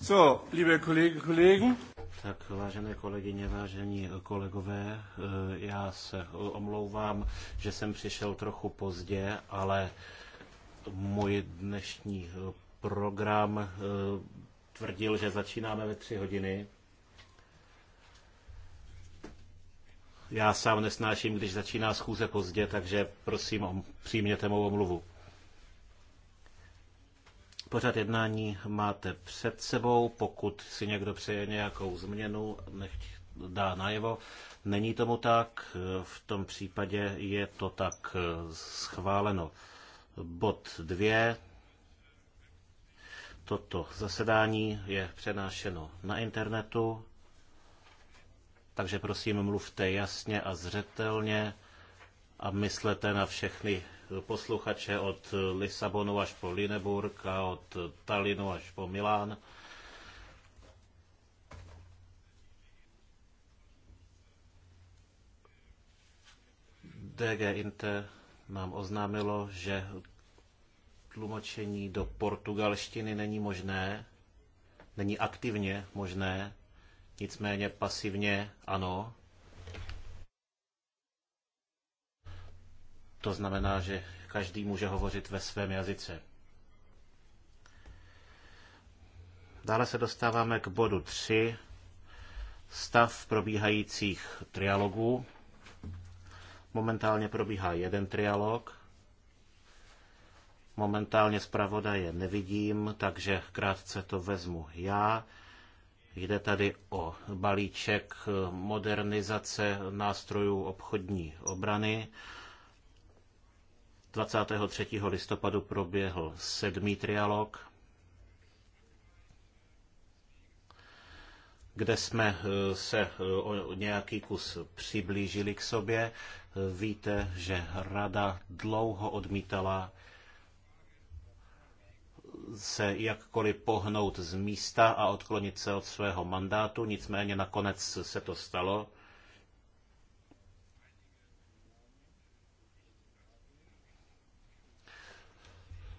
So, liebe Kolleginnen Kollegen. Tak, vážené kolegyně, vážení kolegové, eh, já se omlouvám, že jsem přišel trochu pozdě, ale můj dnešní eh, program eh, tvrdil, že začínáme ve tři hodiny. Já sám nesnáším, když začíná schůze pozdě, takže prosím, přijměte mou omluvu. Pořad jednání máte před sebou, pokud si někdo přeje nějakou změnu, nechť dá najevo. Není tomu tak, v tom případě je to tak eh, schváleno. Bod 2. Toto zasedání je přenášeno na internetu, takže prosím mluvte jasně a zřetelně a myslete na všechny posluchače od Lisabonu až po Lineburg a od Talinu až po Milán. DG Inter nám oznámilo, že tlumočení do portugalštiny není možné, není aktivně možné, nicméně pasivně ano. To znamená, že každý může hovořit ve svém jazyce. Dále se dostáváme k bodu 3. Stav probíhajících trialogů. Momentálně probíhá jeden trialog. Momentálně zpravodaje nevidím, takže krátce to vezmu já. Jde tady o balíček modernizace nástrojů obchodní obrany. 23. listopadu proběhl sedmý trialog, kde jsme eh, se eh, o nějaký kus přiblížili k sobě. Víte, že rada dlouho odmítala se jakkoliv pohnout z místa a odklonit se od svého mandátu, nicméně nakonec se to stalo.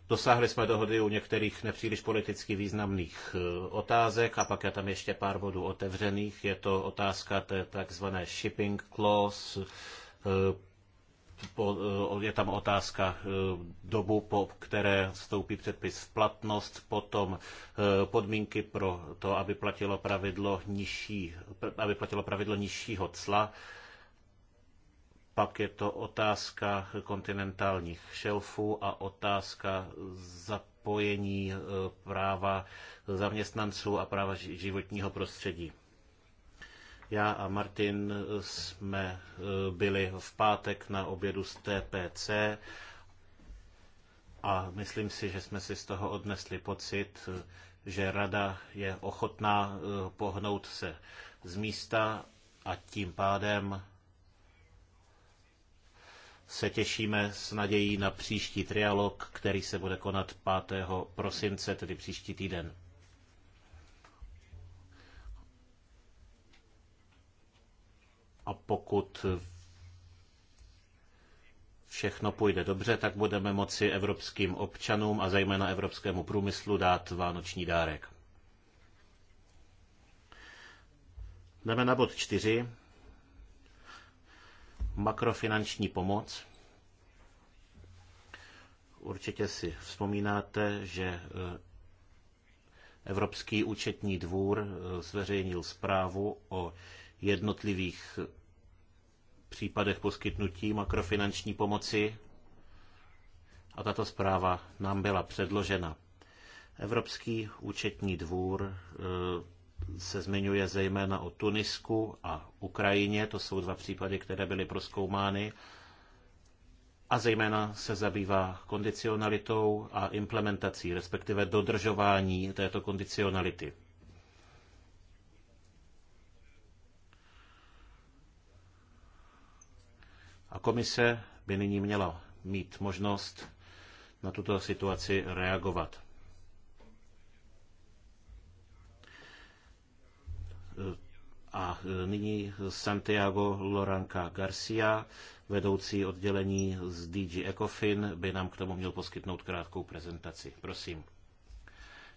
Dosáhli jsme dohody u některých nepříliš politicky významných eh, otázek a pak je tam ještě pár bodů otevřených. Je to otázka té takzvané shipping clause, eh, eh, je tam otázka dobu, po které vstoupí předpis v platnost, potom podmínky pro to, aby platilo pravidlo, nižší, aby platilo pravidlo nižšího cla, pak je to otázka kontinentálních šelfů a otázka zapojení e, práva zaměstnanců a práva životního prostředí. Já a Martin jsme e, byli v pátek na obědu z TPC a myslím si, že jsme si z toho odnesli pocit, že rada je ochotná e, pohnout se z místa a tím pádem se těšíme s nadějí na příští trialog, který se bude konat 5. prosince, tedy příští týden. A pokud všechno půjde dobře, tak budeme moci evropským občanům a zejména evropskému průmyslu dát vánoční dárek. Jdeme na bod 4 makrofinanční pomoc. Určitě si vzpomínáte, že e, Evropský účetní dvůr e, zveřejnil zprávu o jednotlivých e, případech poskytnutí makrofinanční pomoci a tato zpráva nám byla předložena. Evropský účetní dvůr se zmiňuje zejména o Tunisku a Ukrajině. To jsou dva případy, které byly proskoumány. A zejména se zabývá kondicionalitou a implementací, respektive dodržování této kondicionality. A komise by nyní měla mít možnost na tuto situaci reagovat. A nyní Santiago Loranka Garcia, vedoucí oddělení z DG Ecofin, by nám k tomu měl poskytnout krátkou prezentaci. Prosím.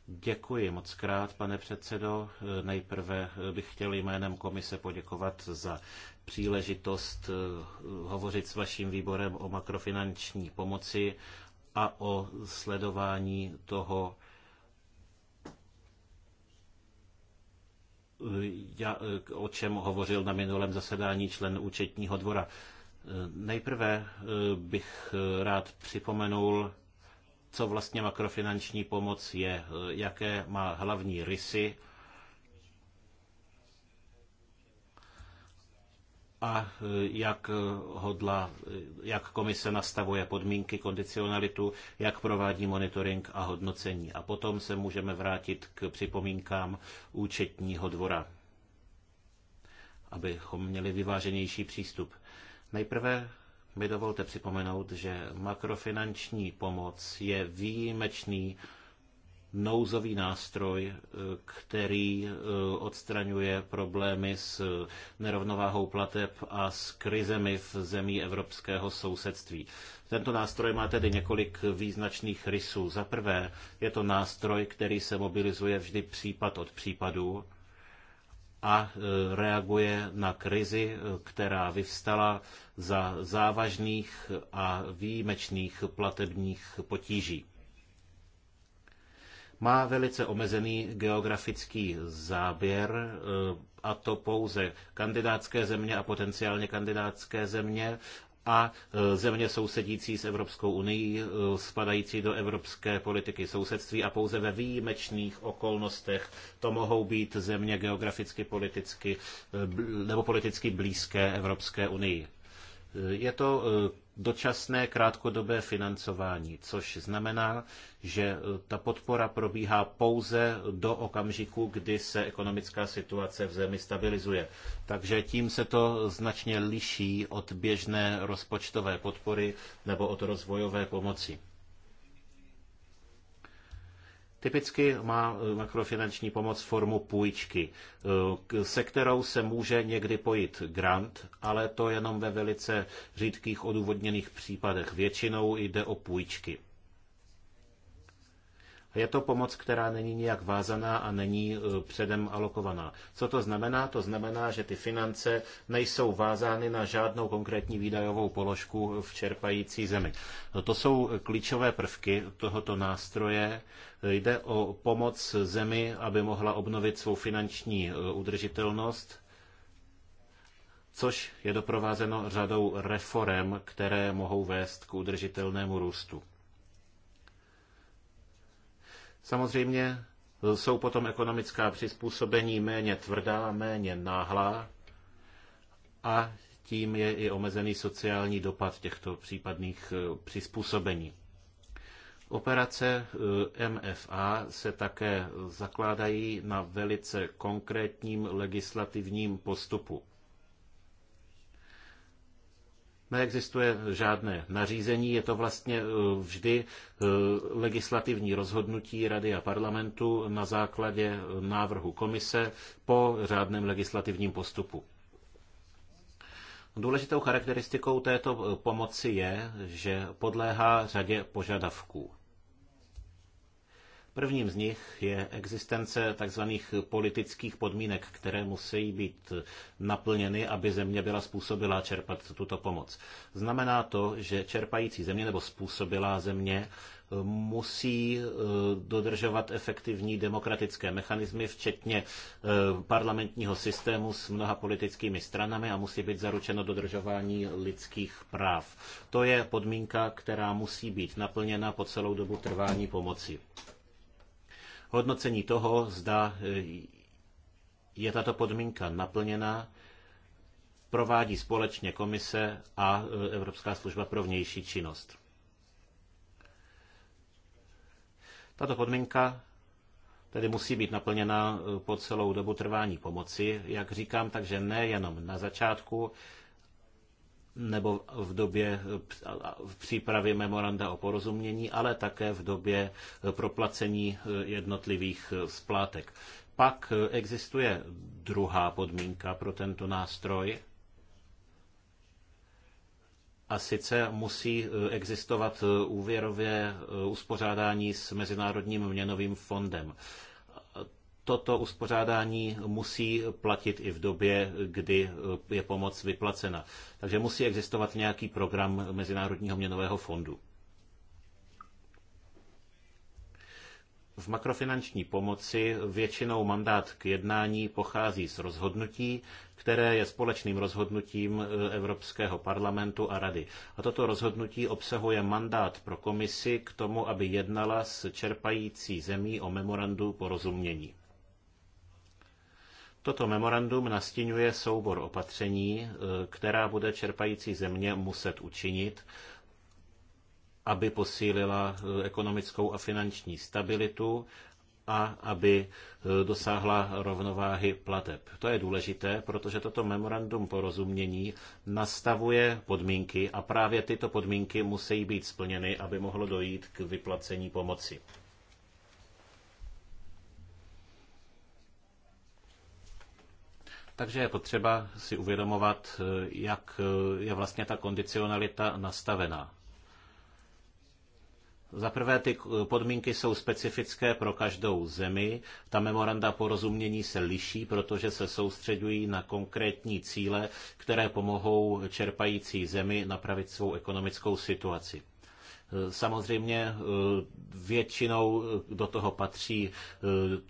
Děkuji moc krát, pane předsedo. Nejprve bych chtěl jménem komise poděkovat za příležitost eh, hovořit s vaším výborem o makrofinanční pomoci a o sledování toho, já, eh, o čem hovořil na minulém zasedání člen účetního dvora. Eh, nejprve eh, bych rád připomenul, co vlastně makrofinanční pomoc je, jaké má hlavní rysy a e, jak hodla, jak komise nastavuje podmínky, kondicionalitu, jak provádí monitoring a hodnocení. A potom se můžeme vrátit k připomínkám účetního dvora, abychom měli vyváženější přístup. Nejprve mi dovolte připomenout, že makrofinanční pomoc je výjimečný nouzový nástroj, eh, který eh, odstraňuje problémy s nerovnováhou plateb a s krizemi v zemí evropského sousedství. Tento nástroj má tedy několik význačných rysů. Za prvé, je to nástroj, který se mobilizuje vždy případ od případu a eh, reaguje na krizi, která vyvstala za závažných a výjimečných platebních potíží. Má velice omezený geografický záběr, eh, a to pouze kandidátské země a potenciálně kandidátské země a eh, země sousedící s Evropskou unii, eh, spadající do evropské politiky sousedství a pouze ve výjimečných okolnostech to mohou být země geograficky, politicky nebo politicky blízké Evropské unii. Je to dočasné krátkodobé financování, což znamená, že e, ta podpora probíhá pouze do okamžiku, kdy se ekonomická situace v zemi stabilizuje. Takže tím se to značně liší od běžné rozpočtové podpory nebo od rozvojové pomoci. Typicky má eh, makrofinanční pomoc formu půjčky, eh, se kterou se může někdy pojit grant, ale to jenom ve velice řídkých odůvodněných případech. Většinou jde o půjčky. Je to pomoc, která není nijak vázaná a není e, předem alokovaná. Co to znamená? To znamená, že ty finance nejsou vázány na žádnou konkrétní výdajovou položku v čerpající zemi. No, to jsou klíčové prvky tohoto nástroje. Jde o pomoc zemi, aby mohla obnovit svou finanční e, udržitelnost což je doprovázeno řadou reform, které mohou vést k udržitelnému růstu. Samozřejmě jsou potom ekonomická přizpůsobení méně tvrdá, méně náhlá a tím je i omezený sociální dopad těchto případných eh, přizpůsobení. Operace eh, MFA se také zakládají na velice konkrétním legislativním postupu neexistuje žádné nařízení, je to vlastně e, vždy e, legislativní rozhodnutí Rady a parlamentu na základě e, návrhu komise po řádném legislativním postupu. Důležitou charakteristikou této pomoci je, že podléhá řadě požadavků. Prvním z nich je existence tzv. politických podmínek, které musí být naplněny, aby země byla způsobila čerpat tuto pomoc. Znamená to, že čerpající země nebo způsobilá země musí eh, dodržovat efektivní demokratické mechanismy, včetně eh, parlamentního systému s mnoha politickými stranami a musí být zaručeno dodržování lidských práv. To je podmínka, která musí být naplněna po celou dobu trvání pomoci hodnocení toho, zda eh, je tato podmínka naplněna, provádí společně komise a eh, Evropská služba pro vnější činnost. Tato podmínka tedy musí být naplněna eh, po celou dobu trvání pomoci, jak říkám, takže nejenom na začátku, nebo v době v přípravě memoranda o porozumění, ale také v době proplacení eh, jednotlivých eh, splátek. Pak eh, existuje druhá podmínka pro tento nástroj, a sice musí existovat úvěrově uspořádání s Mezinárodním měnovým fondem toto uspořádání musí platit i v době, kdy je pomoc vyplacena. Takže musí existovat nějaký program Mezinárodního měnového fondu. V makrofinanční pomoci většinou mandát k jednání pochází z rozhodnutí, které je společným rozhodnutím Evropského parlamentu a Rady. A toto rozhodnutí obsahuje mandát pro komisi k tomu, aby jednala s čerpající zemí o memorandu porozumění. Toto memorandum nastínuje soubor opatření, e, která bude čerpající země muset učinit, aby posílila e, ekonomickou a finanční stabilitu a aby e, dosáhla rovnováhy plateb. To je důležité, protože toto memorandum porozumění nastavuje podmínky a právě tyto podmínky musí být splněny, aby mohlo dojít k vyplacení pomoci. Takže je potřeba si uvědomovat, jak je vlastně ta kondicionalita nastavená. Za prvé, ty podmínky jsou specifické pro každou zemi. Ta memoranda porozumění se liší, protože se soustředují na konkrétní cíle, které pomohou čerpající zemi napravit svou ekonomickou situaci. Samozřejmě eh, většinou eh, do toho patří eh,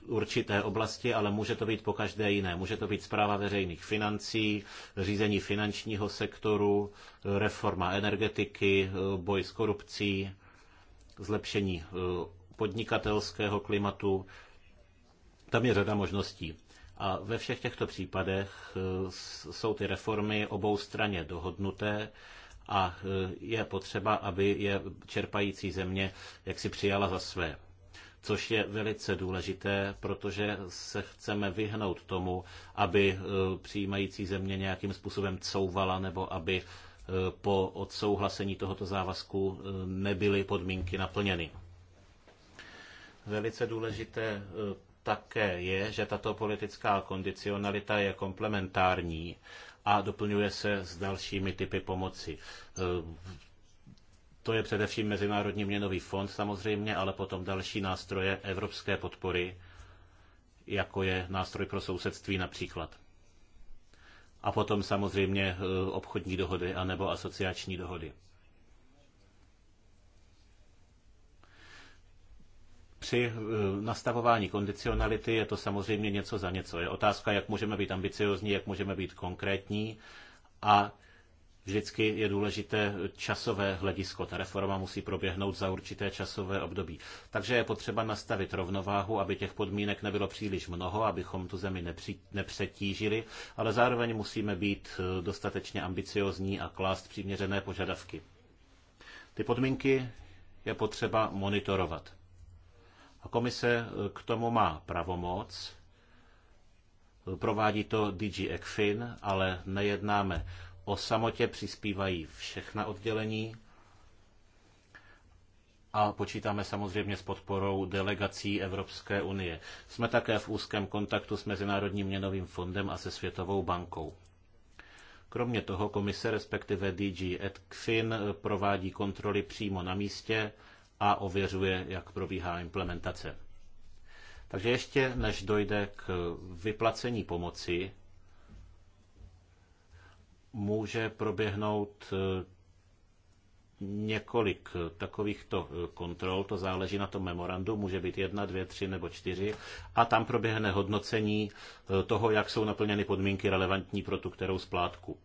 určité oblasti, ale může to být po každé jiné. Může to být zpráva veřejných financí, řízení finančního sektoru, reforma energetiky, boj s korupcí, zlepšení podnikatelského klimatu. Tam je řada možností. A ve všech těchto případech jsou ty reformy obou straně dohodnuté a e, je potřeba, aby je čerpající země jaksi přijala za své což je velice důležité, protože se chceme vyhnout tomu, aby e, přijímající země nějakým způsobem couvala nebo aby e, po odsouhlasení tohoto závazku nebyly podmínky naplněny. Velice důležité také je, že tato politická kondicionalita je komplementární a doplňuje se s dalšími typy pomoci. E, to je především Mezinárodní měnový fond samozřejmě, ale potom další nástroje evropské podpory, jako je nástroj pro sousedství například. A potom samozřejmě e, obchodní dohody anebo asociační dohody. při eh, nastavování kondicionality je to samozřejmě něco za něco. Je otázka, jak můžeme být ambiciozní, jak můžeme být konkrétní a vždycky je důležité časové hledisko. Ta reforma musí proběhnout za určité časové období. Takže je potřeba nastavit rovnováhu, aby těch podmínek nebylo příliš mnoho, abychom tu zemi nepři, nepřetížili, ale zároveň musíme být eh, dostatečně ambiciozní a klást přiměřené požadavky. Ty podmínky je potřeba monitorovat. A komise eh, k tomu má pravomoc. Provádí to DG ECFIN, ale nejednáme o samotě, přispívají všechna oddělení. A počítáme samozřejmě s podporou delegací Evropské unie. Jsme také v úzkém kontaktu s Mezinárodním měnovým fondem a se Světovou bankou. Kromě toho komise, respektive DG ECFIN, eh, provádí kontroly přímo na místě a ověřuje, jak probíhá implementace. Takže ještě než dojde k vyplacení pomoci, může proběhnout eh, několik takovýchto eh, kontrol, to záleží na tom memorandu, může být jedna, dvě, tři nebo čtyři a tam proběhne hodnocení eh, toho, jak jsou naplněny podmínky relevantní pro tu kterou splátku.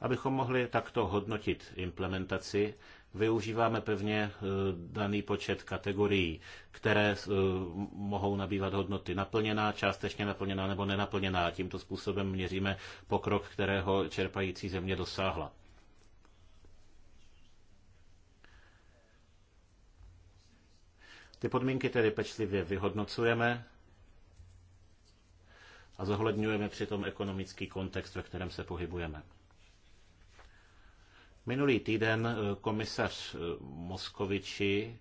Abychom mohli takto hodnotit implementaci, využíváme pevně eh, daný počet kategorií, které eh, mohou nabývat hodnoty naplněná, částečně naplněná nebo nenaplněná. Tímto způsobem měříme pokrok, kterého čerpající země dosáhla. Ty podmínky tedy pečlivě vyhodnocujeme a zohledňujeme přitom ekonomický kontext, ve kterém se pohybujeme. Minulý týden eh, komisař eh, Moskoviči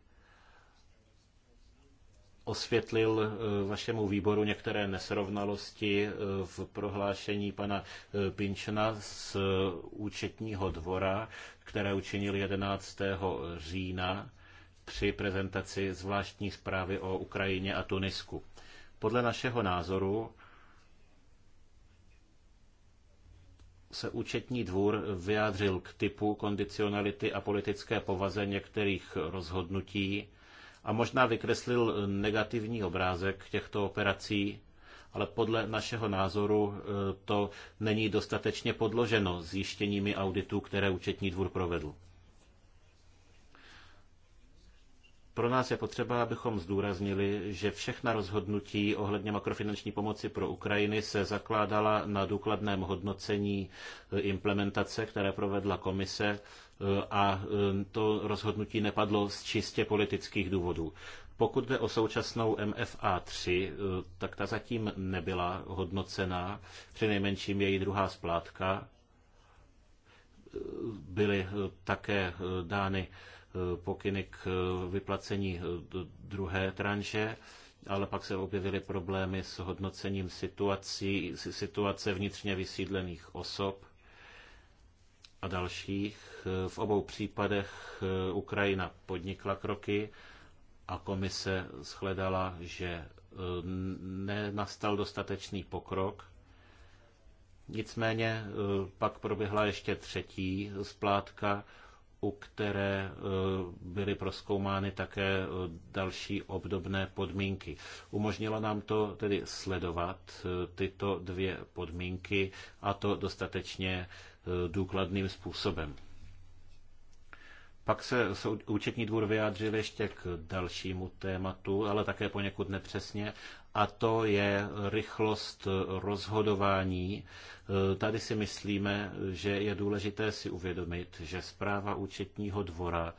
osvětlil eh, vašemu výboru některé nesrovnalosti v prohlášení pana Pinčna z účetního dvora, které učinil 11. října při prezentaci zvláštní zprávy o Ukrajině a Tunisku. Podle našeho názoru se účetní dvůr vyjádřil k typu kondicionality a politické povaze některých rozhodnutí a možná vykreslil negativní obrázek těchto operací, ale podle našeho názoru e, to není dostatečně podloženo zjištěními auditů, které účetní dvůr provedl. Pro nás je potřeba, abychom zdůraznili, že všechna rozhodnutí ohledně makrofinanční pomoci pro Ukrajiny se zakládala na důkladném hodnocení e, implementace, které provedla komise e, a e, to rozhodnutí nepadlo z čistě politických důvodů. Pokud jde o současnou MFA3, tak ta zatím nebyla hodnocená, přinejmenším její druhá splátka. Byly také dány Eh, pokyny k eh, vyplacení eh, druhé tranže, ale pak se objevily problémy s hodnocením situací, situace vnitřně vysídlených osob a dalších. V obou případech Ukrajina podnikla kroky a komise shledala, že nenastal dostatečný pokrok. Nicméně pak proběhla ještě třetí splátka, u které e, byly proskoumány také e, další obdobné podmínky. Umožnilo nám to tedy sledovat e, tyto dvě podmínky a to dostatečně důkladným způsobem. Pak se účetní dvůr vyjádřil ještě k dalšímu tématu, ale také poněkud nepřesně, a to je rychlost rozhodování. E, tady si myslíme, že je důležité si uvědomit, že zpráva účetního dvora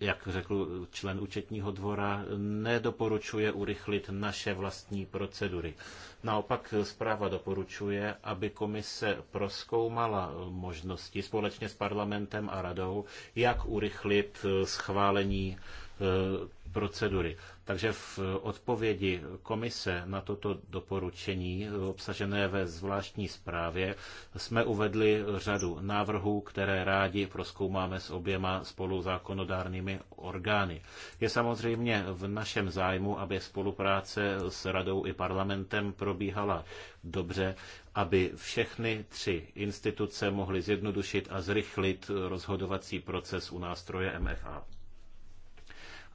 jak řekl člen účetního dvora, nedoporučuje urychlit naše vlastní procedury. Naopak zpráva doporučuje, aby komise proskoumala možnosti společně s parlamentem a radou, jak urychlit schválení Eh, procedury. Takže v odpovědi komise na toto doporučení eh, obsažené ve zvláštní zprávě jsme uvedli řadu návrhů, které rádi proskoumáme s oběma spoluzákonodárnými orgány. Je samozřejmě v našem zájmu, aby spolupráce s radou i parlamentem probíhala dobře, aby všechny tři instituce mohly zjednodušit a zrychlit rozhodovací proces u nástroje MFA.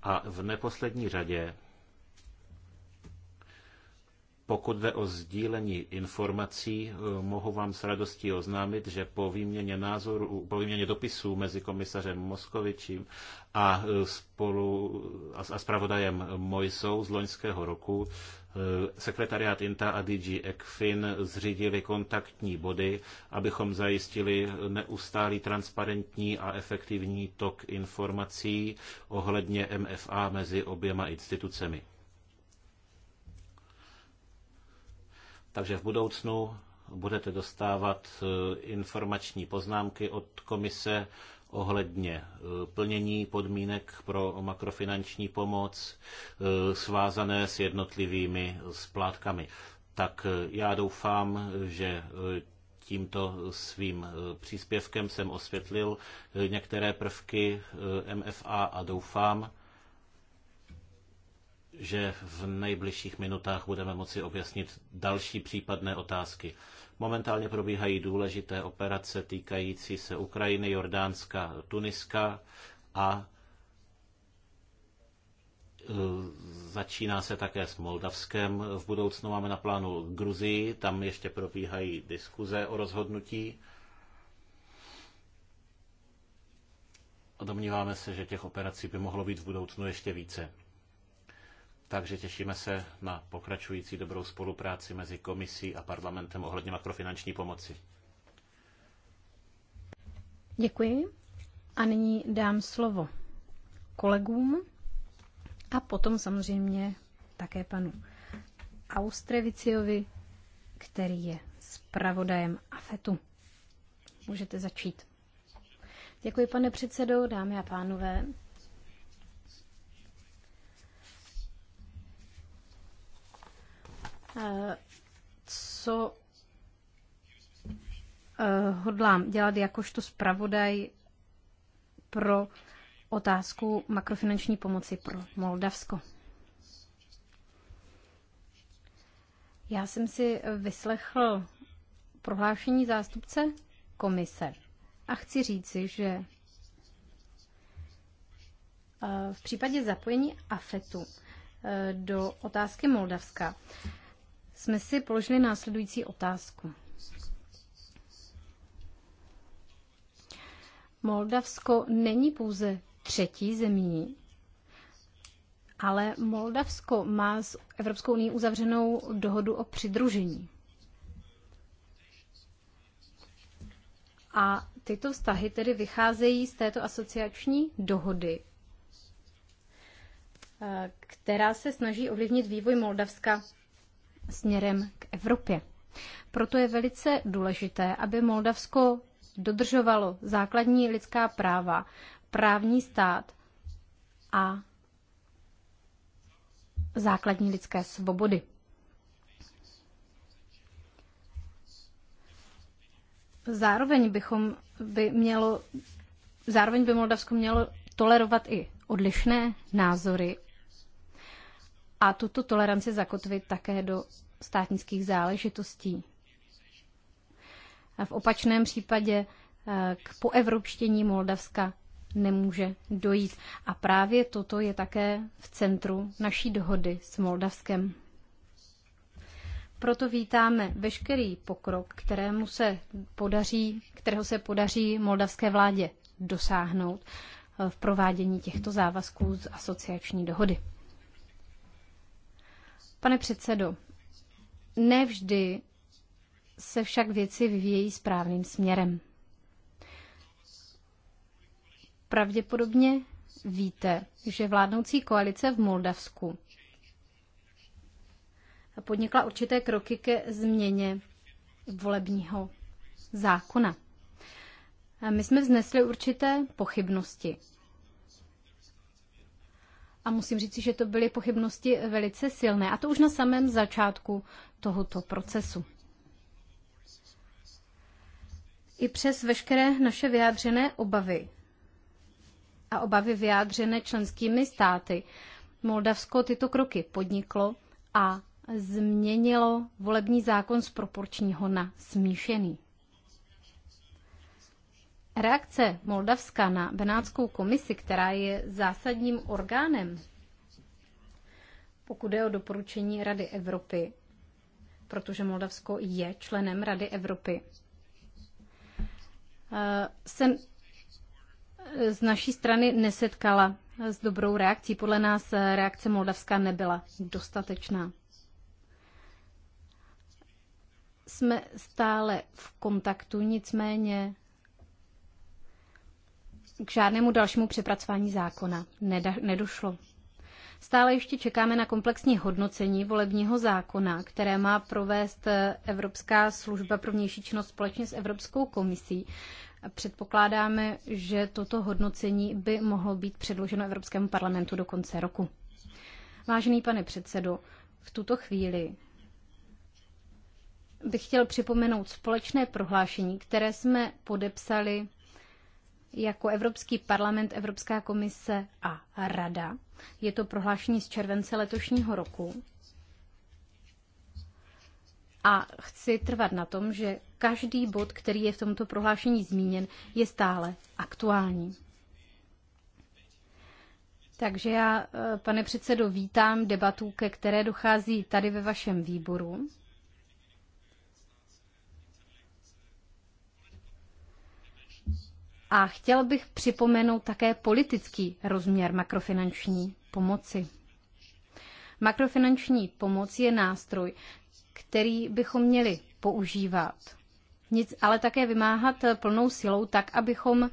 A v neposlední řadě pokud jde o sdílení informací, eh, mohu vám s radostí oznámit, že po výměně, názoru, po výměně dopisů mezi komisařem Moskovičím a, eh, spolu, a, a spravodajem Mojsou z loňského roku eh, sekretariát INTA a DG ECFIN zřídili kontaktní body, abychom zajistili neustálý transparentní a efektivní tok informací ohledně MFA mezi oběma institucemi. Takže v budoucnu budete dostávat e, informační poznámky od komise ohledně e, plnění podmínek pro makrofinanční pomoc e, svázané s jednotlivými splátkami. Tak já doufám, že tímto svým příspěvkem jsem osvětlil některé prvky MFA a doufám, že v nejbližších minutách budeme moci objasnit další případné otázky. Momentálně probíhají důležité operace týkající se Ukrajiny, Jordánska, Tuniska a e, začíná se také s Moldavskem. V budoucnu máme na plánu Gruzii, tam ještě probíhají diskuze o rozhodnutí. A domníváme se, že těch operací by mohlo být v budoucnu ještě více. Takže těšíme se na pokračující dobrou spolupráci mezi komisí a parlamentem ohledně makrofinanční pomoci. Děkuji. A nyní dám slovo kolegům a potom samozřejmě také panu Austreviciovi, který je zpravodajem AFETu. Můžete začít. Děkuji, pane předsedo, dámy a pánové. co eh, hodlám dělat jakožto zpravodaj pro otázku makrofinanční pomoci pro Moldavsko. Já jsem si vyslechl prohlášení zástupce komise a chci říci, že eh, v případě zapojení AFETu eh, do otázky Moldavska jsme si položili následující otázku. Moldavsko není pouze třetí zemí, ale Moldavsko má s Evropskou unii uzavřenou dohodu o přidružení. A tyto vztahy tedy vycházejí z této asociační dohody, eh, která se snaží ovlivnit vývoj Moldavska směrem k Evropě. Proto je velice důležité, aby Moldavsko dodržovalo základní lidská práva, právní stát a základní lidské svobody. Zároveň bychom by mělo, zároveň by Moldavsko mělo tolerovat i odlišné názory a tuto toleranci zakotvit také do státnických záležitostí. A v opačném případě eh, k poevropštění Moldavska nemůže dojít. A právě toto je také v centru naší dohody s Moldavskem. Proto vítáme veškerý pokrok, kterému se podaří, kterého se podaří moldavské vládě dosáhnout v provádění těchto závazků z asociační dohody. Pane předsedo, nevždy se však věci vyvíjejí správným směrem. Pravděpodobně víte, že vládnoucí koalice v Moldavsku podnikla určité kroky ke změně volebního zákona. My jsme vznesli určité pochybnosti a musím říct, že to byly pochybnosti velice silné. A to už na samém začátku tohoto procesu. I přes veškeré naše vyjádřené obavy a obavy vyjádřené členskými státy, Moldavsko tyto kroky podniklo a změnilo volební zákon z proporčního na smíšený. Reakce Moldavska na Benátskou komisi, která je zásadním orgánem, pokud je o doporučení Rady Evropy, protože Moldavsko je členem Rady Evropy, jsem eh, z naší strany nesetkala s dobrou reakcí. Podle nás reakce Moldavska nebyla dostatečná. Jsme stále v kontaktu, nicméně k žádnému dalšímu přepracování zákona nedošlo. Stále ještě čekáme na komplexní hodnocení volebního zákona, které má provést eh, Evropská služba pro vnější činnost společně s Evropskou komisí. Předpokládáme, že toto hodnocení by mohlo být předloženo Evropskému parlamentu do konce roku. Vážený pane předsedo, v tuto chvíli bych chtěl připomenout společné prohlášení, které jsme podepsali jako Evropský parlament, Evropská komise a Rada. Je to prohlášení z července letošního roku. A chci trvat na tom, že každý bod, který je v tomto prohlášení zmíněn, je stále aktuální. Takže já, eh, pane předsedo, vítám debatu, ke které dochází tady ve vašem výboru. A chtěl bych připomenout také politický rozměr makrofinanční pomoci. Makrofinanční pomoc je nástroj, který bychom měli používat, nic, ale také vymáhat plnou silou tak, abychom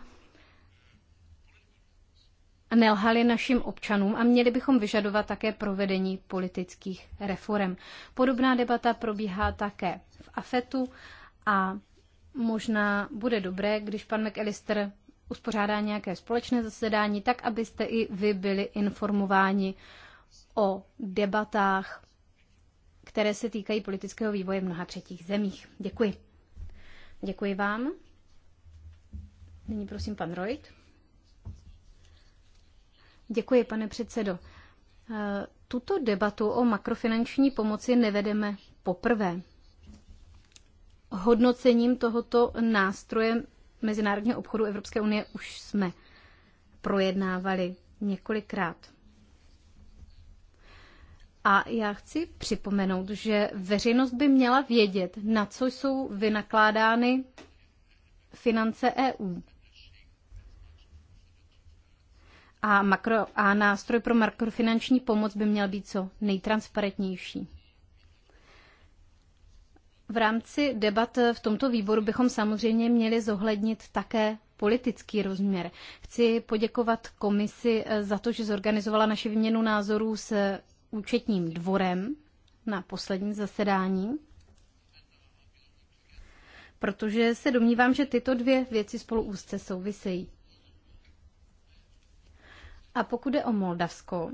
nelhali našim občanům a měli bychom vyžadovat také provedení politických reform. Podobná debata probíhá také v AFETu a Možná bude dobré, když pan McAllister uspořádá nějaké společné zasedání, tak abyste i vy byli informováni o debatách, které se týkají politického vývoje v mnoha třetích zemích. Děkuji. Děkuji vám. Nyní prosím pan Reut. Děkuji, pane předsedo. E, tuto debatu o makrofinanční pomoci nevedeme poprvé hodnocením tohoto nástroje mezinárodního obchodu Evropské unie už jsme projednávali několikrát. A já chci připomenout, že veřejnost by měla vědět, na co jsou vynakládány finance EU. A, makro, a nástroj pro makrofinanční pomoc by měl být co nejtransparentnější. V rámci debat v tomto výboru bychom samozřejmě měli zohlednit také politický rozměr. Chci poděkovat komisi eh, za to, že zorganizovala naši výměnu názorů s eh, účetním dvorem na posledním zasedání, protože se domnívám, že tyto dvě věci spolu úzce souvisejí. A pokud je o Moldavsko,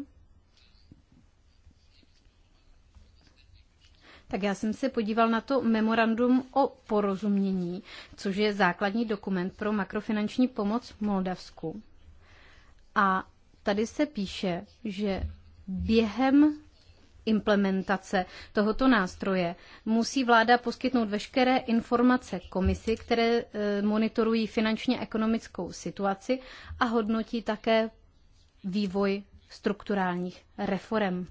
tak já jsem se podíval na to memorandum o porozumění, což je základní dokument pro makrofinanční pomoc Moldavsku. A tady se píše, že během implementace tohoto nástroje musí vláda poskytnout veškeré informace komisi, které e, monitorují finančně ekonomickou situaci a hodnotí také vývoj strukturálních reform.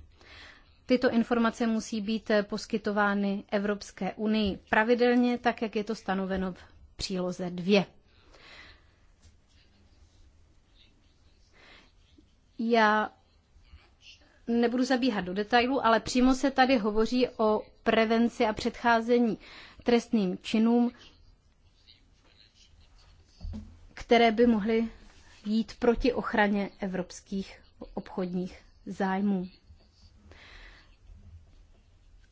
Tyto informace musí být poskytovány Evropské unii pravidelně, tak jak je to stanoveno v příloze 2. Já nebudu zabíhat do detailů, ale přímo se tady hovoří o prevenci a předcházení trestným činům, které by mohly jít proti ochraně evropských obchodních zájmů.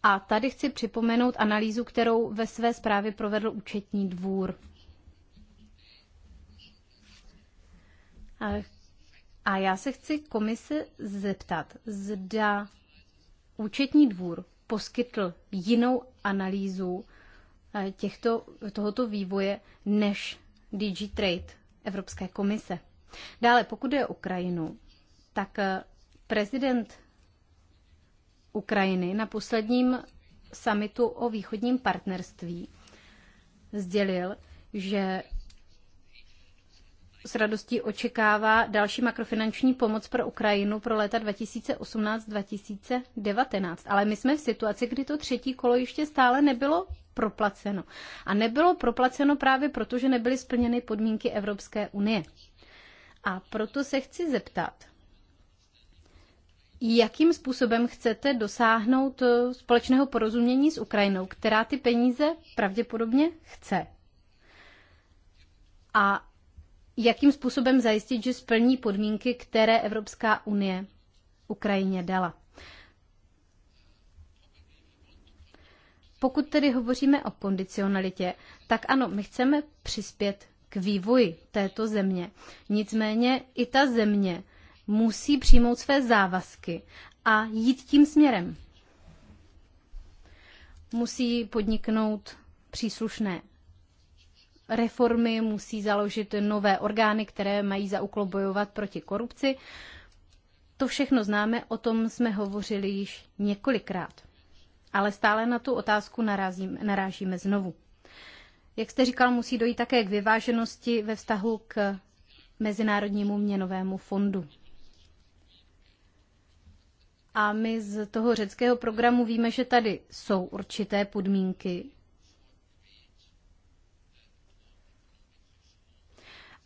A tady chci připomenout analýzu, kterou ve své zprávě provedl účetní dvůr. A já se chci komise zeptat, zda účetní dvůr poskytl jinou analýzu e, těchto, tohoto vývoje než Digitrade Evropské komise. Dále, pokud je o Ukrajinu, tak e, prezident Ukrajiny na posledním samitu o východním partnerství sdělil, že s radostí očekává další makrofinanční pomoc pro Ukrajinu pro léta 2018-2019. Ale my jsme v situaci, kdy to třetí kolo ještě stále nebylo proplaceno. A nebylo proplaceno právě proto, že nebyly splněny podmínky Evropské unie. A proto se chci zeptat, jakým způsobem chcete dosáhnout eh, společného porozumění s Ukrajinou, která ty peníze pravděpodobně chce. A jakým způsobem zajistit, že splní podmínky, které Evropská unie Ukrajině dala. Pokud tedy hovoříme o kondicionalitě, tak ano, my chceme přispět k vývoji této země. Nicméně i ta země musí přijmout své závazky a jít tím směrem. Musí podniknout příslušné reformy, musí založit nové orgány, které mají za úkol bojovat proti korupci. To všechno známe, o tom jsme hovořili již několikrát. Ale stále na tu otázku narazíme, narážíme znovu. Jak jste říkal, musí dojít také k vyváženosti ve vztahu k Mezinárodnímu měnovému fondu. A my z toho řeckého programu víme, že tady jsou určité podmínky.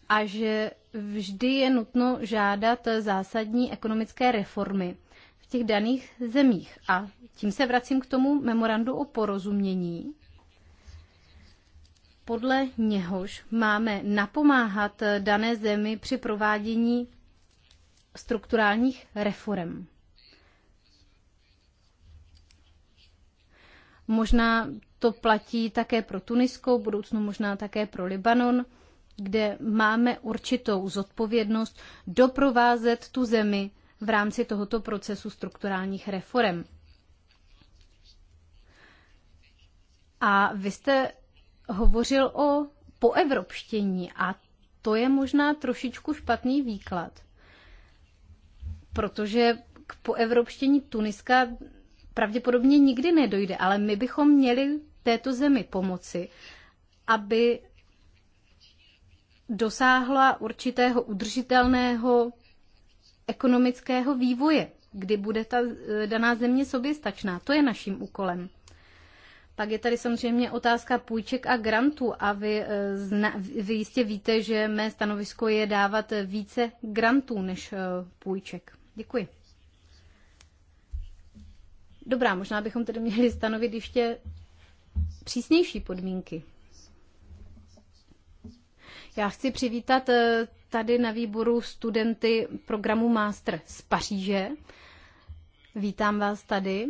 A že vždy je nutno žádat zásadní ekonomické reformy v těch daných zemích. A tím se vracím k tomu memorandu o porozumění, podle něhož máme napomáhat dané zemi při provádění strukturálních reform. Možná to platí také pro Tunisko, v budoucnu možná také pro Libanon, kde máme určitou zodpovědnost doprovázet tu zemi v rámci tohoto procesu strukturálních reform. A vy jste hovořil o poevropštění a to je možná trošičku špatný výklad, protože k poevropštění Tuniska pravděpodobně nikdy nedojde, ale my bychom měli této zemi pomoci, aby dosáhla určitého udržitelného ekonomického vývoje, kdy bude ta eh, daná země soběstačná. To je naším úkolem. Pak je tady samozřejmě otázka půjček a grantů a vy, eh, zna, vy jistě víte, že mé stanovisko je dávat více grantů než eh, půjček. Děkuji. Dobrá, možná bychom tedy měli stanovit ještě přísnější podmínky. Já chci přivítat eh, tady na výboru studenty programu Master z Paříže. Vítám vás tady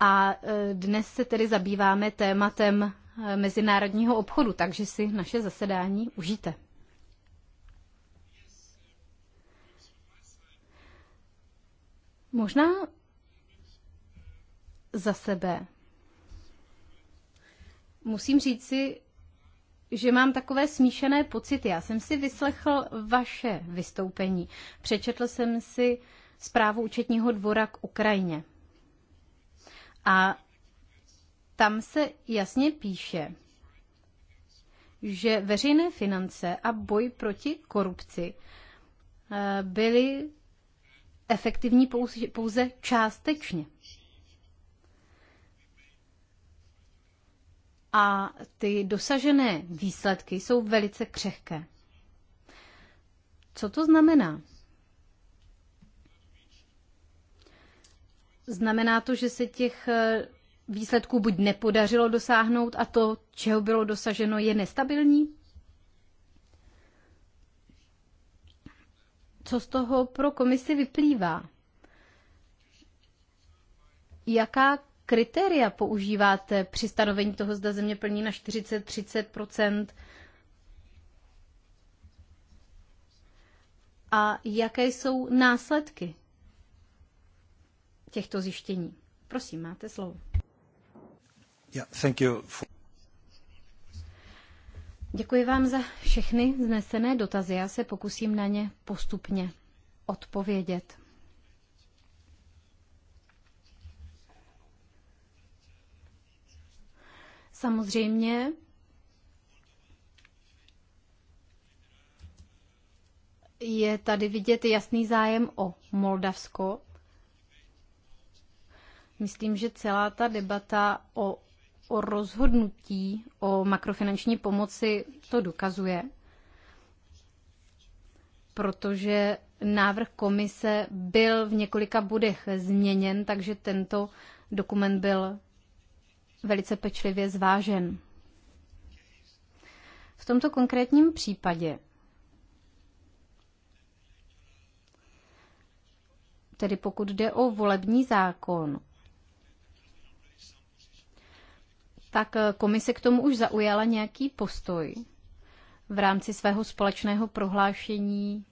a eh, dnes se tedy zabýváme tématem eh, mezinárodního obchodu, takže si naše zasedání užijte. Možná za sebe. Musím říct si, že mám takové smíšené pocity. Já jsem si vyslechl vaše vystoupení. Přečetl jsem si zprávu účetního dvora k Ukrajině. A tam se jasně píše, že veřejné finance a boj proti korupci eh, byly efektivní pouze částečně. a ty dosažené výsledky jsou velice křehké. Co to znamená? Znamená to, že se těch eh, výsledků buď nepodařilo dosáhnout a to, čeho bylo dosaženo, je nestabilní? Co z toho pro komisi vyplývá? Jaká kritéria používáte při stanovení toho, zda země plní na 40-30 a jaké jsou následky těchto zjištění. Prosím, máte slovo. Yeah, thank you for... Děkuji vám za všechny znesené dotazy. Já se pokusím na ně postupně odpovědět. Samozřejmě je tady vidět jasný zájem o Moldavsko. Myslím, že celá ta debata o, o rozhodnutí o makrofinanční pomoci to dokazuje, protože návrh komise byl v několika bodech změněn, takže tento dokument byl velice pečlivě zvážen. V tomto konkrétním případě tedy pokud jde o volební zákon, tak komise k tomu už zaujala nějaký postoj v rámci svého společného prohlášení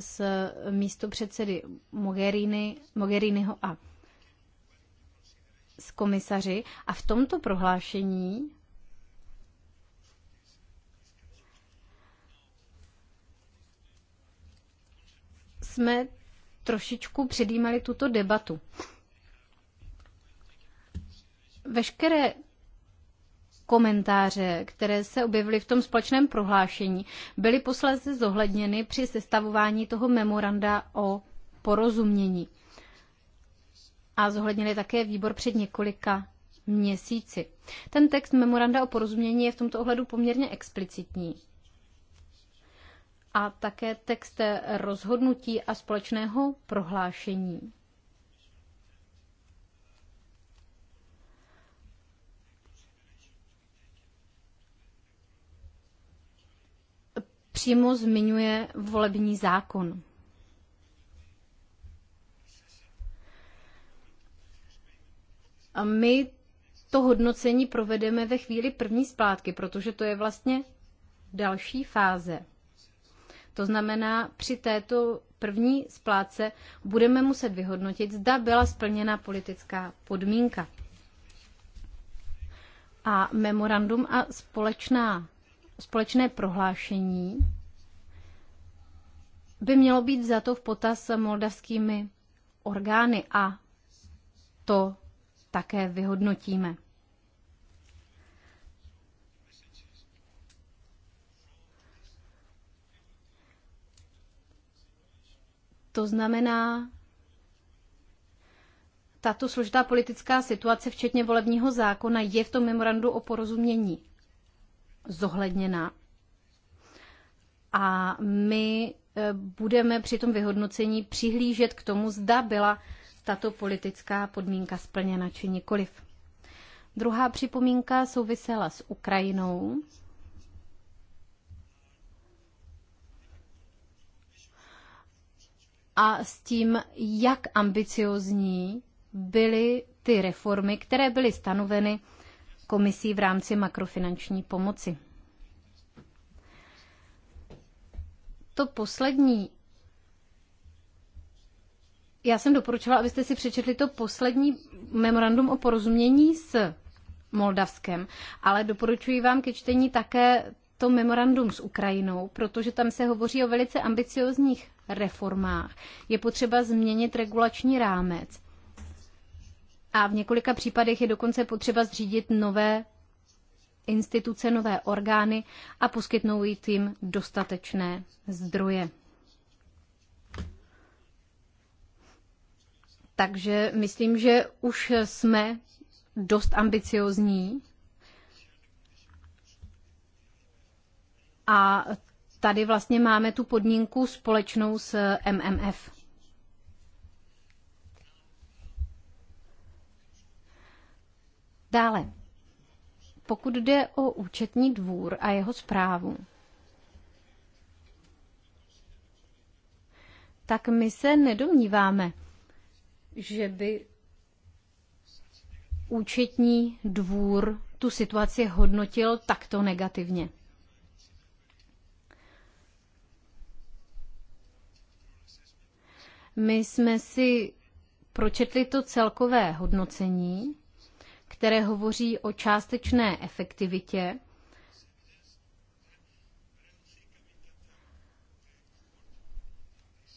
s místopředsedy Mogherini, Mogheriniho a s komisaři a v tomto prohlášení jsme trošičku předjímali tuto debatu. Veškeré komentáře, které se objevily v tom společném prohlášení, byly posledně zohledněny při sestavování toho memoranda o porozumění a zohlednili také výbor před několika měsíci. Ten text memoranda o porozumění je v tomto ohledu poměrně explicitní. A také text rozhodnutí a společného prohlášení. Přímo zmiňuje volební zákon. A my to hodnocení provedeme ve chvíli první splátky, protože to je vlastně další fáze. To znamená, při této první splátce budeme muset vyhodnotit, zda byla splněna politická podmínka. A memorandum a společná, společné prohlášení by mělo být za to v potaz moldavskými orgány a to také vyhodnotíme. To znamená, tato složitá politická situace, včetně volebního zákona, je v tom memorandu o porozumění zohledněna. A my eh, budeme při tom vyhodnocení přihlížet k tomu, zda byla tato politická podmínka splněna či nikoliv. Druhá připomínka souvisela s Ukrajinou. A s tím, jak ambiciozní byly ty reformy, které byly stanoveny komisí v rámci makrofinanční pomoci. To poslední já jsem doporučila, abyste si přečetli to poslední memorandum o porozumění s Moldavskem, ale doporučuji vám ke čtení také to memorandum s Ukrajinou, protože tam se hovoří o velice ambiciozních reformách. Je potřeba změnit regulační rámec. A v několika případech je dokonce potřeba zřídit nové instituce, nové orgány a poskytnout jim dostatečné zdroje Takže myslím, že už jsme dost ambiciozní. A tady vlastně máme tu podmínku společnou s MMF. Dále, pokud jde o účetní dvůr a jeho zprávu, tak my se nedomníváme, že by účetní dvůr tu situaci hodnotil takto negativně. My jsme si pročetli to celkové hodnocení, které hovoří o částečné efektivitě.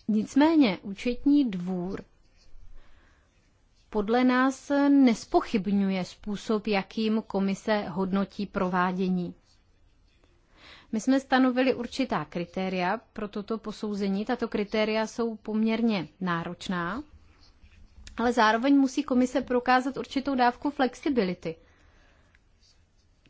Nicméně účetní dvůr podle nás nespochybňuje způsob, jakým komise hodnotí provádění. My jsme stanovili určitá kritéria pro toto posouzení. Tato kritéria jsou poměrně náročná, ale zároveň musí komise prokázat určitou dávku flexibility,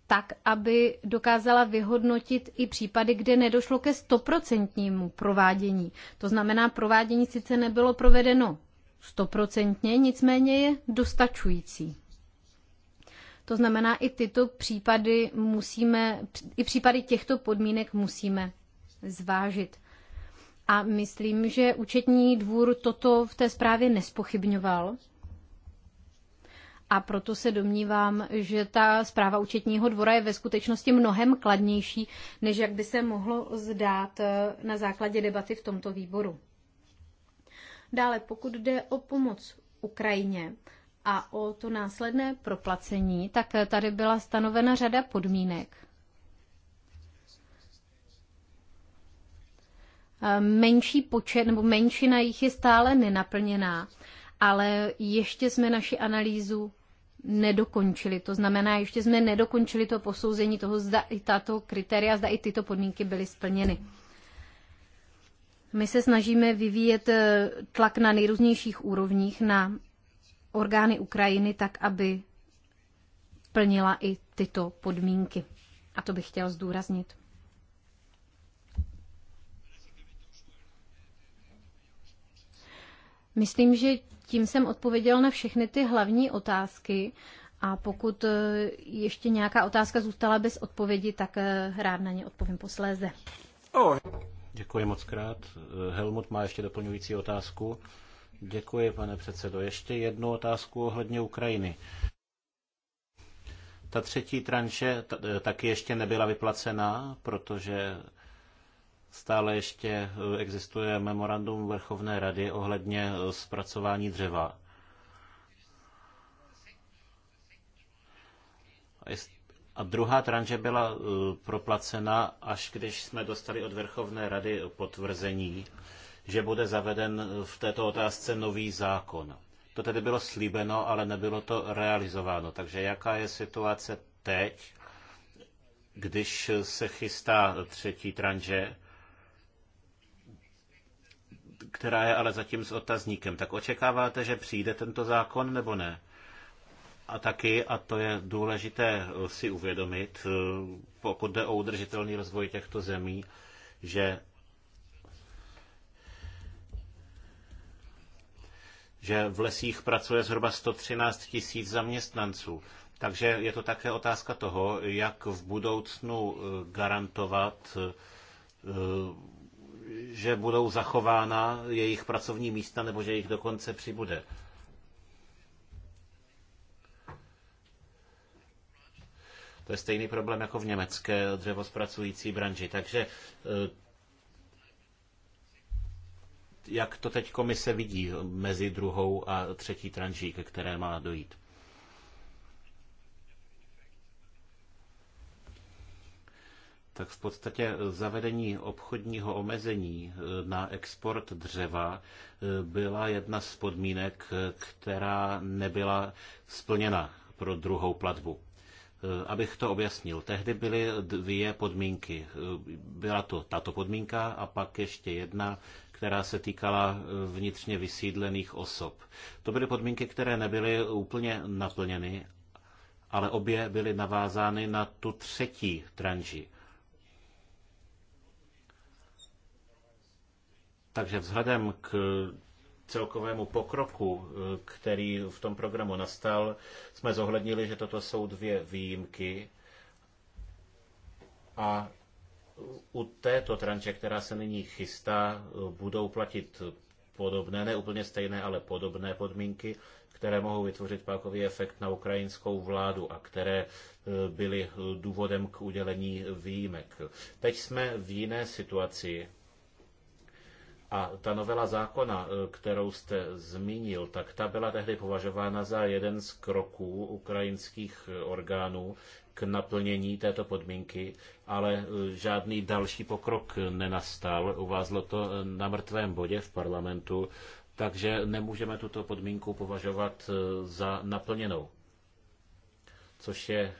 tak, aby dokázala vyhodnotit i případy, kde nedošlo ke stoprocentnímu provádění. To znamená, provádění sice nebylo provedeno stoprocentně, nicméně je dostačující. To znamená, i tyto případy musíme, i případy těchto podmínek musíme zvážit. A myslím, že účetní dvůr toto v té zprávě nespochybňoval. A proto se domnívám, že ta zpráva účetního dvora je ve skutečnosti mnohem kladnější, než jak by se mohlo zdát eh, na základě debaty v tomto výboru. Dále, pokud jde o pomoc Ukrajině a o to následné proplacení, tak tady byla stanovena řada podmínek. Eh, menší počet nebo menšina jich je stále nenaplněná, ale ještě jsme naši analýzu nedokončili. To znamená, ještě jsme nedokončili to posouzení toho, zda i tato kritéria, zda i tyto podmínky byly splněny. My se snažíme vyvíjet eh, tlak na nejrůznějších úrovních na orgány Ukrajiny tak, aby plnila i tyto podmínky. A to bych chtěl zdůraznit. Myslím, že tím jsem odpověděl na všechny ty hlavní otázky a pokud eh, ještě nějaká otázka zůstala bez odpovědi, tak eh, rád na ně odpovím posléze. Oh. Děkuji moc krát. Helmut má ještě doplňující otázku. Děkuji, pane předsedo. Ještě jednu otázku ohledně Ukrajiny. Ta třetí tranše taky ještě nebyla vyplacená, protože stále ještě existuje memorandum Vrchovné rady ohledně zpracování dřeva. A druhá tranže byla uh, proplacena, až když jsme dostali od Vrchovné rady potvrzení, že bude zaveden uh, v této otázce nový zákon. To tedy bylo slíbeno, ale nebylo to realizováno. Takže jaká je situace teď, když se chystá třetí tranže, která je ale zatím s otazníkem? Tak očekáváte, že přijde tento zákon nebo ne? a taky, a to je důležité eh, si uvědomit, eh, pokud jde o udržitelný rozvoj těchto zemí, že že v lesích pracuje zhruba 113 tisíc zaměstnanců. Takže je to také otázka toho, jak v budoucnu eh, garantovat, že budou zachována jejich pracovní místa nebo že jich dokonce přibude. To je stejný problém jako v německé dřevospracující branži. Takže eh, jak to teď komise vidí mezi druhou a třetí tranží, ke které má dojít? tak v podstatě zavedení obchodního omezení eh, na export dřeva eh, byla jedna z podmínek, která nebyla splněna pro druhou platbu. Eh, abych to objasnil, tehdy byly dvě podmínky. Eh, byla to tato podmínka a pak ještě jedna, která se týkala eh, vnitřně vysídlených osob. To byly podmínky, které nebyly úplně naplněny, ale obě byly navázány na tu třetí tranži. Takže vzhledem k celkovému pokroku, eh, který v tom programu nastal, jsme zohlednili, že toto jsou dvě výjimky. A u této tranče, která se nyní chystá, eh, budou platit podobné, ne úplně stejné, ale podobné podmínky, které mohou vytvořit pákový efekt na ukrajinskou vládu a které eh, byly důvodem k udělení výjimek. Teď jsme v jiné situaci, a ta novela zákona, e, kterou jste zmínil, tak ta byla tehdy považována za jeden z kroků ukrajinských e, orgánů k naplnění této podmínky, ale e, žádný další pokrok nenastal. Uvázlo to na mrtvém bodě v parlamentu, takže nemůžeme tuto podmínku považovat za naplněnou. Což je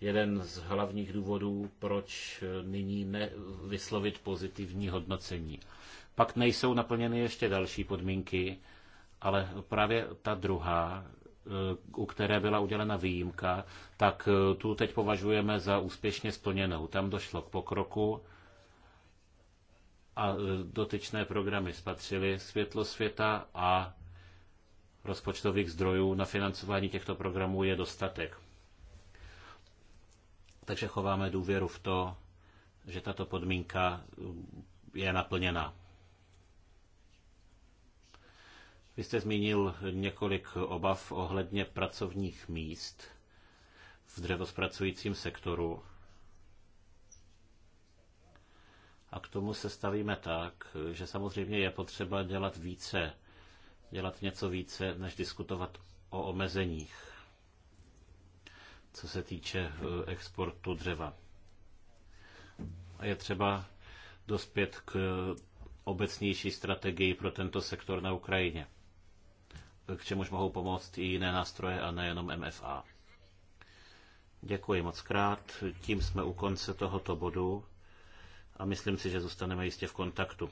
jeden z hlavních důvodů, proč nyní nevyslovit pozitivní hodnocení. Pak nejsou naplněny ještě další podmínky, ale právě ta druhá, eh, u které byla udělena výjimka, tak eh, tu teď považujeme za úspěšně splněnou. Tam došlo k pokroku a eh, dotyčné programy spatřily světlo světa a rozpočtových zdrojů na financování těchto programů je dostatek. Takže chováme důvěru v to, že tato podmínka je naplněna. Vy jste zmínil několik obav ohledně pracovních míst v dřevospracujícím sektoru. A k tomu se stavíme tak, že samozřejmě je potřeba dělat více, dělat něco více, než diskutovat o omezeních, co se týče eh, exportu dřeva. A je třeba dospět k eh, obecnější strategii pro tento sektor na Ukrajině k čemuž mohou pomoct i jiné nástroje a nejenom MFA. Děkuji moc krát, tím jsme u konce tohoto bodu a myslím si, že zůstaneme jistě v kontaktu.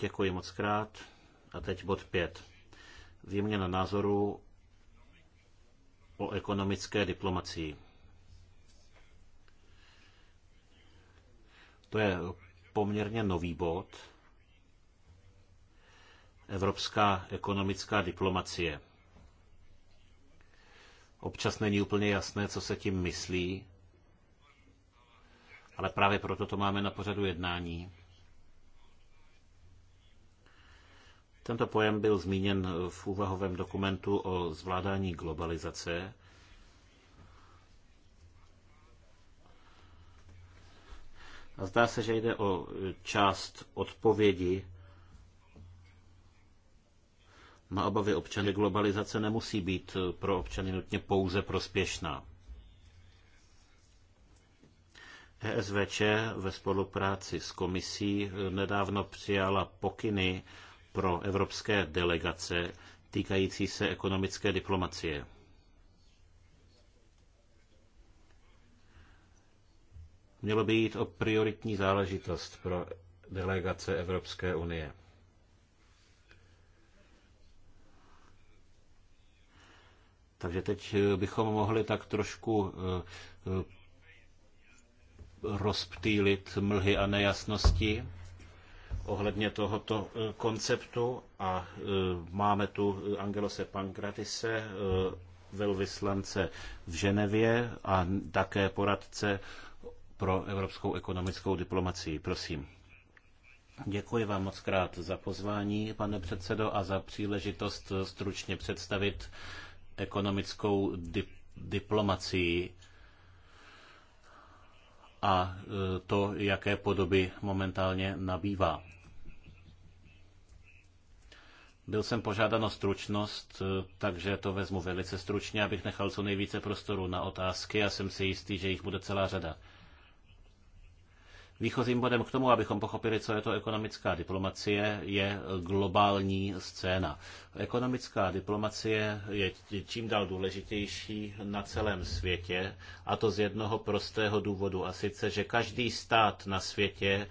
Děkuji moc krát a teď bod 5. Výměna názorů o ekonomické diplomacii. To je poměrně nový bod evropská ekonomická diplomacie. Občas není úplně jasné, co se tím myslí, ale právě proto to máme na pořadu jednání. Tento pojem byl zmíněn v úvahovém dokumentu o zvládání globalizace. A zdá se, že jde o část odpovědi má obavy občany globalizace nemusí být pro občany nutně pouze prospěšná. ESVČ ve spolupráci s komisí nedávno přijala pokyny pro evropské delegace týkající se ekonomické diplomacie. Mělo by jít o prioritní záležitost pro delegace Evropské unie. Takže teď eh, bychom mohli tak trošku eh, eh, rozptýlit mlhy a nejasnosti ohledně tohoto konceptu a máme tu Angelose Pankratise, velvyslance v Ženevě a také poradce pro evropskou ekonomickou diplomacii. Prosím. Děkuji vám moc krát za pozvání, pane předsedo, a za příležitost stručně představit ekonomickou dip- diplomacii a e, to, jaké podoby momentálně nabývá. Byl jsem požádan o stručnost, e, takže to vezmu velice stručně, abych nechal co nejvíce prostoru na otázky a jsem si jistý, že jich bude celá řada. Výchozím bodem k tomu, abychom pochopili, co je to ekonomická diplomacie, je globální scéna. Ekonomická diplomacie je čím dál důležitější na celém světě, a to z jednoho prostého důvodu, a sice, že každý stát na světě e,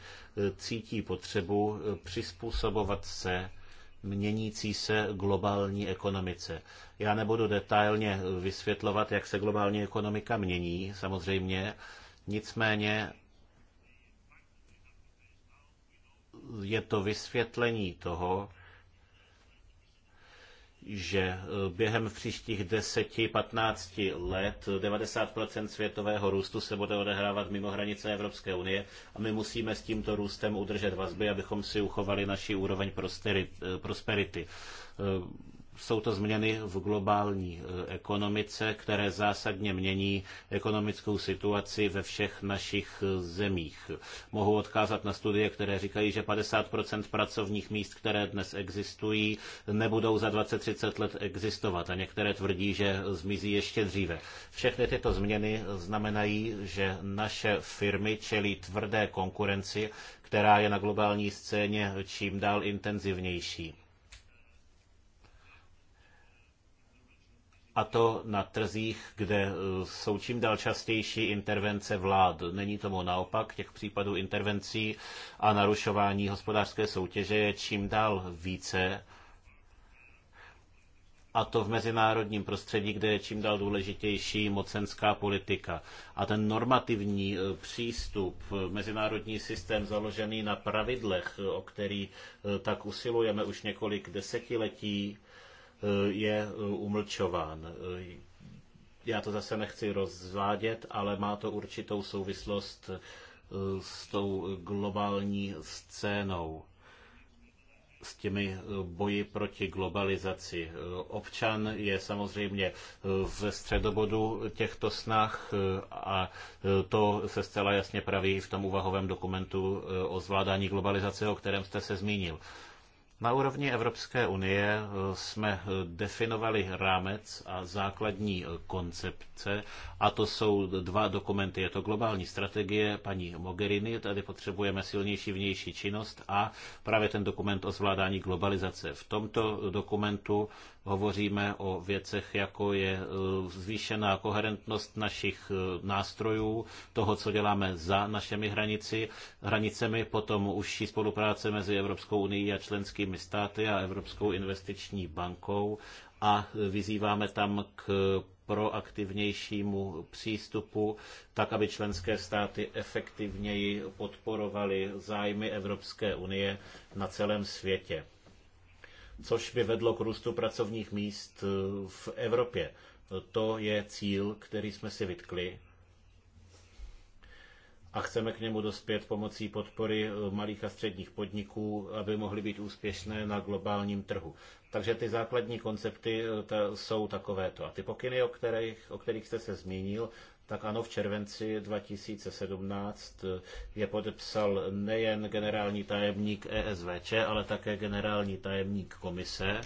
cítí potřebu e, přizpůsobovat se měnící se globální ekonomice. Já nebudu detailně e, vysvětlovat, jak se globální ekonomika mění, samozřejmě, nicméně je to vysvětlení toho, že eh, během příštích 10-15 let 90% světového růstu se bude odehrávat mimo hranice Evropské unie a my musíme s tímto růstem udržet vazby, abychom si uchovali naši úroveň eh, prosperity. Eh, jsou to změny v globální e, ekonomice, které zásadně mění ekonomickou situaci ve všech našich e, zemích. Mohu odkázat na studie, které říkají, že 50% pracovních míst, které dnes existují, nebudou za 20-30 let existovat a některé tvrdí, že zmizí ještě dříve. Všechny tyto změny znamenají, že naše firmy čelí tvrdé konkurenci, která je na globální scéně čím dál intenzivnější a to na trzích, kde e, jsou čím dál častější intervence vlád. Není tomu naopak, těch případů intervencí a narušování hospodářské soutěže je čím dál více. A to v mezinárodním prostředí, kde je čím dál důležitější mocenská politika. A ten normativní e, přístup, e, mezinárodní systém založený na pravidlech, o který tak usilujeme už několik desetiletí, Eh, je eh, umlčován. Eh, já to zase nechci rozvádět, ale má to určitou souvislost s tou globální scénou s těmi boji proti globalizaci. Občan je samozřejmě ve středobodu těchto snah a to se zcela jasně praví v tom úvahovém dokumentu o zvládání globalizace, o kterém jste se zmínil. Na úrovni Evropské unie eh, jsme eh, definovali rámec a základní eh, koncepce a to jsou dva dokumenty. Je to globální strategie paní Mogherini, tady potřebujeme silnější vnější činnost a právě ten dokument o zvládání globalizace. V tomto dokumentu hovoříme o věcech, jako je e, zvýšená koherentnost našich e, nástrojů, toho, co děláme za našimi hranici, hranicemi, potom užší spolupráce mezi Evropskou unii a členskými státy a Evropskou investiční bankou a vyzýváme tam k proaktivnějšímu přístupu, tak aby členské státy efektivněji podporovaly zájmy Evropské unie na celém světě což by vedlo k růstu pracovních míst eh, v Evropě. To je cíl, který jsme si vytkli a chceme k němu dospět pomocí podpory eh, malých a středních podniků, aby mohly být úspěšné na globálním trhu. Takže ty základní koncepty eh, ta, jsou takovéto. A ty pokyny, o kterých, o kterých jste se zmínil, tak ano, v červenci 2017 je podepsal nejen generální tajemník ESVČ, ale také generální tajemník komise.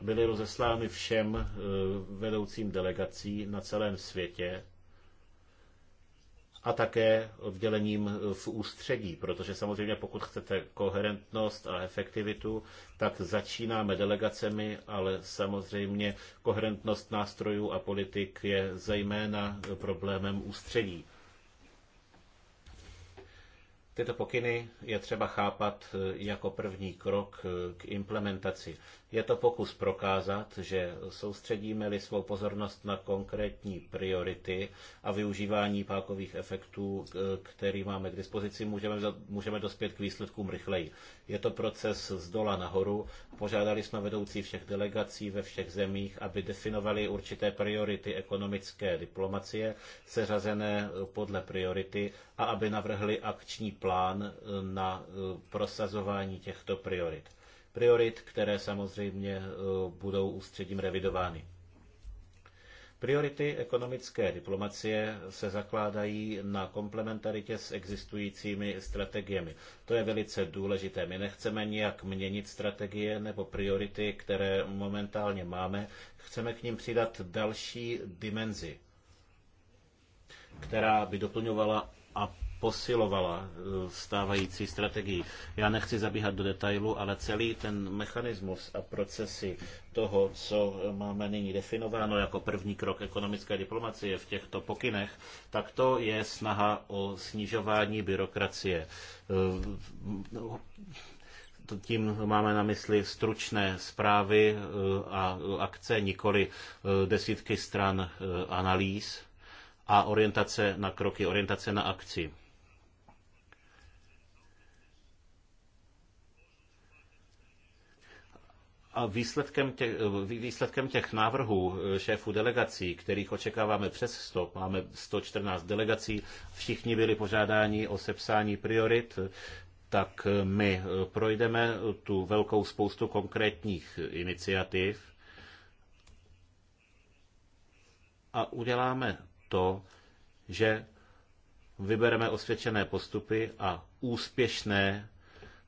Byly rozeslány všem eh, vedoucím delegací na celém světě a také oddělením v ústředí, protože samozřejmě pokud chcete koherentnost a efektivitu, tak začínáme delegacemi, ale samozřejmě koherentnost nástrojů a politik je zejména problémem ústředí. Tyto pokyny je třeba chápat eh, jako první krok eh, k implementaci. Je to pokus prokázat, že soustředíme-li svou pozornost na konkrétní priority a využívání pákových efektů, eh, který máme k dispozici, můžeme, můžeme dospět k výsledkům rychleji. Je to proces z dola nahoru. Požádali jsme vedoucí všech delegací ve všech zemích, aby definovali určité priority ekonomické diplomacie, seřazené podle priority a aby navrhli akční plán plán eh, na eh, prosazování těchto priorit. Priorit, které samozřejmě eh, budou ústředím revidovány. Priority ekonomické diplomacie se zakládají na komplementaritě s existujícími strategiemi. To je velice důležité. My nechceme nijak měnit strategie nebo priority, které momentálně máme. Chceme k ním přidat další dimenzi, která by doplňovala a posilovala eh, stávající strategii. Já nechci zabíhat do detailu, ale celý ten mechanismus a procesy toho, co máme nyní definováno jako první krok ekonomické diplomacie v těchto pokynech, tak to je snaha o snižování byrokracie eh, tím máme na mysli stručné zprávy eh, a akce, nikoli desítky stran analýz a orientace na kroky, orientace na akci. A výsledkem těch, výsledkem těch návrhů eh, šéfů delegací, kterých očekáváme přes 100, máme 114 delegací, všichni byli požádáni o sepsání priorit, tak eh, my eh, projdeme tu velkou spoustu konkrétních iniciativ a uděláme to, že vybereme osvědčené postupy a úspěšné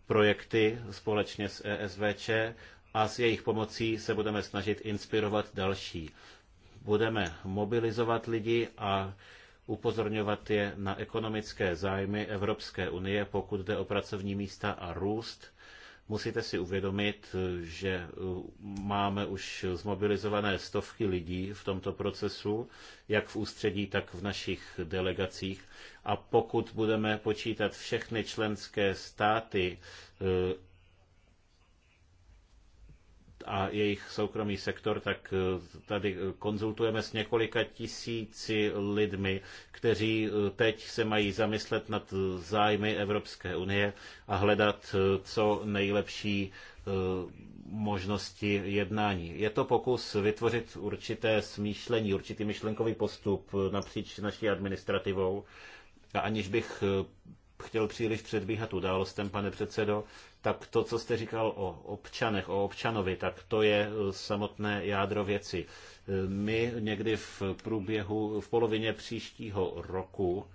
projekty společně s ESVČ a s jejich pomocí se budeme snažit inspirovat další. Budeme mobilizovat lidi a upozorňovat je na ekonomické zájmy Evropské unie, pokud jde o pracovní místa a růst. Musíte si uvědomit, že uh, máme už zmobilizované stovky lidí v tomto procesu, jak v ústředí, tak v našich delegacích. A pokud budeme počítat všechny členské státy uh, a jejich soukromý sektor, tak eh, tady eh, konzultujeme s několika tisíci lidmi, kteří eh, teď se mají zamyslet nad zájmy Evropské unie a hledat co nejlepší možnosti jednání. Je to pokus vytvořit určité smýšlení, určitý myšlenkový postup napříč naší administrativou. A aniž bych chtěl příliš předbíhat událostem, pane předsedo, tak to, co jste říkal o občanech, o občanovi, tak to je e, samotné jádro věci. E, my někdy v průběhu, v polovině příštího roku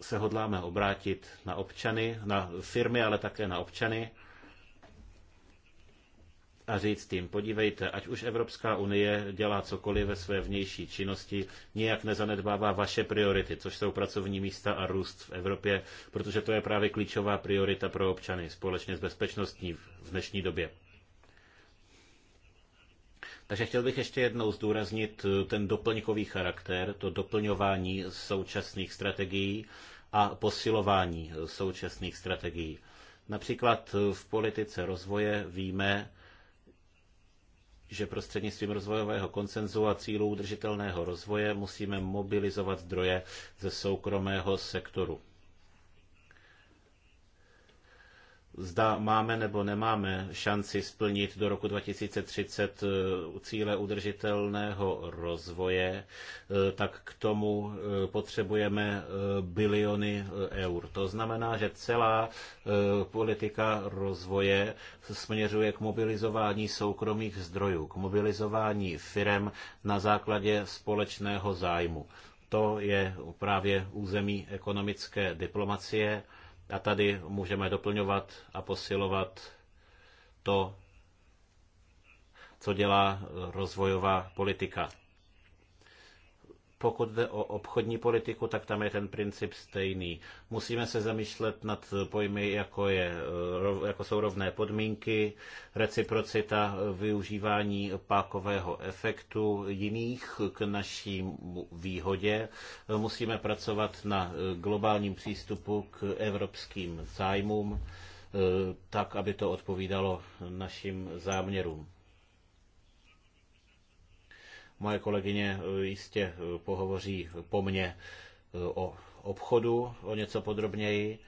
se hodláme obrátit na občany, na firmy, ale také na občany a říct tím, podívejte, ať už Evropská unie dělá cokoliv ve své vnější činnosti, nijak nezanedbává vaše priority, což jsou pracovní místa a růst v Evropě, protože to je právě klíčová priorita pro občany společně s bezpečnostní v dnešní době. Takže chtěl bych ještě jednou zdůraznit eh, ten doplňkový charakter, to doplňování současných strategií a posilování eh, současných strategií. Například eh, v politice rozvoje víme, že prostřednictvím rozvojového koncenzu a cílů udržitelného rozvoje musíme mobilizovat zdroje ze soukromého sektoru. zda máme nebo nemáme šanci splnit do roku 2030 eh, cíle udržitelného rozvoje, eh, tak k tomu eh, potřebujeme biliony eur. To znamená, že celá politika rozvoje směřuje k mobilizování soukromých zdrojů, k mobilizování firem na základě společného zájmu. To je právě území ekonomické diplomacie a tady můžeme doplňovat a posilovat to, co dělá rozvojová politika. Pokud jde o obchodní politiku, tak tam je ten princip stejný. Musíme se zamýšlet nad pojmy, jako, je, eh, jako jsou rovné podmínky, reciprocita, eh, využívání pákového efektu jiných k naší výhodě. Eh, musíme pracovat na globálním přístupu k evropským zájmům, tak, aby to odpovídalo našim záměrům. Moje kolegyně eh, jistě eh, pohovoří po mně eh, o obchodu o něco podrobněji.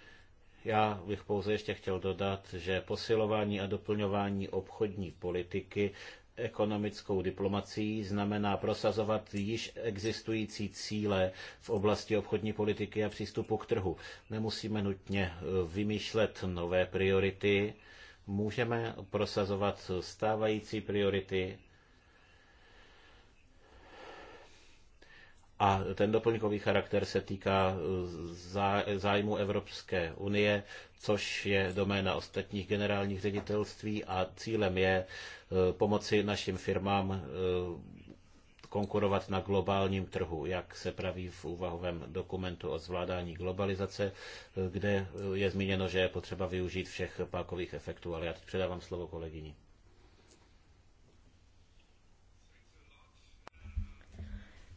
Já bych pouze ještě chtěl dodat, že posilování a doplňování obchodní politiky ekonomickou diplomací znamená prosazovat již existující cíle v oblasti obchodní politiky a přístupu k trhu. Nemusíme nutně vymýšlet nové priority, můžeme prosazovat stávající priority A ten doplňkový charakter se týká eh, zájmu Evropské unie, což je doména ostatních generálních ředitelství a cílem je eh, pomoci našim firmám eh, konkurovat na globálním trhu, jak se praví v úvahovém dokumentu o zvládání globalizace, kde je zmíněno, že je potřeba využít všech pákových efektů. Ale já teď předávám slovo kolegyni.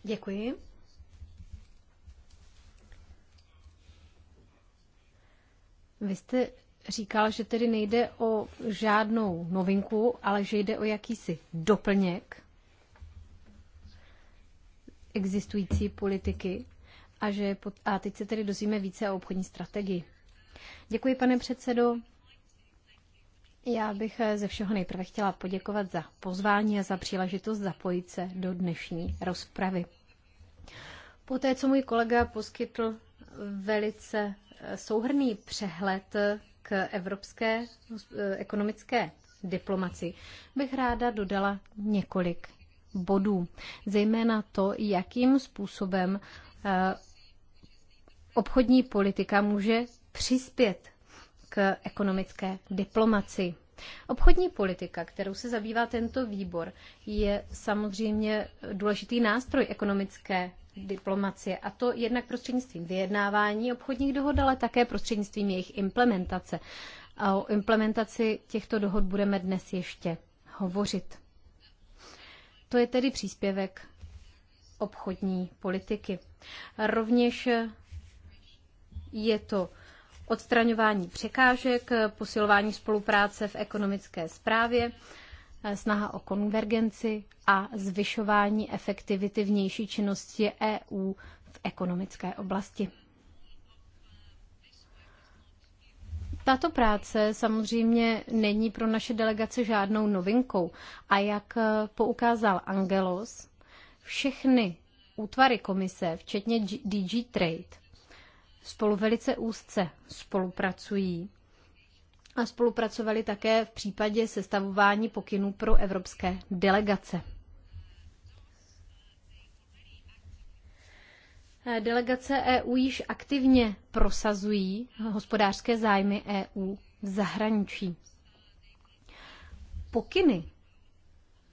Děkuji. Vy jste říkal, že tedy nejde o žádnou novinku, ale že jde o jakýsi doplněk existující politiky a, že, pod, a teď se tedy dozvíme více o obchodní strategii. Děkuji, pane předsedo. Já bych ze všeho nejprve chtěla poděkovat za pozvání a za příležitost zapojit se do dnešní rozpravy. Poté, co můj kolega poskytl velice eh, souhrný přehled k evropské eh, ekonomické diplomaci, bych ráda dodala několik bodů, zejména to, jakým způsobem eh, obchodní politika může přispět k ekonomické diplomaci. Obchodní politika, kterou se zabývá tento výbor, je samozřejmě důležitý nástroj ekonomické diplomacie, a to jednak prostřednictvím vyjednávání obchodních dohod, ale také prostřednictvím jejich implementace. A o implementaci těchto dohod budeme dnes ještě hovořit. To je tedy příspěvek obchodní politiky. Rovněž je to odstraňování překážek, posilování spolupráce v ekonomické správě, eh, snaha o konvergenci a zvyšování efektivity vnější činnosti EU v ekonomické oblasti. Tato práce samozřejmě není pro naše delegace žádnou novinkou a jak eh, poukázal Angelos, všechny útvary komise, včetně DG Trade, spolu velice úzce spolupracují a spolupracovali také v případě sestavování pokynů pro evropské delegace. Eh, delegace EU již aktivně prosazují hospodářské zájmy EU v zahraničí. Pokyny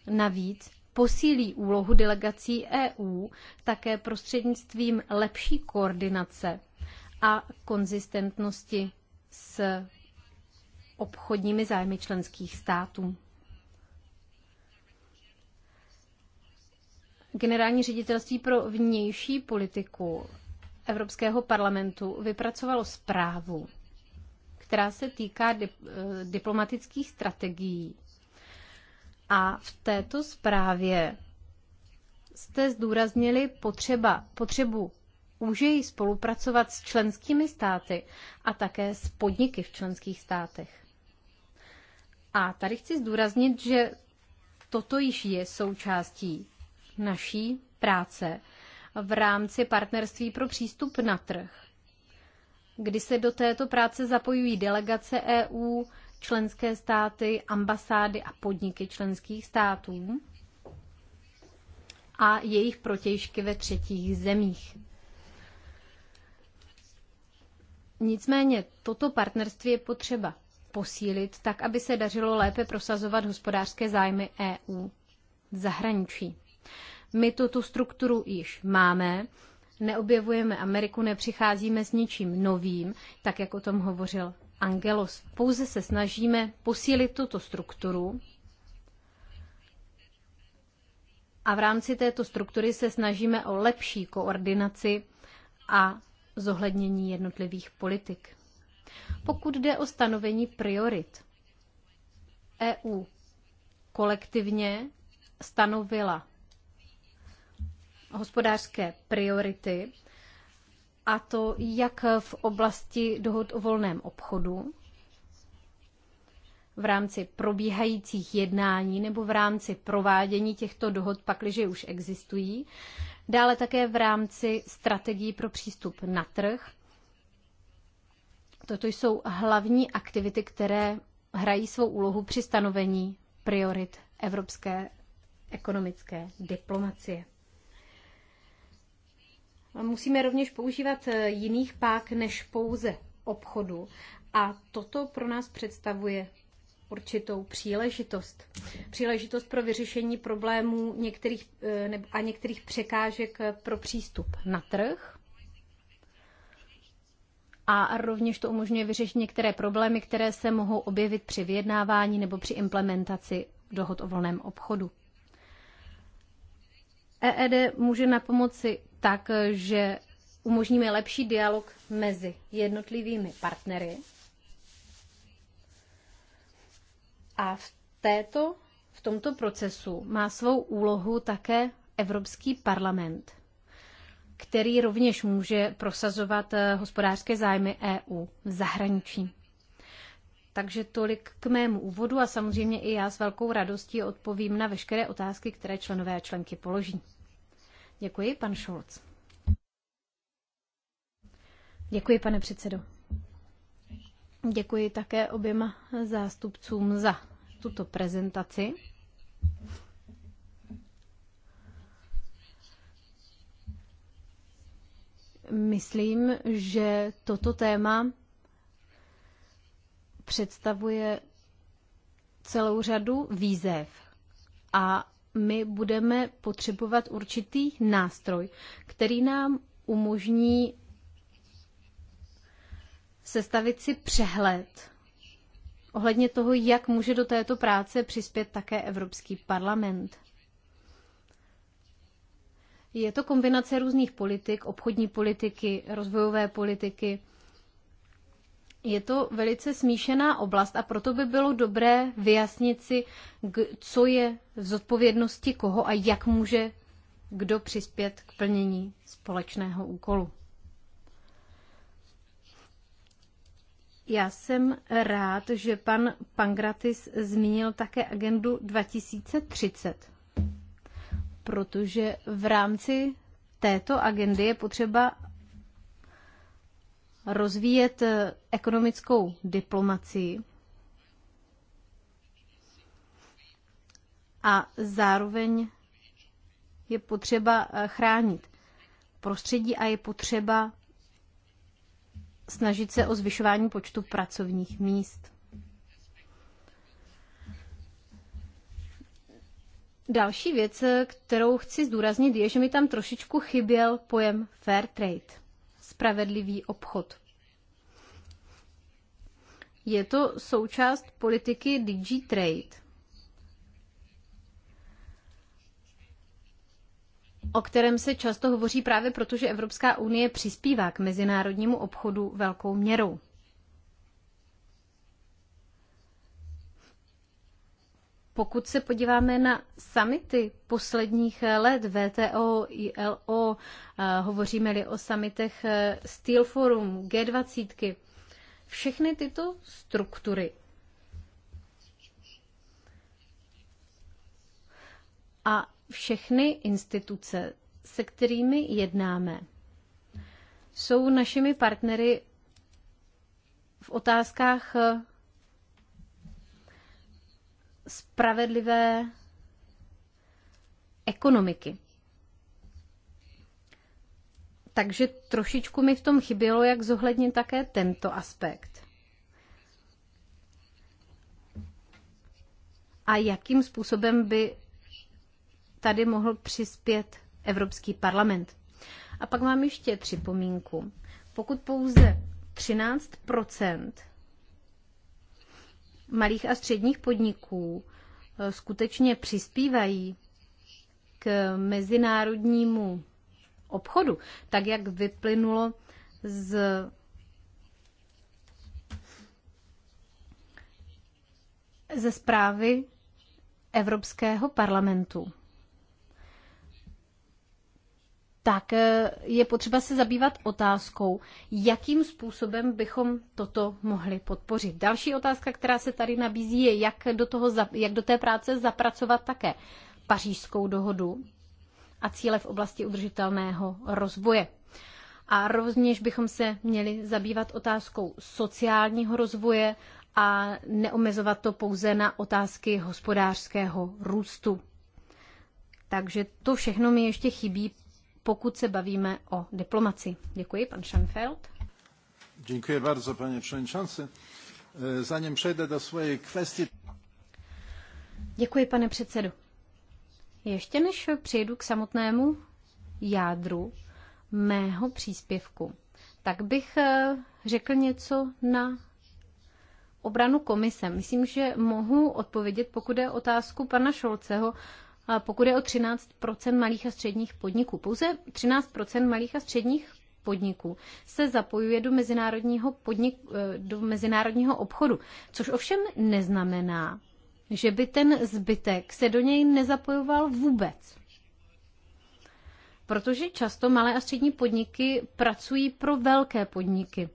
navíc posílí úlohu delegací EU také prostřednictvím lepší koordinace a konzistentnosti s obchodními zájmy členských států. Generální ředitelství pro vnější politiku Evropského parlamentu vypracovalo zprávu, která se týká dip, eh, diplomatických strategií. A v této zprávě jste zdůraznili potřeba, potřebu užeji spolupracovat s členskými státy a také s podniky v členských státech. A tady chci zdůraznit, že toto již je součástí naší práce v rámci partnerství pro přístup na trh, kdy se do této práce zapojují delegace EU, členské státy, ambasády a podniky členských států a jejich protějšky ve třetích zemích. Nicméně toto partnerství je potřeba posílit tak, aby se dařilo lépe prosazovat hospodářské zájmy EU v zahraničí. My tuto strukturu již máme, neobjevujeme Ameriku, nepřicházíme s ničím novým, tak jak o tom hovořil Angelos. Pouze se snažíme posílit tuto strukturu a v rámci této struktury se snažíme o lepší koordinaci a zohlednění jednotlivých politik. Pokud jde o stanovení priorit, EU kolektivně stanovila hospodářské priority, a to jak v oblasti dohod o volném obchodu, v rámci probíhajících jednání nebo v rámci provádění těchto dohod, pakliže už existují, dále také v rámci strategií pro přístup na trh. Toto jsou hlavní aktivity, které hrají svou úlohu při stanovení priorit evropské ekonomické diplomacie. Musíme rovněž používat eh, jiných pák než pouze obchodu a toto pro nás představuje určitou příležitost. Příležitost pro vyřešení problémů některých, eh, a některých překážek eh, pro přístup na trh. A rovněž to umožňuje vyřešit některé problémy, které se mohou objevit při vyjednávání nebo při implementaci dohod o volném obchodu. EED může na pomoci tak, že umožníme lepší dialog mezi jednotlivými partnery A v, této, v tomto procesu má svou úlohu také Evropský parlament, který rovněž může prosazovat eh, hospodářské zájmy EU v zahraničí. Takže tolik k mému úvodu a samozřejmě i já s velkou radostí odpovím na veškeré otázky, které členové a členky položí. Děkuji, pan Šulc. Děkuji, pane předsedo. Děkuji také oběma zástupcům za tuto prezentaci. Myslím, že toto téma představuje celou řadu výzev a my budeme potřebovat určitý nástroj, který nám umožní sestavit si přehled ohledně toho, jak může do této práce přispět také Evropský parlament. Je to kombinace různých politik, obchodní politiky, rozvojové politiky. Je to velice smíšená oblast a proto by bylo dobré vyjasnit si, co je v zodpovědnosti koho a jak může kdo přispět k plnění společného úkolu. Já jsem rád, že pan Pangratis zmínil také agendu 2030, protože v rámci této agendy je potřeba rozvíjet eh, ekonomickou diplomacii a zároveň je potřeba eh, chránit prostředí a je potřeba snažit se o zvyšování počtu pracovních míst. Další věc, kterou chci zdůraznit, je, že mi tam trošičku chyběl pojem fair trade, spravedlivý obchod. Je to součást politiky DigiTrade. o kterém se často hovoří právě proto, že Evropská unie přispívá k mezinárodnímu obchodu velkou měrou. Pokud se podíváme na samity posledních eh, let VTO, ILO, eh, hovoříme-li o samitech eh, Steel Forum, G20, všechny tyto struktury a všechny instituce, se kterými jednáme, jsou našimi partnery v otázkách eh, spravedlivé ekonomiky. Takže trošičku mi v tom chybělo, jak zohlednit také tento aspekt. A jakým způsobem by tady mohl přispět Evropský parlament. A pak mám ještě připomínku. Pokud pouze 13 malých a středních podniků eh, skutečně přispívají k mezinárodnímu obchodu, tak jak vyplynulo z ze zprávy Evropského parlamentu tak eh, je potřeba se zabývat otázkou, jakým způsobem bychom toto mohli podpořit. Další otázka, která se tady nabízí, je, jak do, toho, jak do té práce zapracovat také pařížskou dohodu a cíle v oblasti udržitelného rozvoje. A rovněž bychom se měli zabývat otázkou sociálního rozvoje a neomezovat to pouze na otázky hospodářského růstu. Takže to všechno mi ještě chybí pokud se bavíme o diplomaci. Děkuji, pan Schanfeld. Děkuji bardzo, pane předsedající. Zanim přejde do své kvesti... Děkuji, pane předsedu. Ještě než přejdu k samotnému jádru mého příspěvku, tak bych e, řekl něco na obranu komise. Myslím, že mohu odpovědět, pokud je otázku pana Šolceho pokud je o 13 malých a středních podniků. Pouze 13 malých a středních podniků se zapojuje do mezinárodního, podnik, eh, do mezinárodního obchodu, což ovšem neznamená, že by ten zbytek se do něj nezapojoval vůbec. Protože často malé a střední podniky pracují pro velké podniky.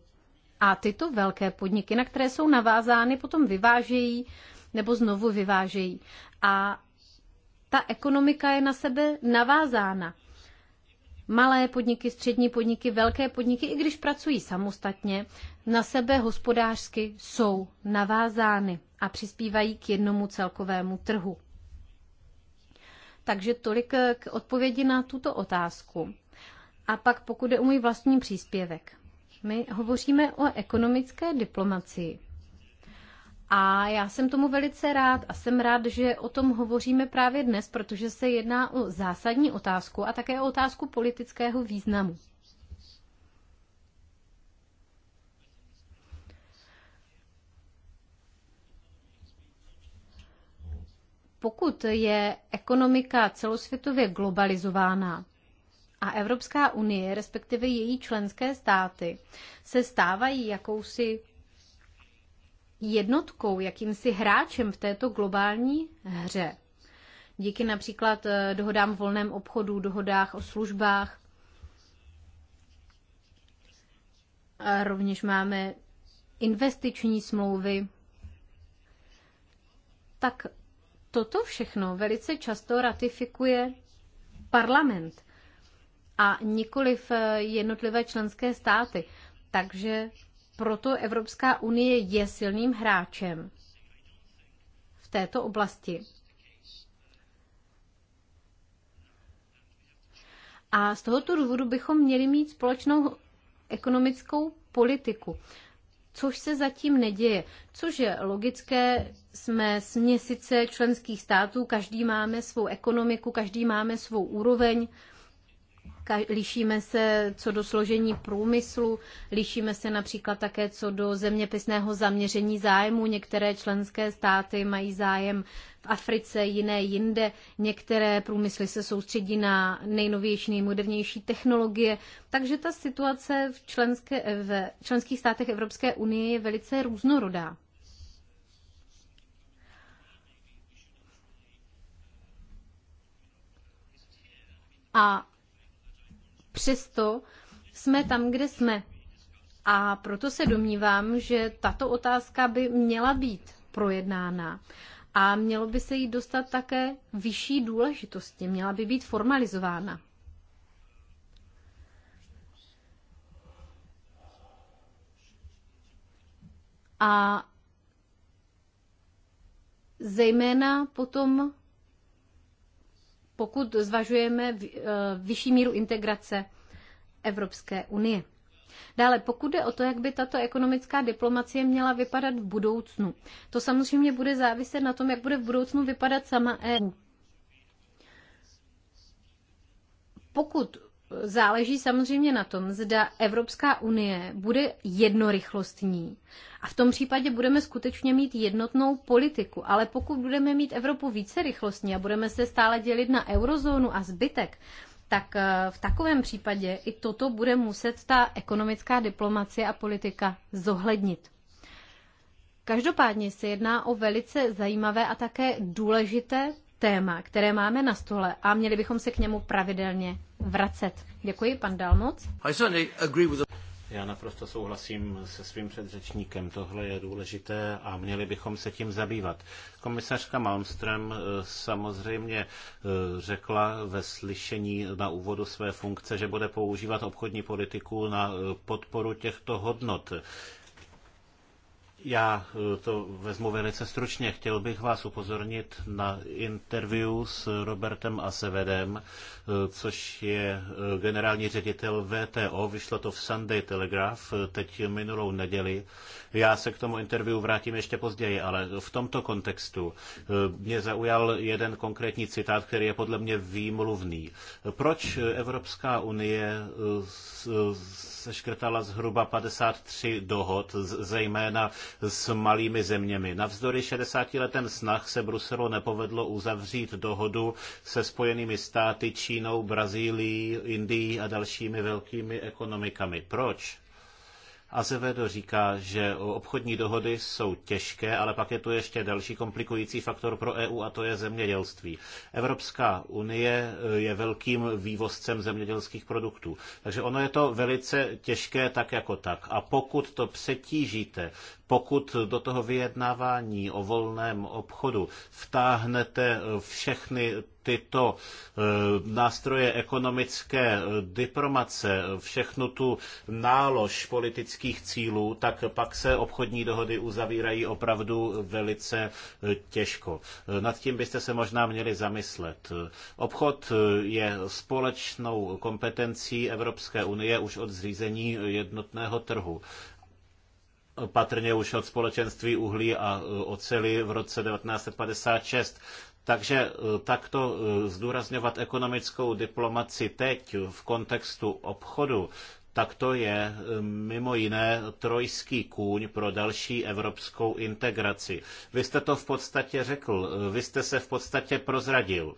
A tyto velké podniky, na které jsou navázány, potom vyvážejí nebo znovu vyvážejí. A ta ekonomika je na sebe navázána. Malé podniky, střední podniky, velké podniky, i když pracují samostatně, na sebe hospodářsky jsou navázány a přispívají k jednomu celkovému trhu. Takže tolik eh, k odpovědi na tuto otázku. A pak pokud je o můj vlastní příspěvek. My hovoříme o ekonomické diplomacii. A já jsem tomu velice rád a jsem rád, že o tom hovoříme právě dnes, protože se jedná o zásadní otázku a také o otázku politického významu. Pokud je ekonomika celosvětově globalizována, a Evropská unie, respektive její členské státy, se stávají jakousi jednotkou, jakýmsi hráčem v této globální hře. Díky například eh, dohodám o volném obchodu, dohodách o službách. A rovněž máme investiční smlouvy. Tak toto všechno velice často ratifikuje parlament a nikoliv eh, jednotlivé členské státy. Takže proto Evropská unie je silným hráčem v této oblasti. A z tohoto důvodu bychom měli mít společnou ekonomickou politiku, což se zatím neděje. Což je logické, jsme směsice členských států, každý máme svou ekonomiku, každý máme svou úroveň lišíme se co do složení průmyslu, lišíme se například také co do zeměpisného zaměření zájmu. Některé členské státy mají zájem v Africe, jiné jinde. Některé průmysly se soustředí na nejnovější, nejmodernější technologie. Takže ta situace v, členské, v členských státech Evropské unie je velice různorodá. A Přesto jsme tam, kde jsme. A proto se domnívám, že tato otázka by měla být projednána a mělo by se jí dostat také vyšší důležitosti, měla by být formalizována. A zejména potom pokud zvažujeme eh, vyšší míru integrace Evropské unie. Dále, pokud jde o to, jak by tato ekonomická diplomacie měla vypadat v budoucnu, to samozřejmě bude záviset na tom, jak bude v budoucnu vypadat sama EU. Pokud záleží samozřejmě na tom, zda Evropská unie bude jednorychlostní. A v tom případě budeme skutečně mít jednotnou politiku. Ale pokud budeme mít Evropu více rychlostní a budeme se stále dělit na eurozónu a zbytek, tak eh, v takovém případě i toto bude muset ta ekonomická diplomacie a politika zohlednit. Každopádně se jedná o velice zajímavé a také důležité téma, které máme na stole a měli bychom se k němu pravidelně vracet. Děkuji, pan Dalmoc. Já naprosto souhlasím se svým předřečníkem. Tohle je důležité a měli bychom se tím zabývat. Komisařka Malmström eh, samozřejmě eh, řekla ve slyšení na úvodu své funkce, že bude používat obchodní politiku na eh, podporu těchto hodnot. Já eh, to vezmu velice stručně. Chtěl bych vás upozornit na interview s Robertem Asevedem, eh, což je eh, generální ředitel VTO. Vyšlo to v Sunday Telegraph teď minulou neděli. Já se k tomu interview vrátím ještě později, ale v tomto kontextu mě zaujal jeden konkrétní citát, který je podle mě výmluvný. Proč Evropská unie seškrtala zhruba 53 dohod, zejména s malými zeměmi. Navzdory 60 letem snah se Bruselu nepovedlo uzavřít dohodu se spojenými státy, Čínou, Brazílií, Indií a dalšími velkými ekonomikami. Proč? Azevedo říká, že obchodní dohody jsou těžké, ale pak je tu ještě další komplikující faktor pro EU a to je zemědělství. Evropská unie eh, je velkým vývozcem zemědělských produktů. Takže ono je to velice těžké tak jako tak. A pokud to přetížíte, pokud do toho vyjednávání o volném obchodu vtáhnete eh, všechny tyto eh, nástroje ekonomické eh, diplomace, všechnu tu nálož politických cílů, tak pak se obchodní dohody uzavírají opravdu velice eh, těžko. Nad tím byste se možná měli zamyslet. Obchod je společnou kompetencí Evropské unie už od zřízení jednotného trhu patrně už od společenství uhlí a oceli v roce 1956. Takže eh, takto eh, zdůrazňovat ekonomickou diplomaci teď v kontextu obchodu, tak to je eh, mimo jiné trojský kůň pro další evropskou integraci. Vy jste to v podstatě řekl, vy jste se v podstatě prozradil.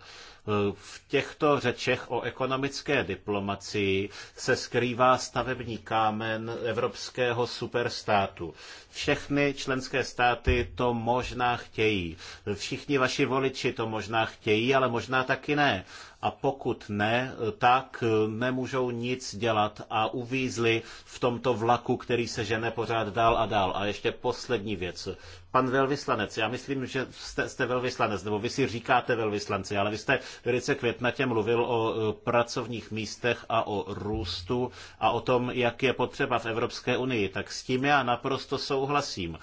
Eh, v těchto řečech o ekonomické diplomacii se skrývá stavební kámen evropského superstátu. Všechny členské státy to možná chtějí. Všichni vaši voliči to možná chtějí, ale možná taky ne. A pokud ne, tak eh, nemůžou nic dělat a uvízli v tomto vlaku, který se žene pořád dál a dál. A ještě poslední věc. Pan velvyslanec, já myslím, že jste, jste velvyslanec, nebo vy si říkáte velvyslanci, ale vy jste velice květnatě mluvil o e, pracovních místech a o růstu a o tom, jak je potřeba v Evropské unii. Tak s tím já naprosto souhlasím.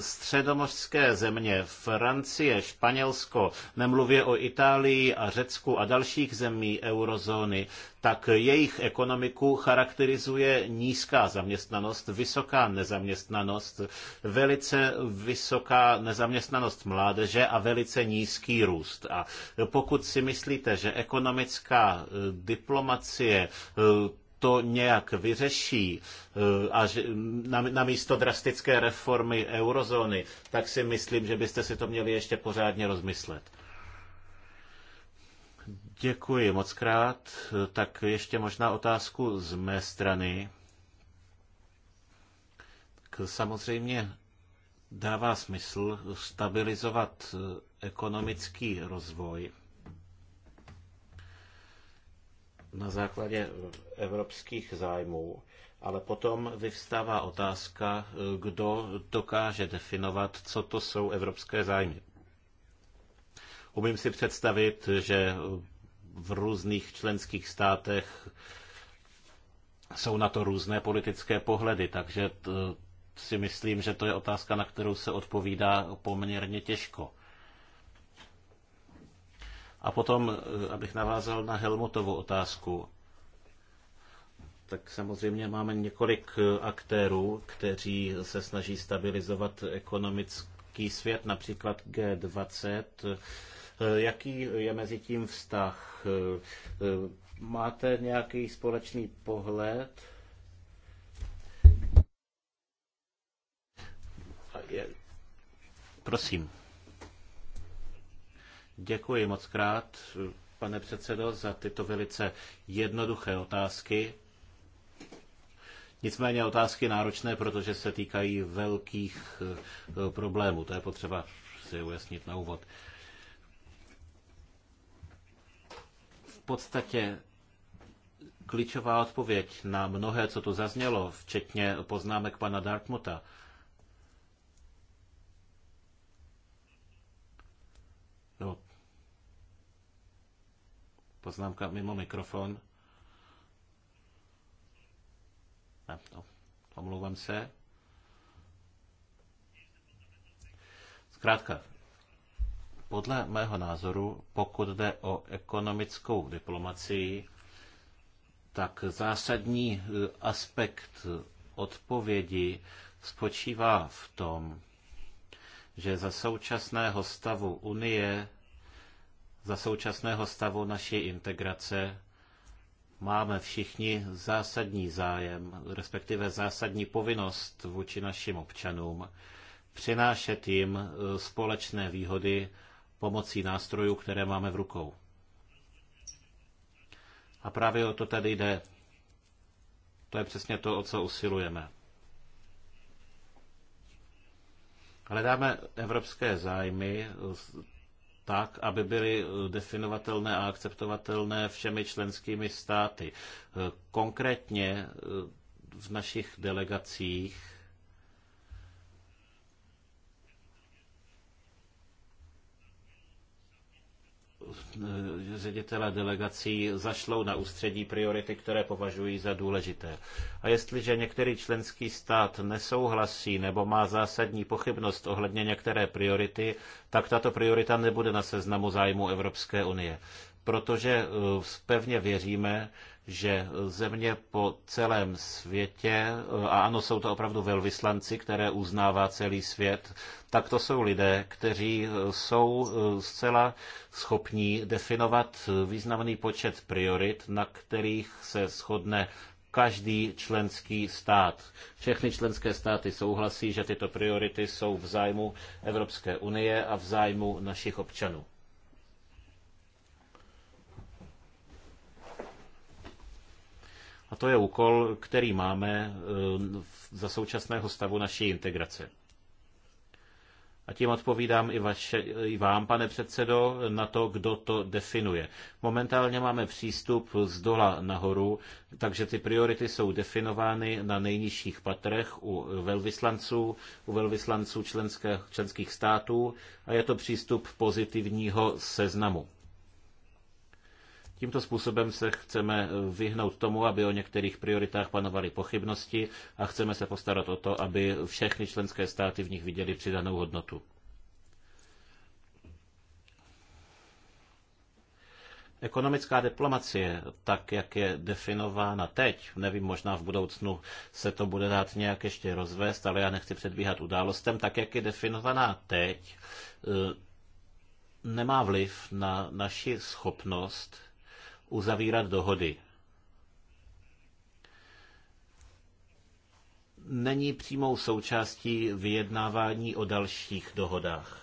Středomořské země, Francie, Španělsko, nemluvě o Itálii a Řecku a dalších zemí eurozóny, tak jejich ekonomiku charakterizuje nízká zaměstnanost, vysoká nezaměstnanost, velice vysoká nezaměstnanost mládeže a velice nízký růst. A pokud si myslíte, že ekonomická e, diplomacie e, to nějak vyřeší e, a že namísto drastické reformy eurozóny, tak si myslím, že byste si to měli ještě pořádně rozmyslet. Děkuji moc krát. Tak ještě možná otázku z mé strany. Tak samozřejmě dává smysl stabilizovat ekonomický rozvoj na základě evropských zájmů, ale potom vyvstává otázka, kdo dokáže definovat, co to jsou evropské zájmy. Umím si představit, že v různých členských státech jsou na to různé politické pohledy, takže to si myslím, že to je otázka, na kterou se odpovídá poměrně těžko. A potom, eh, abych navázal na Helmutovu otázku, tak samozřejmě máme několik eh, aktérů, kteří se snaží stabilizovat ekonomický svět, například G20, Eh, jaký je mezi tím vztah? Eh, máte nějaký společný pohled? Prosím. Děkuji moc krát, pane předsedo, za tyto velice jednoduché otázky. Nicméně otázky náročné, protože se týkají velkých eh, problémů. To je potřeba si ujasnit na úvod. podstatě klíčová odpověď na mnohé, co tu zaznělo, včetně poznámek pana Dartmuta. No, poznámka mimo mikrofon. Ne, no, omlouvám se. Zkrátka, podle mého názoru, pokud jde o ekonomickou diplomacii, tak zásadní e, aspekt odpovědi spočívá v tom, že za současného stavu Unie, za současného stavu naší integrace, máme všichni zásadní zájem, respektive zásadní povinnost vůči našim občanům přinášet jim e, společné výhody pomocí nástrojů, které máme v rukou. A právě o to tady jde. To je přesně to, o co usilujeme. Hledáme evropské zájmy tak, aby byly definovatelné a akceptovatelné všemi členskými státy. Konkrétně eh, v našich delegacích ředitele delegací zašlou na ústřední priority, které považují za důležité. A jestliže některý členský stát nesouhlasí nebo má zásadní pochybnost ohledně některé priority, tak tato priorita nebude na seznamu zájmu Evropské unie. Protože eh, pevně věříme, že země po celém světě, a ano, jsou to opravdu velvyslanci, které uznává celý svět, tak to jsou lidé, kteří jsou eh, zcela schopní definovat významný počet priorit, na kterých se shodne každý členský stát. Všechny členské státy souhlasí, že tyto priority jsou v zájmu Evropské unie a v zájmu našich občanů. A to je úkol, který máme eh, za současného stavu naší integrace. A tím odpovídám i, vaše, i vám, pane předsedo, na to, kdo to definuje. Momentálně máme přístup z dola nahoru, takže ty priority jsou definovány na nejnižších patrech u velvyslanců, u velvyslanců členských, členských států a je to přístup pozitivního seznamu. Tímto způsobem se chceme eh, vyhnout tomu, aby o některých prioritách panovaly pochybnosti a chceme se postarat o to, aby všechny členské státy v nich viděly přidanou hodnotu. Ekonomická diplomacie, tak jak je definována teď, nevím, možná v budoucnu se to bude dát nějak ještě rozvést, ale já nechci předbíhat událostem, tak jak je definovaná teď, eh, nemá vliv na naši schopnost uzavírat dohody. Není přímou součástí vyjednávání o dalších dohodách.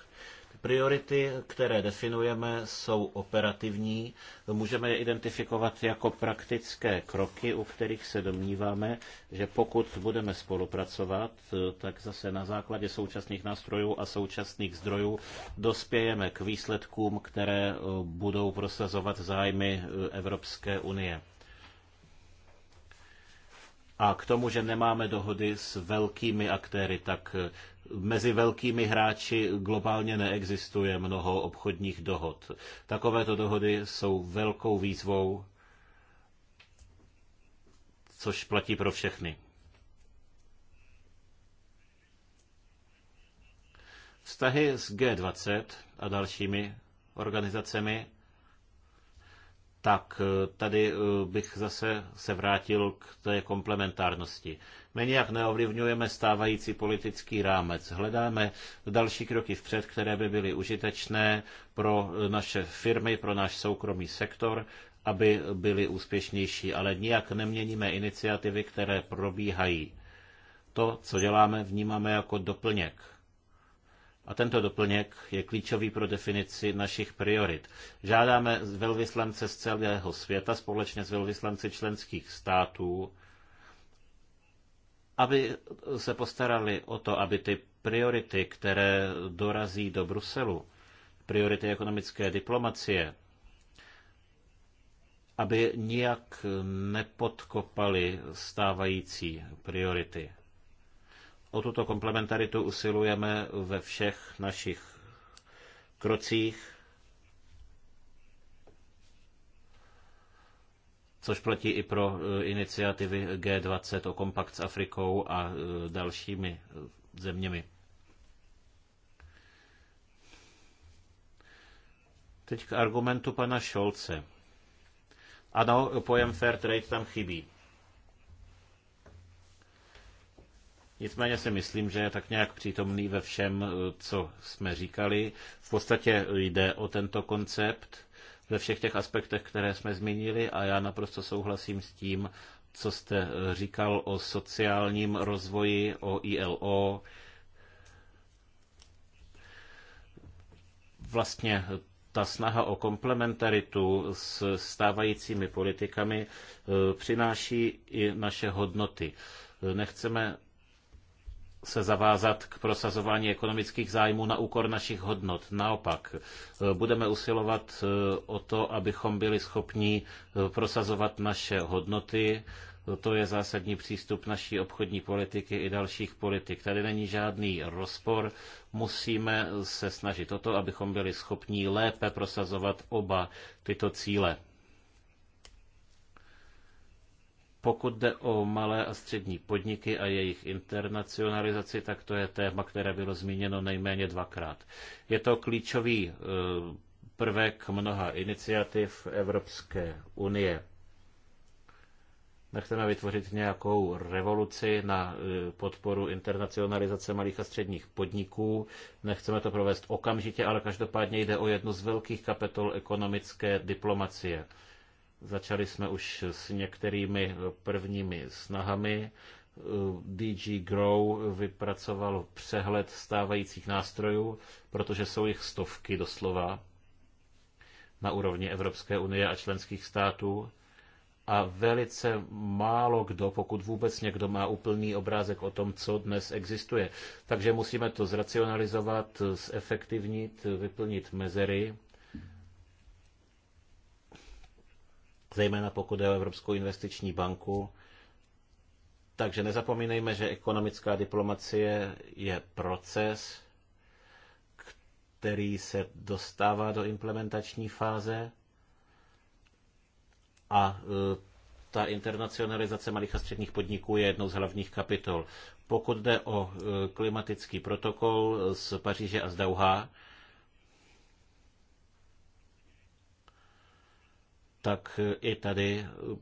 Priority, které definujeme, jsou operativní. Můžeme je identifikovat jako praktické kroky, u kterých se domníváme, že pokud budeme spolupracovat, tak zase na základě současných nástrojů a současných zdrojů dospějeme k výsledkům, které budou prosazovat zájmy Evropské unie. A k tomu, že nemáme dohody s velkými aktéry, tak eh, mezi velkými hráči globálně neexistuje mnoho obchodních dohod. Takovéto dohody jsou velkou výzvou, což platí pro všechny. Vztahy s G20 a dalšími organizacemi tak eh, tady eh, bych zase se vrátil k té komplementárnosti. My nějak neovlivňujeme stávající politický rámec. Hledáme další kroky vpřed, které by byly užitečné pro eh, naše firmy, pro náš soukromý sektor, aby byly úspěšnější, ale nijak neměníme iniciativy, které probíhají. To, co děláme, vnímáme jako doplněk a tento doplněk je klíčový pro definici našich priorit. Žádáme velvyslance z celého světa společně s velvyslanci členských států, aby se postarali o to, aby ty priority, které dorazí do Bruselu, priority ekonomické diplomacie, aby nijak nepodkopaly stávající priority. O tuto komplementaritu usilujeme ve všech našich krocích, což platí i pro e, iniciativy G20 o kompakt s Afrikou a e, dalšími e, zeměmi. Teď k argumentu pana Šolce. Ano, pojem fair trade tam chybí. Nicméně si myslím, že je tak nějak přítomný ve všem, eh, co jsme říkali. V podstatě jde o tento koncept ve všech těch aspektech, které jsme zmínili a já naprosto souhlasím s tím, co jste eh, říkal o sociálním rozvoji, o ILO. Vlastně eh, ta snaha o komplementaritu s stávajícími politikami přináší i naše hodnoty. Nechceme se zavázat k prosazování ekonomických zájmů na úkor našich hodnot. Naopak, e, budeme usilovat e, o to, abychom byli schopni e, prosazovat naše hodnoty. To je zásadní přístup naší obchodní politiky i dalších politik. Tady není žádný rozpor. Musíme se snažit o to, abychom byli schopni lépe prosazovat oba tyto cíle. Pokud jde o malé a střední podniky a jejich internacionalizaci, tak to je téma, které bylo zmíněno nejméně dvakrát. Je to klíčový eh, prvek mnoha iniciativ Evropské unie. Nechceme vytvořit nějakou revoluci na eh, podporu internacionalizace malých a středních podniků. Nechceme to provést okamžitě, ale každopádně jde o jednu z velkých kapitol ekonomické diplomacie. Začali jsme už s některými prvními snahami. DG Grow vypracoval přehled stávajících nástrojů, protože jsou jich stovky doslova na úrovni Evropské unie a členských států. A velice málo kdo, pokud vůbec někdo má úplný obrázek o tom, co dnes existuje. Takže musíme to zracionalizovat, zefektivnit, vyplnit mezery zejména pokud je o Evropskou investiční banku. Takže nezapomínejme, že ekonomická diplomacie je proces, který se dostává do implementační fáze a e, ta internacionalizace malých a středních podniků je jednou z hlavních kapitol. Pokud jde o e, klimatický protokol z Paříže a z Dauha, tak i tady eh,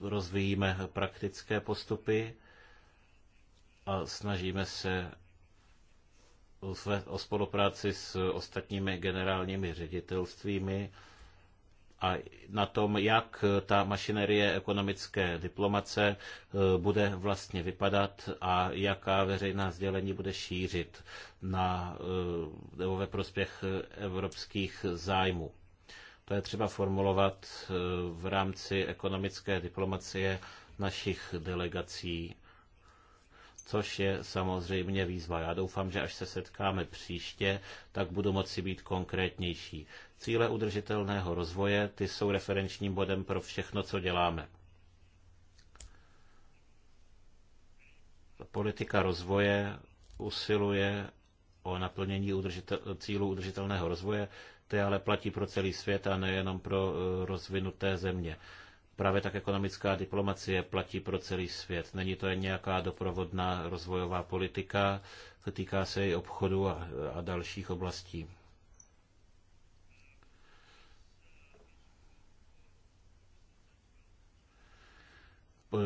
rozvíjíme praktické postupy a snažíme se o spolupráci s ostatními generálními ředitelstvími a na tom, jak ta mašinerie ekonomické diplomace eh, bude vlastně vypadat a jaká veřejná sdělení bude šířit na, eh, nebo ve prospěch evropských zájmů. To je třeba formulovat eh, v rámci ekonomické diplomacie našich delegací, což je samozřejmě výzva. Já doufám, že až se setkáme příště, tak budu moci být konkrétnější. Cíle udržitelného rozvoje, ty jsou referenčním bodem pro všechno, co děláme. Politika rozvoje usiluje o naplnění udržitel, cílů udržitelného rozvoje je ale platí pro celý svět a nejenom pro eh, rozvinuté země. Právě tak ekonomická diplomacie platí pro celý svět. Není to jen nějaká doprovodná rozvojová politika, to týká se i obchodu a, a dalších oblastí.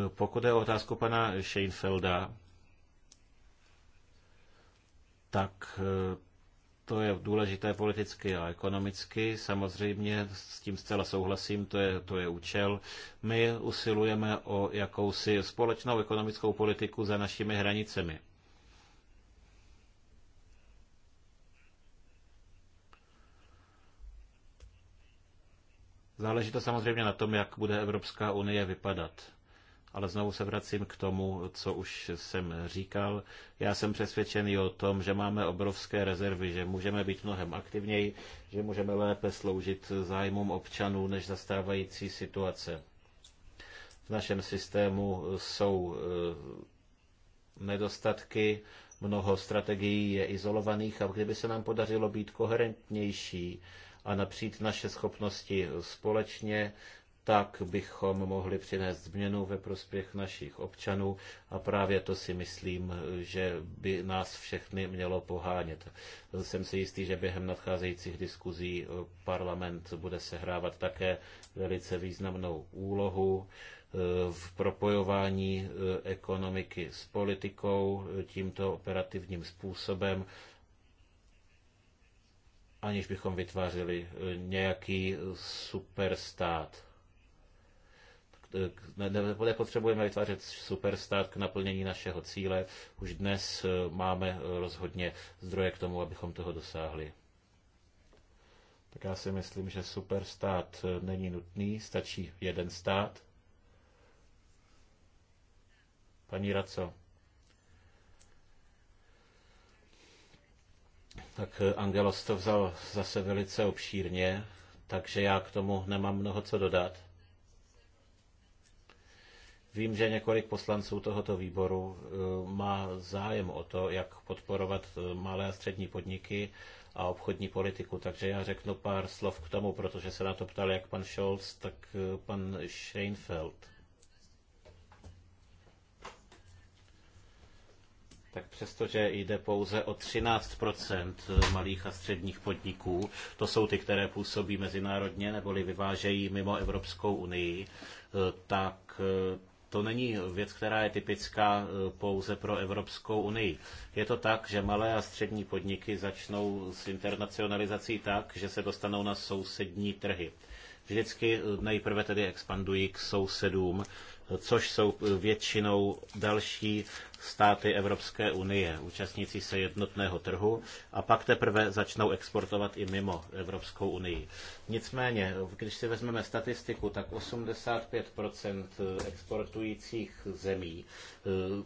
Pokud je o otázku pana Scheinfelda, tak eh, to je důležité politicky a ekonomicky, samozřejmě s tím zcela souhlasím, to je, to je účel. My usilujeme o jakousi společnou ekonomickou politiku za našimi hranicemi. Záleží to samozřejmě na tom, jak bude Evropská unie vypadat ale znovu se vracím k tomu, co už jsem říkal. Já jsem přesvědčený o tom, že máme obrovské rezervy, že můžeme být mnohem aktivněji, že můžeme lépe sloužit zájmům občanů než zastávající situace. V našem systému jsou e, nedostatky, mnoho strategií je izolovaných a kdyby se nám podařilo být koherentnější a napřít naše schopnosti společně, tak bychom mohli přinést změnu ve prospěch našich občanů a právě to si myslím, že by nás všechny mělo pohánět. Jsem si jistý, že během nadcházejících diskuzí parlament bude sehrávat také velice významnou úlohu eh, v propojování eh, ekonomiky s politikou eh, tímto operativním způsobem, aniž bychom vytvářeli nějaký superstát nepotřebujeme vytvářet superstát k naplnění našeho cíle. Už dnes eh, máme eh, rozhodně zdroje k tomu, abychom toho dosáhli. Tak já si myslím, že superstát eh, není nutný, stačí jeden stát. Paní Raco. Tak Angelos to vzal zase velice obšírně, takže já k tomu nemám mnoho co dodat. Vím, že několik poslanců tohoto výboru eh, má zájem o to, jak podporovat eh, malé a střední podniky a obchodní politiku, takže já řeknu pár slov k tomu, protože se na to ptal jak pan Scholz, tak eh, pan Scheinfeld. Tak přestože jde pouze o 13 malých a středních podniků, to jsou ty, které působí mezinárodně neboli vyvážejí mimo Evropskou unii, tak to není věc, která je typická eh, pouze pro Evropskou unii. Je to tak, že malé a střední podniky začnou s internacionalizací tak, že se dostanou na sousední trhy. Vždycky eh, nejprve tedy expandují k sousedům což jsou většinou další státy Evropské unie, účastníci se jednotného trhu, a pak teprve začnou exportovat i mimo Evropskou unii. Nicméně, když si vezmeme statistiku, tak 85 exportujících zemí eh,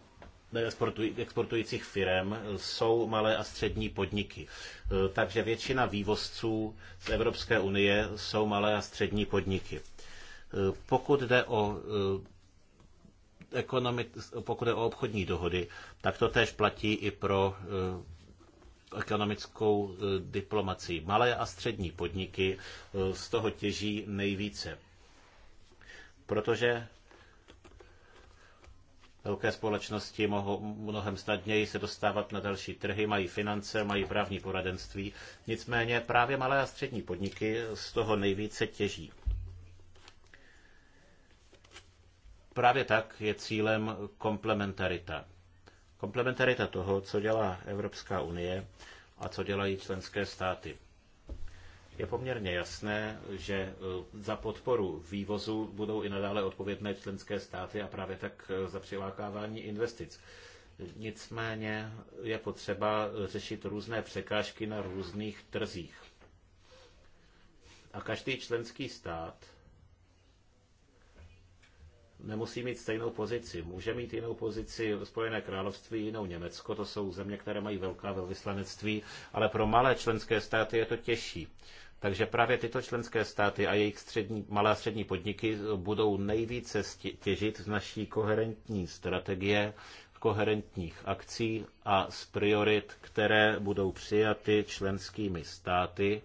exportujících firm jsou malé a střední podniky. Eh, takže většina vývozců z Evropské unie jsou malé a střední podniky. Eh, pokud jde o ekonomik, pokud je o obchodní dohody, tak to též platí i pro eh, ekonomickou eh, diplomaci. Malé a střední podniky eh, z toho těží nejvíce, protože velké společnosti mohou mnohem snadněji se dostávat na další trhy, mají finance, mají právní poradenství. Nicméně právě malé a střední podniky z toho nejvíce těží. právě tak je cílem komplementarita. Komplementarita toho, co dělá Evropská unie a co dělají členské státy. Je poměrně jasné, že e, za podporu vývozu budou i nadále odpovědné členské státy a právě tak e, za přilákávání investic. Nicméně je potřeba e, řešit různé překážky na různých trzích. A každý členský stát nemusí mít stejnou pozici. Může mít jinou pozici Spojené království, jinou Německo, to jsou země, které mají velká velvyslanectví, ale pro malé členské státy je to těžší. Takže právě tyto členské státy a jejich střední, malé a střední podniky budou nejvíce těžit z naší koherentní strategie, koherentních akcí a z priorit, které budou přijaty členskými státy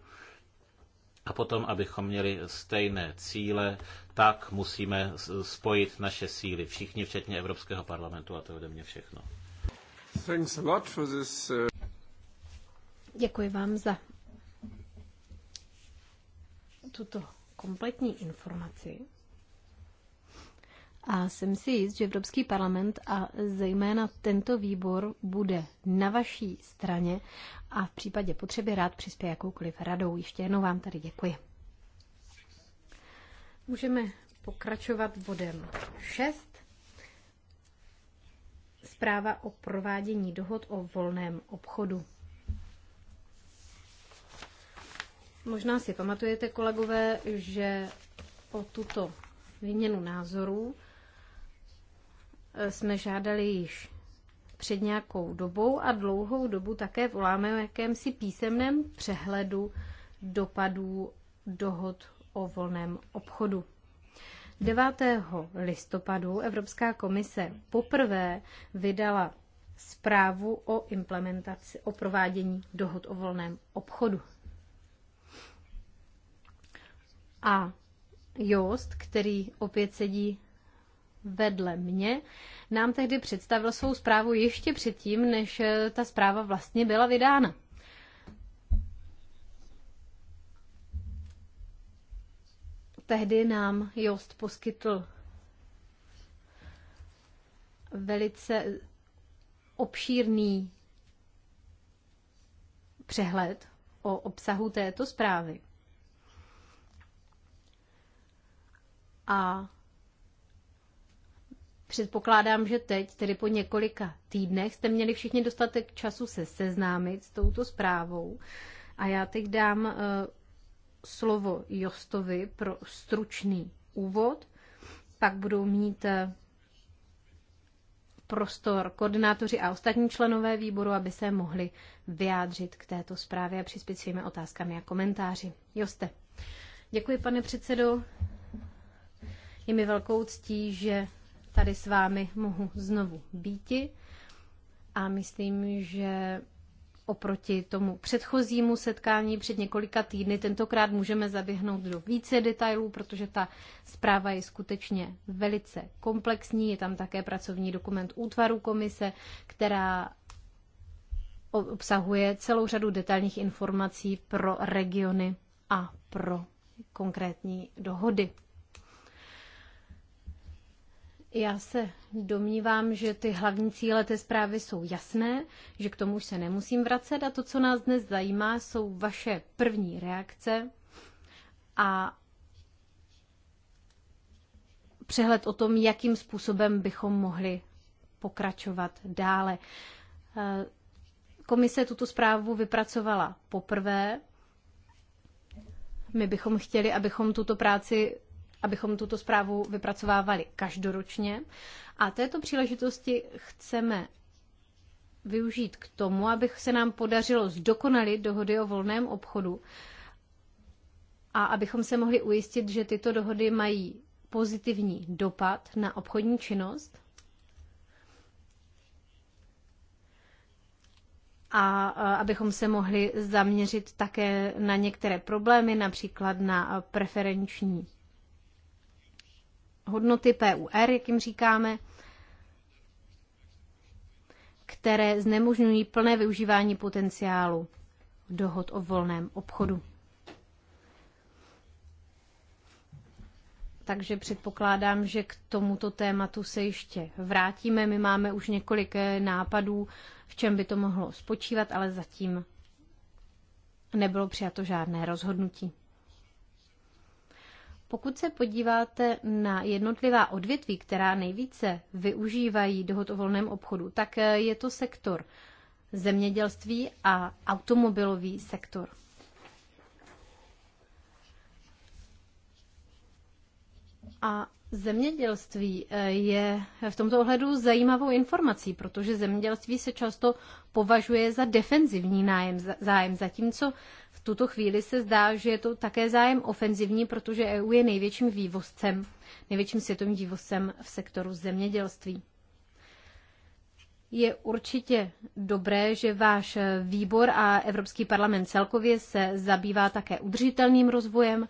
a potom, abychom měli stejné cíle, tak musíme spojit naše síly, všichni, včetně Evropského parlamentu a to ode mě všechno. Thanks a lot for this, uh... Děkuji vám za tuto kompletní informaci. A jsem si jist, že Evropský parlament a zejména tento výbor bude na vaší straně a v případě potřeby rád přispěje jakoukoliv radou. Ještě jednou vám tady děkuji. Můžeme pokračovat bodem 6. Zpráva o provádění dohod o volném obchodu. Možná si pamatujete, kolegové, že o tuto výměnu názorů eh, jsme žádali již před nějakou dobou a dlouhou dobu také voláme o jakémsi písemném přehledu dopadů dohod o volném obchodu. 9. listopadu Evropská komise poprvé vydala zprávu o implementaci, o provádění dohod o volném obchodu. A Jost, který opět sedí vedle mě, nám tehdy představil svou zprávu ještě předtím, než ta zpráva vlastně byla vydána. tehdy nám Jost poskytl velice obšírný přehled o obsahu této zprávy. A předpokládám, že teď, tedy po několika týdnech, jste měli všichni dostatek času se seznámit s touto zprávou. A já teď dám eh, slovo Jostovi pro stručný úvod, pak budou mít eh, prostor koordinátoři a ostatní členové výboru, aby se mohli vyjádřit k této zprávě a přispět svými otázkami a komentáři. Joste. Děkuji, pane předsedo. Je mi velkou ctí, že tady s vámi mohu znovu býti a myslím, že oproti tomu předchozímu setkání před několika týdny. Tentokrát můžeme zaběhnout do více detailů, protože ta zpráva je skutečně velice komplexní. Je tam také pracovní dokument útvaru komise, která obsahuje celou řadu detailních informací pro regiony a pro konkrétní dohody. Já se domnívám, že ty hlavní cíle té zprávy jsou jasné, že k tomu už se nemusím vracet a to, co nás dnes zajímá, jsou vaše první reakce a přehled o tom, jakým způsobem bychom mohli pokračovat dále. Eh, komise tuto zprávu vypracovala poprvé. My bychom chtěli, abychom tuto práci abychom tuto zprávu vypracovávali každoročně. A této příležitosti chceme využít k tomu, aby se nám podařilo zdokonalit dohody o volném obchodu a abychom se mohli ujistit, že tyto dohody mají pozitivní dopad na obchodní činnost a abychom se mohli zaměřit také na některé problémy, například na preferenční hodnoty PUR, jak jim říkáme, které znemožňují plné využívání potenciálu dohod o volném obchodu. takže předpokládám, že k tomuto tématu se ještě vrátíme. My máme už několik eh, nápadů, v čem by to mohlo spočívat, ale zatím nebylo přijato žádné rozhodnutí. Pokud se podíváte na jednotlivá odvětví, která nejvíce využívají dohod o volném obchodu, tak eh, je to sektor zemědělství a automobilový sektor. A zemědělství eh, je v tomto ohledu zajímavou informací, protože zemědělství se často považuje za defenzivní nájem, zájem, zatímco tuto chvíli se zdá, že je to také zájem ofenzivní, protože EU je největším vývozcem, největším světovým vývozcem v sektoru zemědělství. Je určitě dobré, že váš výbor a Evropský parlament celkově se zabývá také udržitelným rozvojem,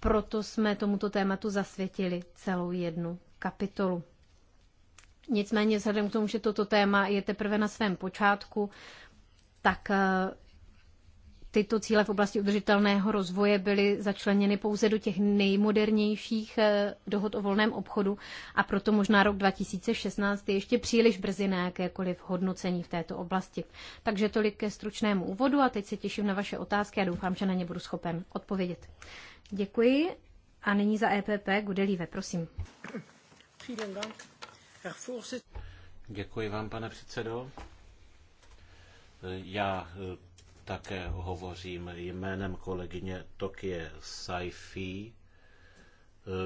proto jsme tomuto tématu zasvětili celou jednu kapitolu. Nicméně vzhledem k tomu, že toto téma je teprve na svém počátku, tak tyto cíle v oblasti udržitelného rozvoje byly začleněny pouze do těch nejmodernějších eh, dohod o volném obchodu a proto možná rok 2016 je ještě příliš brzy na jakékoliv hodnocení v této oblasti. Takže tolik ke stručnému úvodu a teď se těším na vaše otázky a doufám, že na ně budu schopen odpovědět. Děkuji a nyní za EPP Gudelíve, prosím. Děkuji vám, pane předsedo. Já eh, také hovořím jménem kolegyně Tokie Saifi, eh,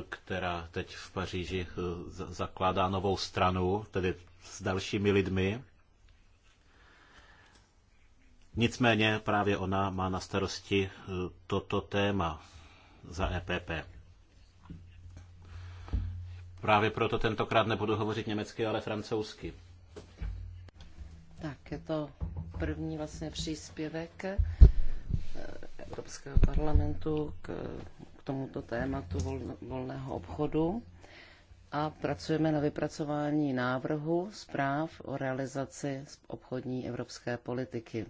která teď v Paříži eh, zakládá novou stranu, tedy s dalšími lidmi. Nicméně právě ona má na starosti eh, toto téma za EPP. Právě proto tentokrát nebudu hovořit německy, ale francouzsky. Tak je to první vlastně příspěvek eh, Evropského parlamentu k, k tomuto tématu volno, volného obchodu a pracujeme na vypracování návrhu zpráv o realizaci obchodní evropské politiky.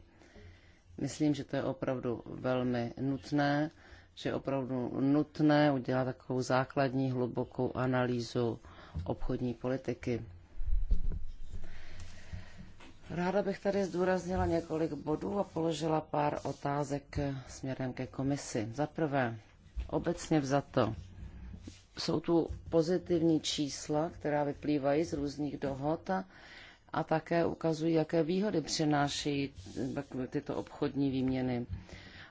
Myslím, že to je opravdu velmi nutné, že je opravdu nutné udělat takovou základní hlubokou analýzu obchodní politiky. Ráda bych tady zdůraznila několik bodů a položila pár otázek směrem ke komisi. Za prvé, obecně vzato, jsou tu pozitivní čísla, která vyplývají z různých dohod a, a také ukazují, jaké výhody přináší tyto obchodní výměny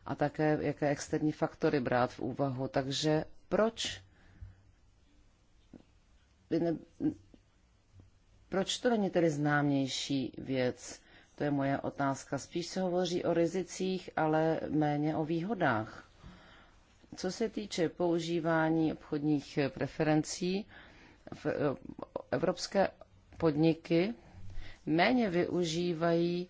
a také jaké externí faktory brát v úvahu. Takže proč by ne, proč to není tedy známější věc? To je moje otázka. Spíš se hovoří o rizicích, ale méně o výhodách. Co se týče používání obchodních preferencí, v eh, evropské podniky méně využívají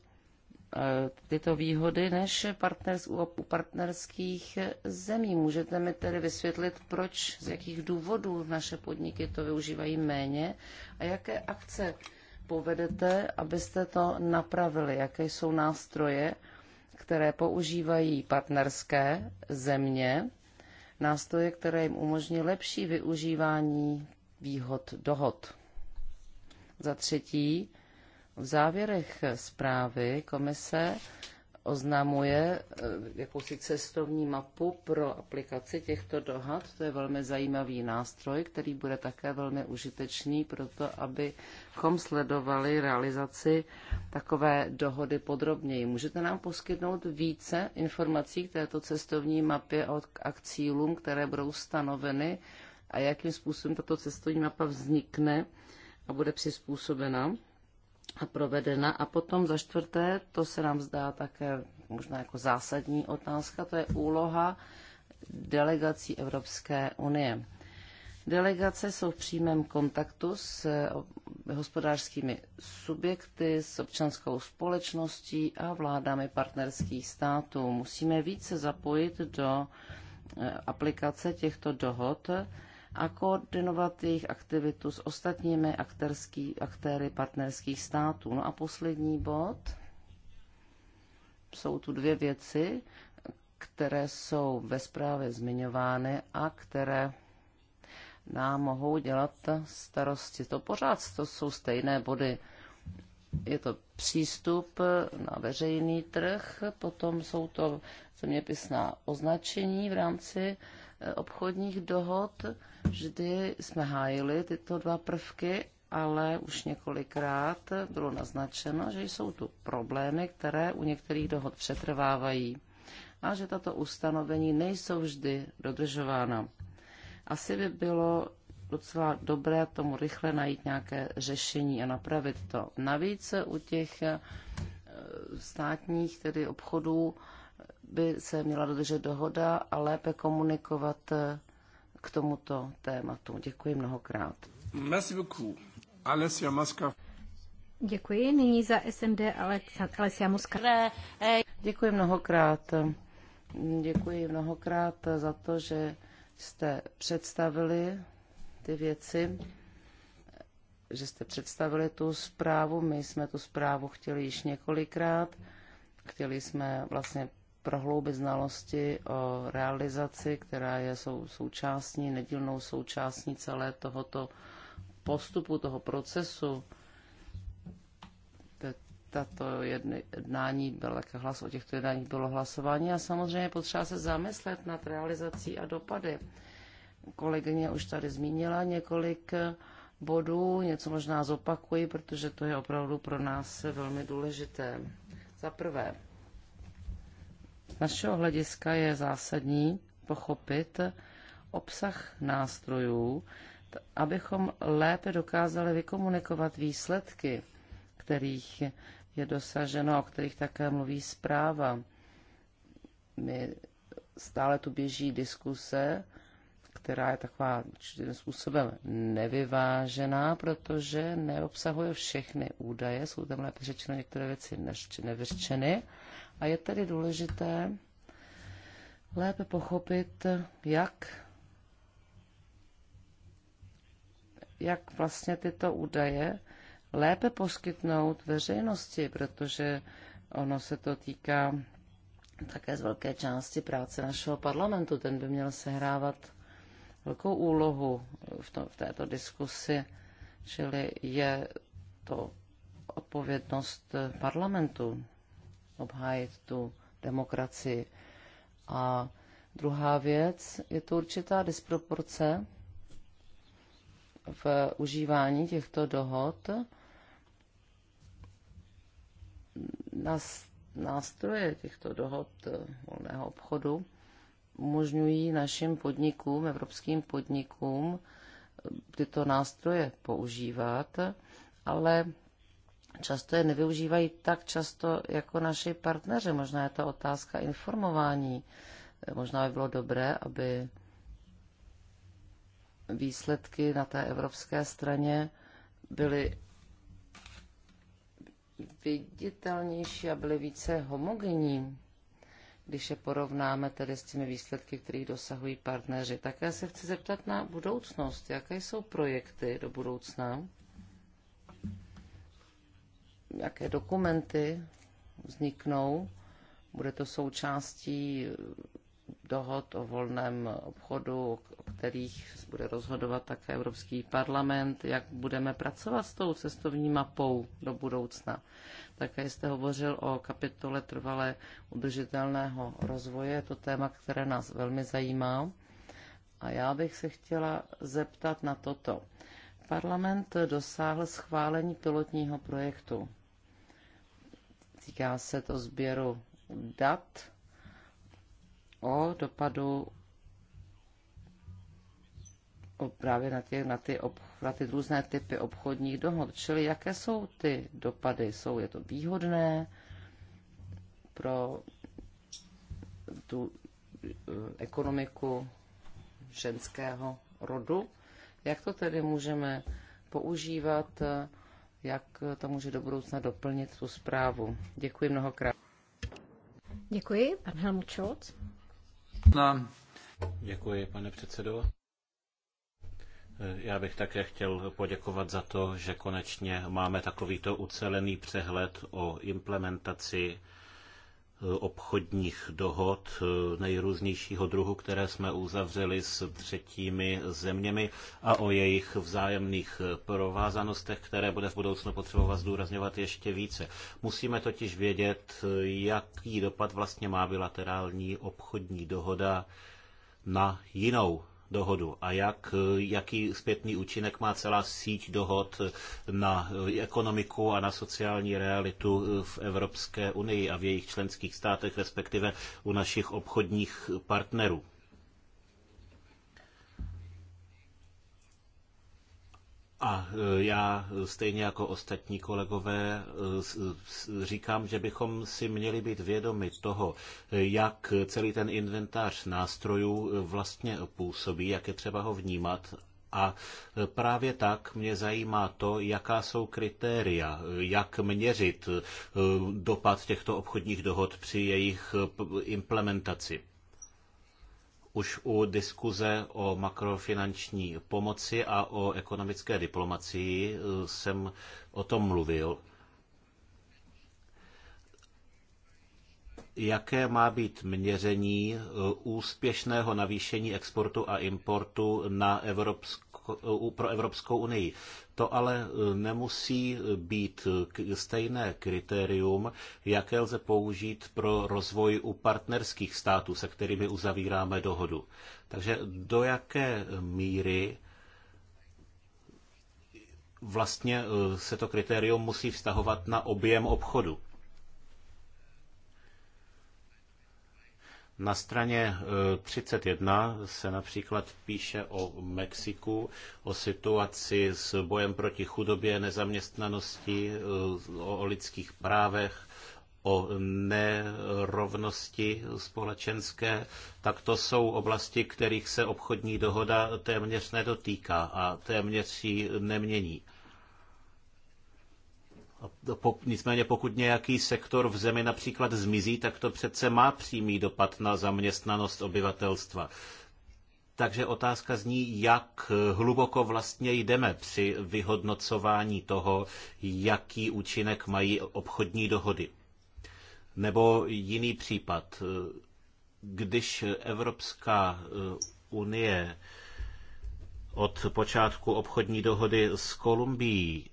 Eh, tyto výhody než partners, u partnerských zemí. Můžete mi tedy vysvětlit, proč, z jakých důvodů naše podniky to využívají méně a jaké akce povedete, abyste to napravili? Jaké jsou nástroje, které používají partnerské země, nástroje, které jim umožní lepší využívání výhod dohod? Za třetí, v závěrech zprávy komise oznamuje eh, jakousi cestovní mapu pro aplikaci těchto dohad. To je velmi zajímavý nástroj, který bude také velmi užitečný pro to, abychom sledovali realizaci takové dohody podrobněji. Můžete nám poskytnout více informací k této cestovní mapě a k cílům, které budou stanoveny a jakým způsobem tato cestovní mapa vznikne a bude přizpůsobena? provedena. A potom za čtvrté, to se nám zdá také možná jako zásadní otázka, to je úloha delegací Evropské unie. Delegace jsou v přímém kontaktu s eh, hospodářskými subjekty, s občanskou společností a vládami partnerských států. Musíme více zapojit do eh, aplikace těchto dohod, a koordinovat jejich aktivitu s ostatními aktérský, aktéry partnerských států. No a poslední bod. Jsou tu dvě věci, které jsou ve zprávě zmiňovány a které nám mohou dělat starosti. To pořád to jsou stejné body. Je to přístup na veřejný trh, potom jsou to zeměpisná označení v rámci obchodních dohod vždy jsme hájili tyto dva prvky, ale už několikrát bylo naznačeno, že jsou tu problémy, které u některých dohod přetrvávají a že tato ustanovení nejsou vždy dodržována. Asi by bylo docela dobré tomu rychle najít nějaké řešení a napravit to. Navíc u těch eh, státních tedy obchodů by se měla dodržet dohoda a lépe komunikovat eh, k tomuto tématu. Děkuji mnohokrát. Merci beaucoup. Alessia Maska. Děkuji. Nyní za SMD Alessia Muska. Děkuji mnohokrát. Děkuji mnohokrát za to, že jste představili ty věci, že jste představili tu zprávu. My jsme tu zprávu chtěli již několikrát. Chtěli jsme vlastně prohloubit znalosti o realizaci, která je sou, součástí, nedílnou součástí celé tohoto postupu, toho procesu. Tato jednání byla hlas, o těchto jednáních bylo hlasování a samozřejmě potřeba se zamyslet nad realizací a dopady. Kolegyně už tady zmínila několik bodů, něco možná zopakuji, protože to je opravdu pro nás velmi důležité. Za prvé, z našeho hlediska je zásadní pochopit obsah nástrojů, abychom lépe dokázali vykomunikovat výsledky, kterých je dosaženo, o kterých také mluví zpráva. My stále tu běží diskuse která je taková způsobem nevyvážená, protože neobsahuje všechny údaje, jsou tam lépe řečeno některé věci nevyřčeny. A je tedy důležité lépe pochopit, jak jak vlastně tyto údaje lépe poskytnout veřejnosti, protože ono se to týká také z velké části práce našeho parlamentu. Ten by měl sehrávat velkou úlohu v, to, v této diskusi, čili je to odpovědnost parlamentu obhájit tu demokracii. A druhá věc, je to určitá disproporce v užívání těchto dohod. Nástroje těchto dohod eh, volného obchodu umožňují našim podnikům, evropským podnikům, eh, tyto nástroje používat, ale často je nevyužívají tak často jako naši partneři. Možná je to otázka informování. Eh, možná by bylo dobré, aby výsledky na té evropské straně byly viditelnější a byly více homogenní když je porovnáme tedy s těmi výsledky, kterých dosahují partneři. já se chci zeptat na budoucnost. Jaké jsou projekty do budoucna? Jaké dokumenty vzniknou? Bude to součástí dohod o volném obchodu, o kterých bude rozhodovat také Evropský parlament, jak budeme pracovat s tou cestovní mapou do budoucna. Také jste hovořil o kapitole trvalé udržitelného rozvoje. Je to téma, které nás velmi zajímá. A já bych se chtěla zeptat na toto. Parlament dosáhl schválení pilotního projektu. Týká se to sběru dat o dopadu právě na ty, na, ty ob, na ty různé typy obchodních dohod. Čili jaké jsou ty dopady? Jsou je to výhodné pro tu eh, ekonomiku ženského rodu? Jak to tedy můžeme používat? Eh, jak to může do budoucna doplnit tu zprávu? Děkuji mnohokrát. Děkuji, pan Helmut Scholz. Děkuji, pane předsedo. Já bych také chtěl poděkovat za to, že konečně máme takovýto ucelený přehled o implementaci eh, obchodních dohod eh, nejrůznějšího druhu, které jsme uzavřeli s třetími zeměmi a o jejich vzájemných eh, provázanostech, které bude v budoucnu potřebovat zdůrazňovat ještě více. Musíme totiž vědět, jaký dopad vlastně má bilaterální obchodní dohoda na jinou dohodu a jak, jaký zpětný účinek má celá síť dohod na ekonomiku a na sociální realitu v Evropské unii a v jejich členských státech, respektive u našich obchodních partnerů. A e, já e, stejně jako ostatní kolegové e, říkám, že bychom si měli být vědomi toho, jak celý ten inventář nástrojů vlastně působí, jak je třeba ho vnímat a právě tak mě zajímá to, jaká jsou kritéria, jak měřit dopad těchto obchodních dohod při jejich implementaci už u diskuze o makrofinanční pomoci a o ekonomické diplomacii eh, jsem o tom mluvil. jaké má být měření eh, úspěšného navýšení exportu a importu na, evropskou? Jako, e, pro Evropskou unii. To ale e, nemusí být stejné kritérium, jaké lze použít pro rozvoj u partnerských států, se kterými uzavíráme dohodu. Takže do jaké míry vlastně e, se to kritérium musí vztahovat na objem obchodu? Na straně 31 eh, se například píše o Mexiku, o situaci s bojem proti chudobě, nezaměstnanosti, eh, o lidských právech, o nerovnosti společenské, tak to jsou oblasti, kterých se obchodní dohoda téměř nedotýká a téměř ji nemění. Nicméně pokud nějaký sektor v zemi například zmizí, tak to přece má přímý dopad na zaměstnanost obyvatelstva. Takže otázka zní, jak hluboko vlastně jdeme při vyhodnocování toho, jaký účinek mají obchodní dohody. Nebo jiný případ, když Evropská eh, unie od počátku obchodní dohody s Kolumbií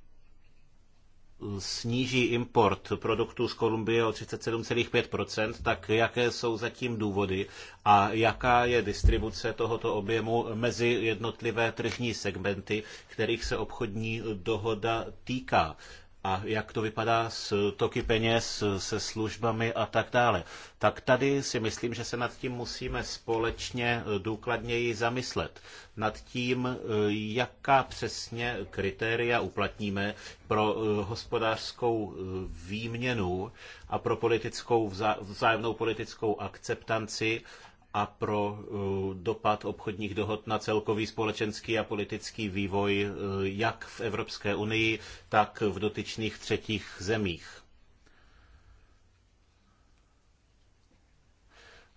sníží import produktů z Kolumbie o 37,5%, tak jaké jsou zatím důvody a jaká je distribuce tohoto objemu mezi jednotlivé tržní segmenty, kterých se obchodní dohoda týká? a jak to vypadá s toky peněz, se službami a tak dále. Tak tady si myslím, že se nad tím musíme společně důkladněji zamyslet. Nad tím, jaká přesně kritéria uplatníme pro eh, hospodářskou eh, výměnu a pro politickou, vzájemnou politickou akceptanci a pro eh, dopad obchodních dohod na celkový společenský a politický vývoj eh, jak v Evropské unii, tak v dotyčných třetích zemích.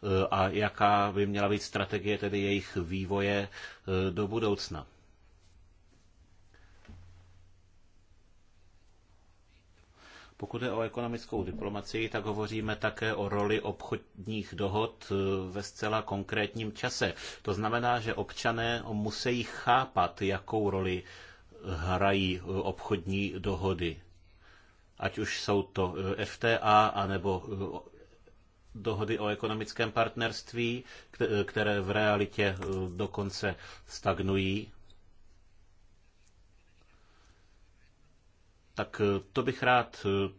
Eh, a jaká by měla být strategie tedy jejich vývoje do budoucna? Pokud je o ekonomickou diplomacii, tak hovoříme také o roli obchodních dohod e, ve zcela konkrétním čase. To znamená, že občané musí chápat, jakou roli hrají e, obchodní dohody. Ať už jsou to e, FTA, anebo dohody o ekonomickém partnerství, které v realitě dokonce stagnují tak eh, to bych rád eh,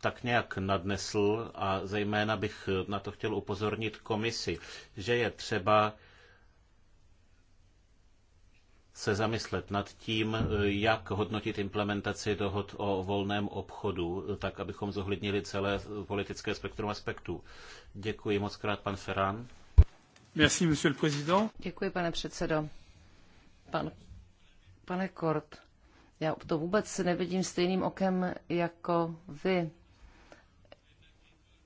tak nějak nadnesl a zejména bych eh, na to chtěl upozornit komisi, že je třeba se zamyslet nad tím, jak hodnotit implementaci dohod o volném obchodu, tak abychom zohlednili celé politické spektrum aspektů. Děkuji moc krát, pan Ferran. Merci, monsieur le président. Děkuji, pane předsedo. Pan, pane Kort, já to vůbec nevidím stejným okem jako vy.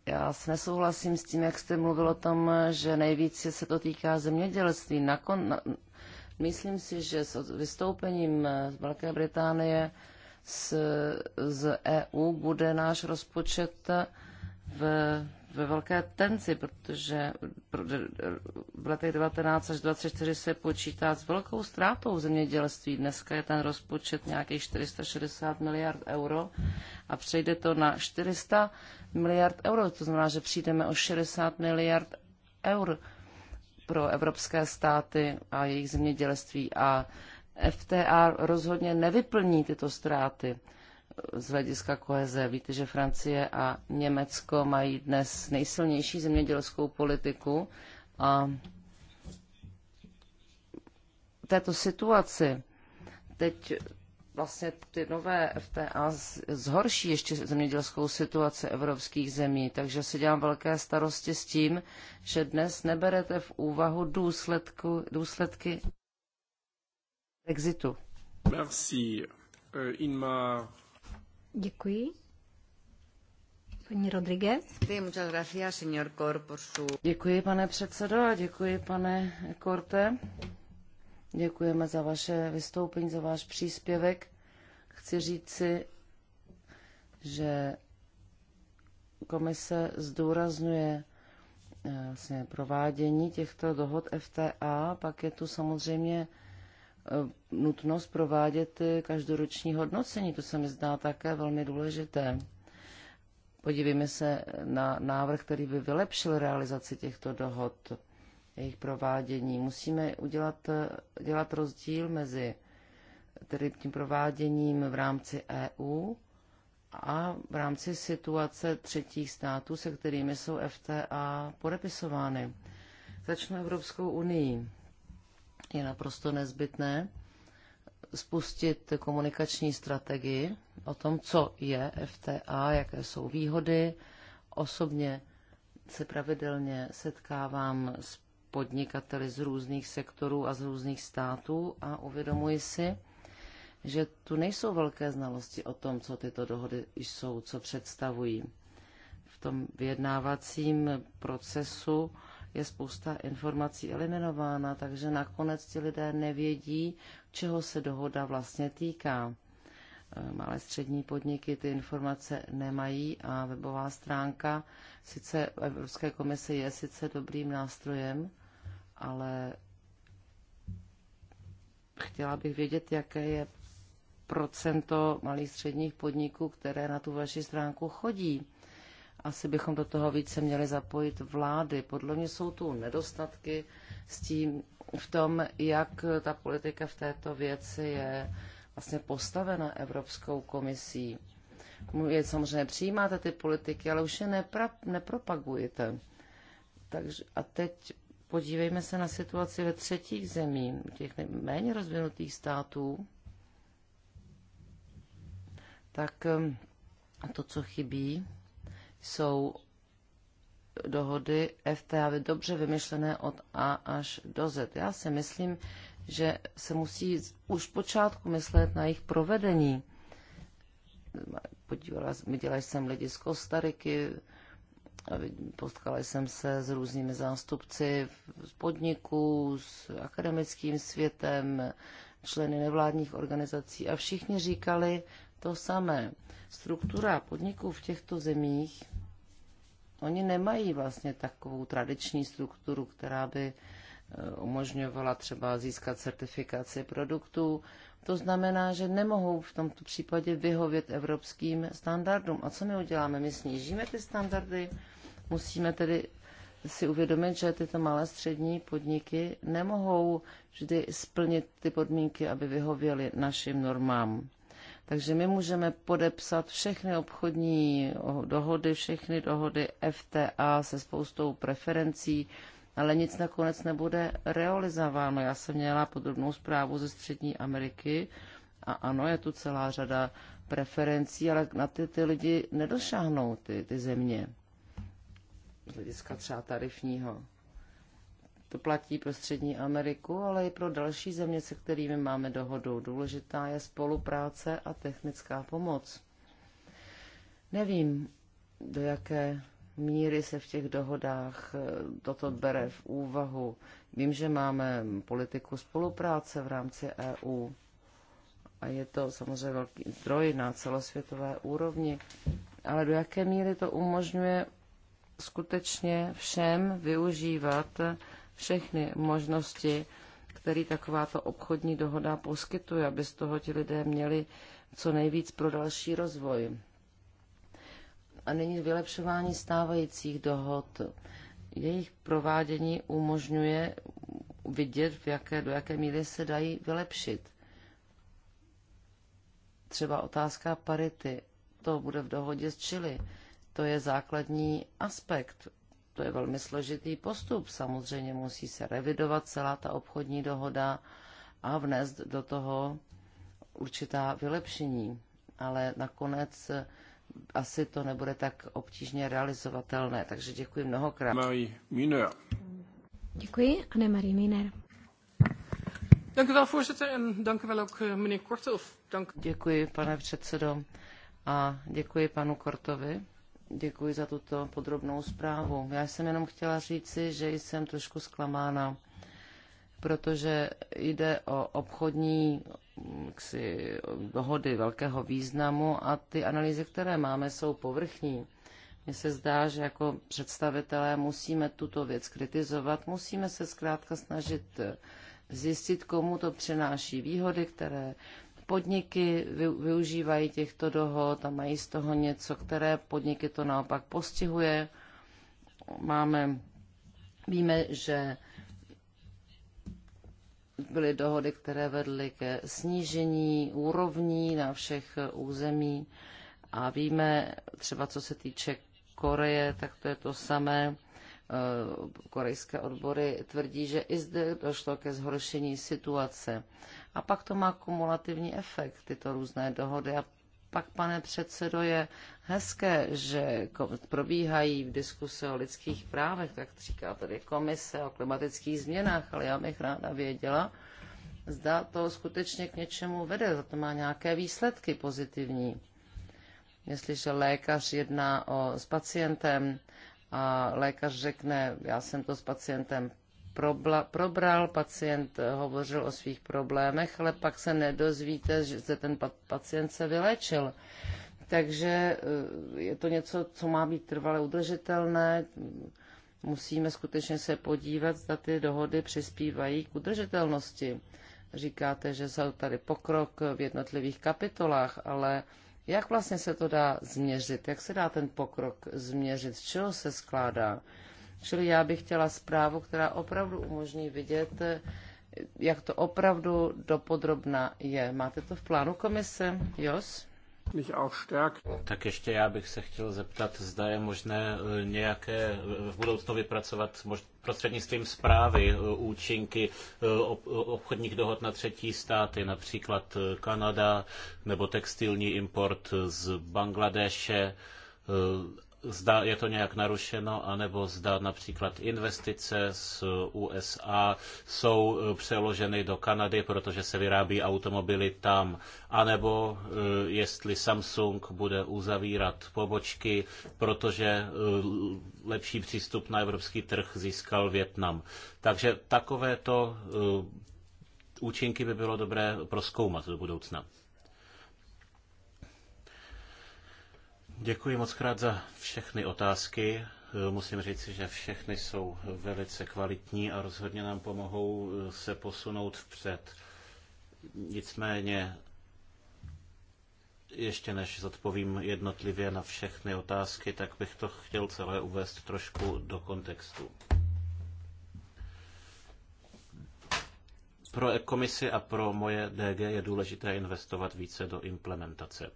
Já se nesouhlasím s tím, jak jste mluvil o tom, že nejvíce se to týká zemědělství. Nakon, na, myslím si, že s vystoupením eh, z Velké Británie z, z e EU bude náš rozpočet eh, v ve velké tenci, protože v letech 19 až 24 se počítá s velkou ztrátou v zemědělství. Dneska je ten rozpočet nějakých 460 miliard euro a přejde to na 400 miliard euro. To znamená, že přijdeme o 60 miliard eur pro evropské státy a jejich zemědělství a FTA rozhodně nevyplní tyto ztráty z hlediska koheze. Víte, že Francie a Německo mají dnes nejsilnější zemědělskou politiku a této situaci teď vlastně ty nové FTA zhorší ještě zemědělskou situaci evropských zemí, takže si dělám velké starosti s tím, že dnes neberete v úvahu důsledku, důsledky exitu. Merci. Eh, Inmar Děkuji. Paní Rodriguez. Děkuji, pane předsedo, a děkuji, pane Korte. Děkujeme za vaše vystoupení, za váš příspěvek. Chci říci, že komise zdůrazňuje eh, vlastně provádění těchto dohod FTA, pak je tu samozřejmě Eh, nutnost provádět každoroční hodnocení. To se mi zdá také velmi důležité. Podívejme se na návrh, který by vylepšil realizaci těchto dohod, jejich provádění. Musíme udělat eh, dělat rozdíl mezi tedy tím prováděním v rámci EU a v rámci situace třetích států, se kterými jsou FTA podepisovány. Začnu Evropskou unii je naprosto nezbytné spustit komunikační strategii o tom, co je FTA, jaké jsou výhody. Osobně se pravidelně setkávám s podnikateli z různých sektorů a z různých států a uvědomuji si, že tu nejsou velké znalosti o tom, co tyto dohody jsou, co představují. V tom vyjednávacím procesu je spousta informací eliminována, takže nakonec ti lidé nevědí, čeho se dohoda vlastně týká. E, malé střední podniky ty informace nemají a webová stránka sice Evropské komise je sice dobrým nástrojem, ale chtěla bych vědět, jaké je procento malých středních podniků, které na tu vaši stránku chodí asi bychom do toho více měli zapojit vlády. Podle mě jsou tu nedostatky s tím, v tom, jak ta politika v této věci je vlastně postavena Evropskou komisí. Je samozřejmě přijímáte ty politiky, ale už je nepra, nepropagujete. Takže, a teď podívejme se na situaci ve třetích zemí, těch méně rozvinutých států. Tak ehm, to, co chybí, jsou dohody FTA dobře vymyšlené od A až do Z. Já si myslím, že se musí už počátku myslet na jejich provedení. Podívala, viděla jsem lidi z Kostariky, potkala jsem se s různými zástupci z podniků, s akademickým světem, členy nevládních organizací a všichni říkali, to samé. Struktura podniků v těchto zemích, oni nemají vlastně takovou tradiční strukturu, která by e, umožňovala třeba získat certifikaci produktů. To znamená, že nemohou v tomto případě vyhovět evropským standardům. A co my uděláme? My snížíme ty standardy, musíme tedy si uvědomit, že tyto malé střední podniky nemohou vždy splnit ty podmínky, aby vyhověly našim normám. Takže my můžeme podepsat všechny obchodní dohody, všechny dohody FTA se spoustou preferencí, ale nic nakonec nebude realizováno. Já jsem měla podrobnou zprávu ze Střední Ameriky a ano, je tu celá řada preferencí, ale na ty, ty lidi nedošáhnou ty, ty země z hlediska třeba tarifního. To platí pro Střední Ameriku, ale i pro další země, se kterými máme dohodu. Důležitá je spolupráce a technická pomoc. Nevím, do jaké míry se v těch dohodách eh, toto bere v úvahu. Vím, že máme politiku spolupráce v rámci EU a je to samozřejmě velký zdroj na celosvětové úrovni, ale do jaké míry to umožňuje skutečně všem využívat všechny možnosti, které takováto obchodní dohoda poskytuje, aby z toho ti lidé měli co nejvíc pro další rozvoj. A nyní vylepšování stávajících dohod. Jejich provádění umožňuje vidět, v jaké, do jaké míry se dají vylepšit. Třeba otázka parity, to bude v dohodě s Chile. To je základní aspekt to je velmi složitý postup. Samozřejmě musí se revidovat celá ta obchodní dohoda a vnést do toho určitá vylepšení. Ale nakonec asi to nebude tak obtížně realizovatelné. Takže děkuji mnohokrát. Marie Miner. Děkuji, Anne-Marie Miner. Eh, děkuji, pane předsedo, a děkuji panu Kortovi. Děkuji za tuto podrobnou zprávu. Já jsem jenom chtěla říci, že jsem trošku zklamána, protože jde o obchodní ksi, dohody velkého významu a ty analýzy, které máme, jsou povrchní. Mně se zdá, že jako představitelé musíme tuto věc kritizovat, musíme se zkrátka snažit zjistit, komu to přináší výhody, které podniky využívají těchto dohod a mají z toho něco, které podniky to naopak postihuje. Máme, víme, že byly dohody, které vedly ke snížení úrovní na všech území a víme, třeba co se týče Koreje, tak to je to samé. Korejské odbory tvrdí, že i zde došlo ke zhoršení situace. A pak to má kumulativní efekt, tyto různé dohody. A pak, pane předsedo, je hezké, že probíhají v diskuse o lidských právech, tak říká tady komise o klimatických změnách, ale já bych ráda věděla, zda to skutečně k něčemu vede, zda to má nějaké výsledky pozitivní. Jestliže lékař jedná o, s pacientem a lékař řekne, já jsem to s pacientem probla, probral, pacient hovořil o svých problémech, ale pak se nedozvíte, že se ten pacient se vylečil. Takže eh, je to něco, co má být trvale udržitelné. Musíme skutečně se podívat, zda ty dohody přispívají k udržitelnosti. Říkáte, že jsou tady pokrok v jednotlivých kapitolách, ale jak vlastně se to dá změřit? Jak se dá ten pokrok změřit? Z čeho se skládá? Čili já bych chtěla zprávu, která opravdu umožní vidět, jak to opravdu dopodrobna je. Máte to v plánu komise, Jos? Tak ještě já bych se chtěl zeptat, zda je možné eh, nějaké eh, v budoucnu vypracovat mož, prostřednictvím zprávy eh, účinky ob, obchodních dohod na třetí státy, například Kanada nebo textilní import z Bangladeše zda je to nějak narušeno, anebo zda například investice z USA jsou eh, přeloženy do Kanady, protože se vyrábí automobily tam, anebo eh, jestli Samsung bude uzavírat pobočky, protože eh, lepší přístup na evropský trh získal Větnam. Takže takovéto účinky by bylo dobré proskoumat do budoucna. Děkuji moc krát za všechny otázky. Musím říci, že všechny jsou velice kvalitní a rozhodně nám pomohou eh, se posunout vpřed. Nicméně, ještě než zodpovím jednotlivě na všechny otázky, tak bych to chtěl celé uvést trošku do kontextu. Pro komisi a pro moje DG je důležité investovat více do implementace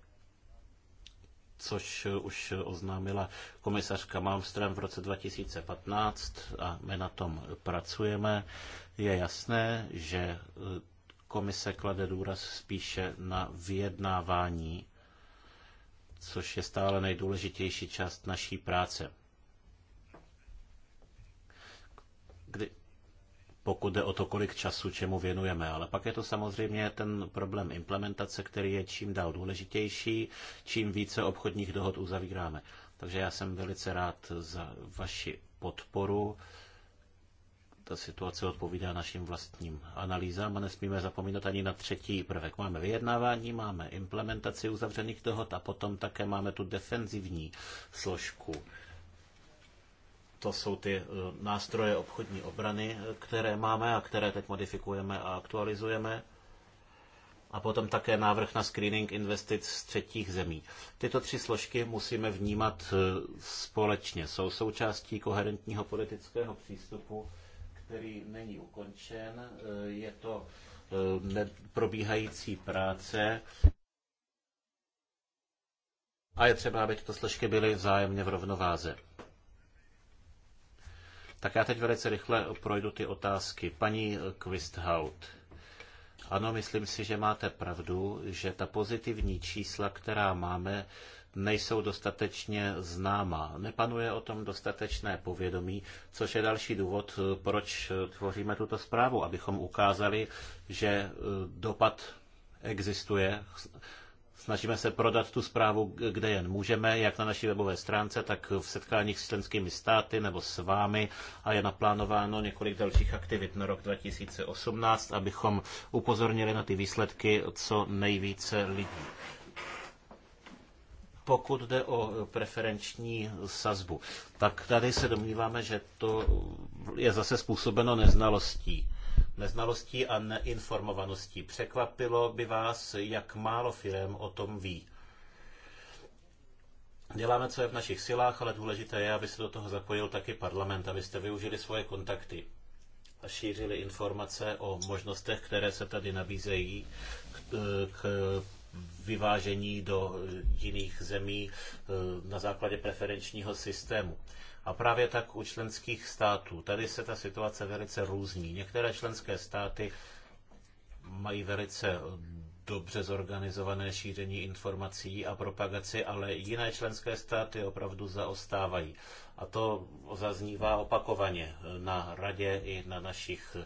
což eh, už eh, oznámila komisařka Malmström v roce 2015 a my na tom pracujeme. Je jasné, že eh, komise klade důraz spíše na vyjednávání, což je stále nejdůležitější část naší práce. pokud jde o to, kolik času čemu věnujeme. Ale pak je to samozřejmě ten problém implementace, který je čím dál důležitější, čím více obchodních dohod uzavíráme. Takže já jsem velice rád za vaši podporu. Ta situace odpovídá našim vlastním analýzám a nesmíme zapomínat ani na třetí prvek. Máme vyjednávání, máme implementaci uzavřených dohod a potom také máme tu defenzivní složku to jsou ty eh, nástroje obchodní obrany, eh, které máme a které teď modifikujeme a aktualizujeme. A potom také návrh na screening investic z třetích zemí. Tyto tři složky musíme vnímat eh, společně. Jsou součástí koherentního politického přístupu, který není ukončen. Je to probíhající práce. A je třeba, aby tyto složky byly vzájemně v rovnováze. Tak já teď velice rychle projdu ty otázky. Paní Quisthout. Ano, myslím si, že máte pravdu, že ta pozitivní čísla, která máme, nejsou dostatečně známa. Nepanuje o tom dostatečné povědomí, což je další důvod, proč tvoříme tuto zprávu, abychom ukázali, že eh, dopad existuje Snažíme se prodat tu zprávu, kde jen můžeme, jak na naší webové stránce, tak v setkáních s členskými státy nebo s vámi a je naplánováno několik dalších aktivit na rok 2018, abychom upozornili na ty výsledky co nejvíce lidí. Pokud jde o preferenční sazbu, tak tady se domníváme, že to je zase způsobeno neznalostí neznalostí a neinformovaností. Překvapilo by vás, jak málo firm o tom ví. Děláme, co je v našich silách, ale důležité je, aby se do toho zapojil taky parlament, abyste využili svoje kontakty a šířili informace o možnostech, které se tady nabízejí k vyvážení do jiných zemí eh, na základě preferenčního systému a právě tak u členských států. Tady se ta situace velice různí. Některé členské státy mají velice dobře zorganizované šíření informací a propagaci, ale jiné členské státy opravdu zaostávají. A to zaznívá opakovaně na radě i na našich eh,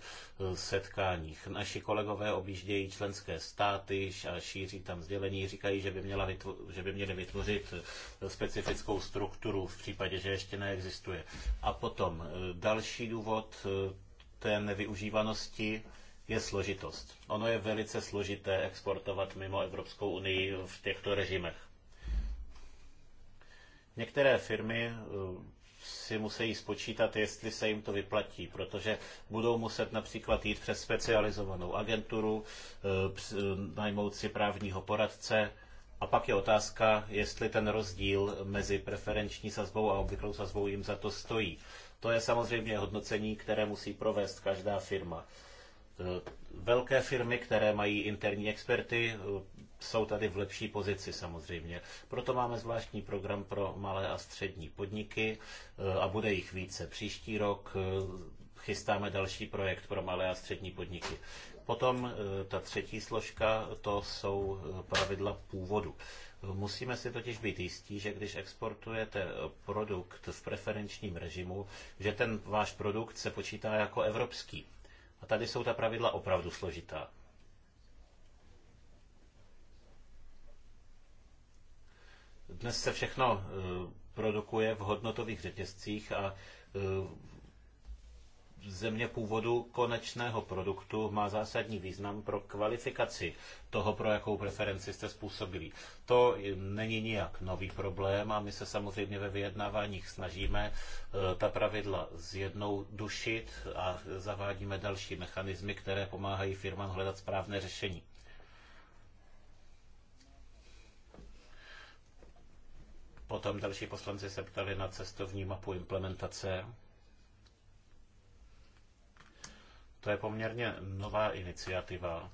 setkáních. Naši kolegové objíždějí členské státy a šíří tam sdělení, říkají, že by, měla vytvo- že by měli vytvořit eh, specifickou strukturu v případě, že ještě neexistuje. A potom eh, další důvod té nevyužívanosti je složitost. Ono je velice složité exportovat mimo Evropskou unii v těchto režimech. Některé firmy eh, si musí spočítat, jestli se jim to vyplatí, protože budou muset například jít přes specializovanou agenturu, eh, eh, najmout si právního poradce, a pak je otázka, jestli ten rozdíl mezi preferenční sazbou a obvyklou sazbou jim za to stojí. To je samozřejmě hodnocení, které musí provést každá firma. Eh, velké firmy, které mají interní experty, eh, jsou tady v lepší pozici samozřejmě. Proto máme zvláštní program pro malé a střední podniky eh, a bude jich více. Příští rok chystáme další projekt pro malé a střední podniky. Potom ta třetí složka, to jsou pravidla původu. Musíme si totiž být jistí, že když exportujete produkt v preferenčním režimu, že ten váš produkt se počítá jako evropský. A tady jsou ta pravidla opravdu složitá. Dnes se všechno eh, produkuje v hodnotových řetězcích a eh, země původu konečného produktu má zásadní význam pro kvalifikaci toho, pro jakou preferenci jste způsobili. To není nijak nový problém a my se samozřejmě ve vyjednáváních snažíme eh, ta pravidla zjednou dušit a zavádíme další mechanismy, které pomáhají firmám hledat správné řešení. Potom další poslanci se ptali na cestovní mapu implementace. To je poměrně nová iniciativa,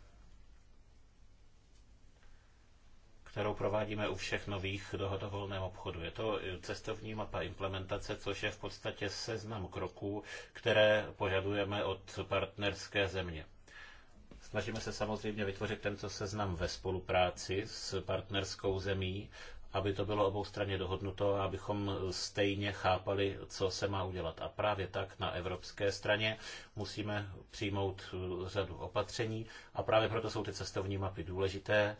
kterou provádíme u všech nových dohod o volném obchodu. Je to cestovní mapa implementace, což je v podstatě seznam kroků, které požadujeme od partnerské země. Snažíme se samozřejmě vytvořit tento seznam ve spolupráci s partnerskou zemí aby to bylo oboustranně dohodnuto a abychom stejně chápali, co se má udělat. A právě tak na evropské straně musíme přijmout uh, řadu opatření a právě proto jsou ty cestovní mapy důležité.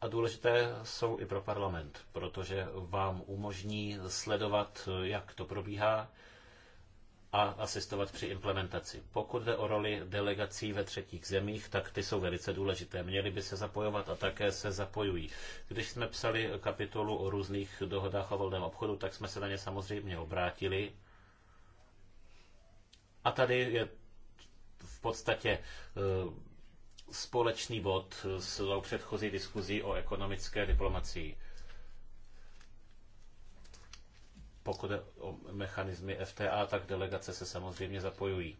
A důležité jsou i pro parlament, protože vám umožní sledovat, uh, jak to probíhá, a asistovat při implementaci. Pokud jde o roli delegací ve třetích zemích, tak ty jsou velice důležité. Měly by se zapojovat a také se zapojují. Když jsme psali kapitolu o různých dohodách o volném obchodu, tak jsme se na ně samozřejmě obrátili. A tady je v podstatě e, společný bod s tou předchozí diskuzí o ekonomické diplomacii. Pokud je o mechanizmy FTA, tak delegace se samozřejmě zapojují.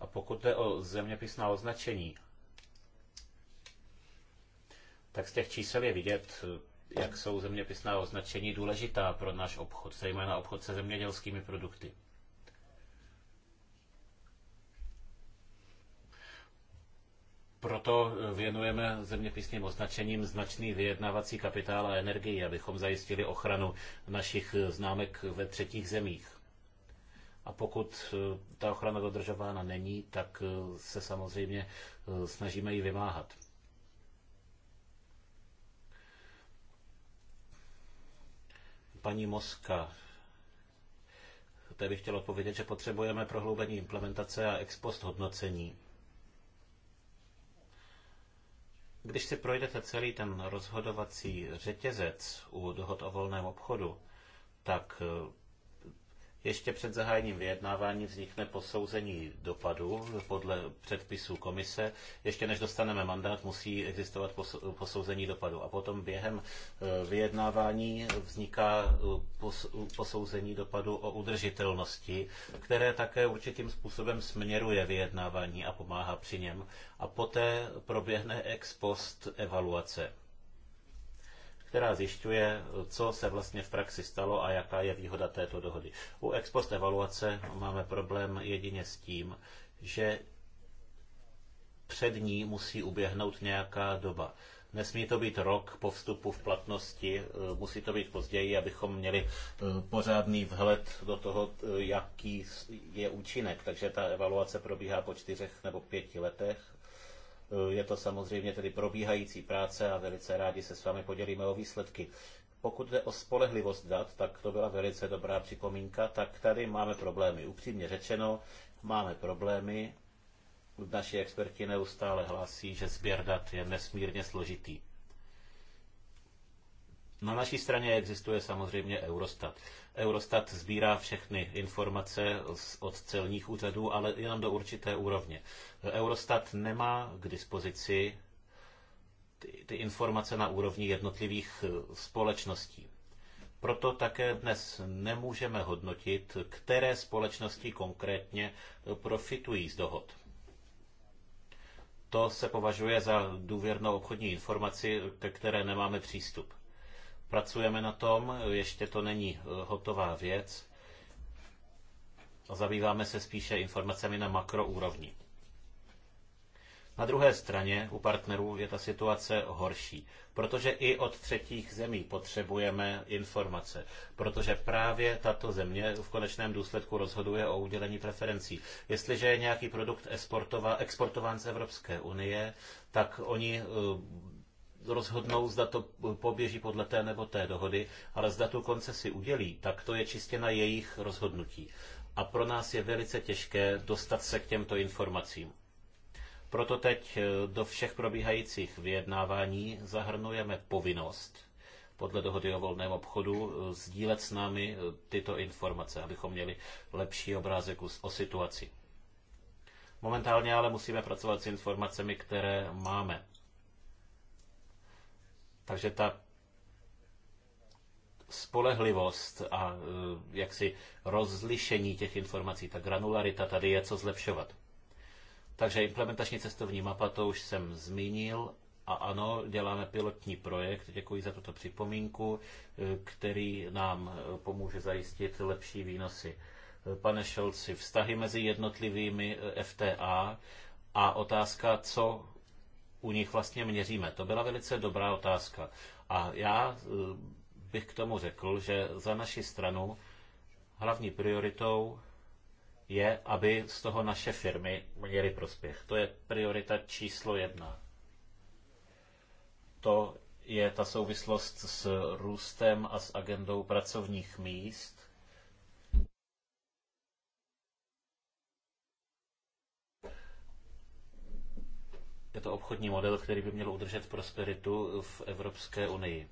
A pokud jde o zeměpisná označení, tak z těch čísel je vidět, jak jsou zeměpisná označení důležitá pro náš obchod, zejména obchod se zemědělskými produkty. Proto eh, věnujeme zeměpisným označením značný vyjednávací kapitál a energii, abychom zajistili ochranu našich eh, známek ve třetích zemích. A pokud eh, ta ochrana dodržována není, tak se samozřejmě snažíme ji vymáhat. Paní Moska, té bych chtěl odpovědět, že potřebujeme prohloubení implementace a ex post hodnocení Když si projdete celý ten rozhodovací řetězec u dohod o volném obchodu, tak ještě před zahájením vyjednávání vznikne posouzení dopadu podle předpisů komise. Ještě než dostaneme mandát, musí existovat posouzení dopadu. A potom během e, vyjednávání vzniká e, posouzení dopadu o udržitelnosti, které také určitým způsobem směruje vyjednávání a pomáhá při něm. A poté proběhne ex post evaluace která zjišťuje, co se vlastně v praxi stalo a jaká je výhoda této dohody. U ex post evaluace máme problém jedině s tím, že před ní musí uběhnout nějaká doba. Nesmí to být rok po vstupu v platnosti, eh, musí to být později, abychom měli eh, pořádný vhled do toho, eh, jaký je účinek. Takže ta evaluace probíhá po čtyřech nebo pěti letech je to samozřejmě tedy probíhající práce a velice rádi se s vámi podělíme o výsledky. Pokud jde o spolehlivost dat, tak to byla velice dobrá připomínka, tak tady máme problémy. Upřímně řečeno, máme problémy. Naši experti neustále hlásí, že sběr dat je nesmírně složitý. Na naší straně existuje samozřejmě Eurostat. Eurostat sbírá všechny informace od celních úřadů, ale jenom do určité úrovně. Eurostat nemá k dispozici ty, ty informace na úrovni jednotlivých eh, společností. Proto také dnes nemůžeme hodnotit, které společnosti konkrétně eh, profitují z dohod. To se považuje za důvěrnou obchodní informaci, ke které nemáme přístup. Pracujeme na tom, ještě to není eh, hotová věc. Zabýváme se spíše informacemi na makroúrovni. Na druhé straně u partnerů je ta situace horší, protože i od třetích zemí potřebujeme informace, protože právě tato země v konečném důsledku rozhoduje o udělení preferencí. Jestliže je nějaký produkt exportován z Evropské unie, tak oni eh, rozhodnou, zda to poběží podle té nebo té dohody, ale zda tu koncesi udělí, tak to je čistě na jejich rozhodnutí. A pro nás je velice těžké dostat se k těmto informacím. Proto teď eh, do všech probíhajících vyjednávání zahrnujeme povinnost podle dohody o volném obchodu eh, sdílet s námi eh, tyto informace, abychom měli lepší obrázek o situaci. Momentálně ale musíme pracovat s informacemi, které máme. Takže ta spolehlivost a e, jaksi rozlišení těch informací, ta granularita, tady je co zlepšovat. Takže implementační cestovní mapa, to už jsem zmínil. A ano, děláme pilotní projekt, děkuji za tuto připomínku, e, který nám e, pomůže zajistit lepší výnosy. Pane Šolci, vztahy mezi jednotlivými FTA a otázka, co u nich vlastně měříme? To byla velice dobrá otázka. A já e, bych k tomu řekl, že za naši stranu hlavní prioritou je, aby z toho naše firmy měly prospěch. To je priorita číslo jedna. To je ta souvislost s růstem a s agendou pracovních míst. Je to obchodní model, který by měl udržet prosperitu v Evropské unii.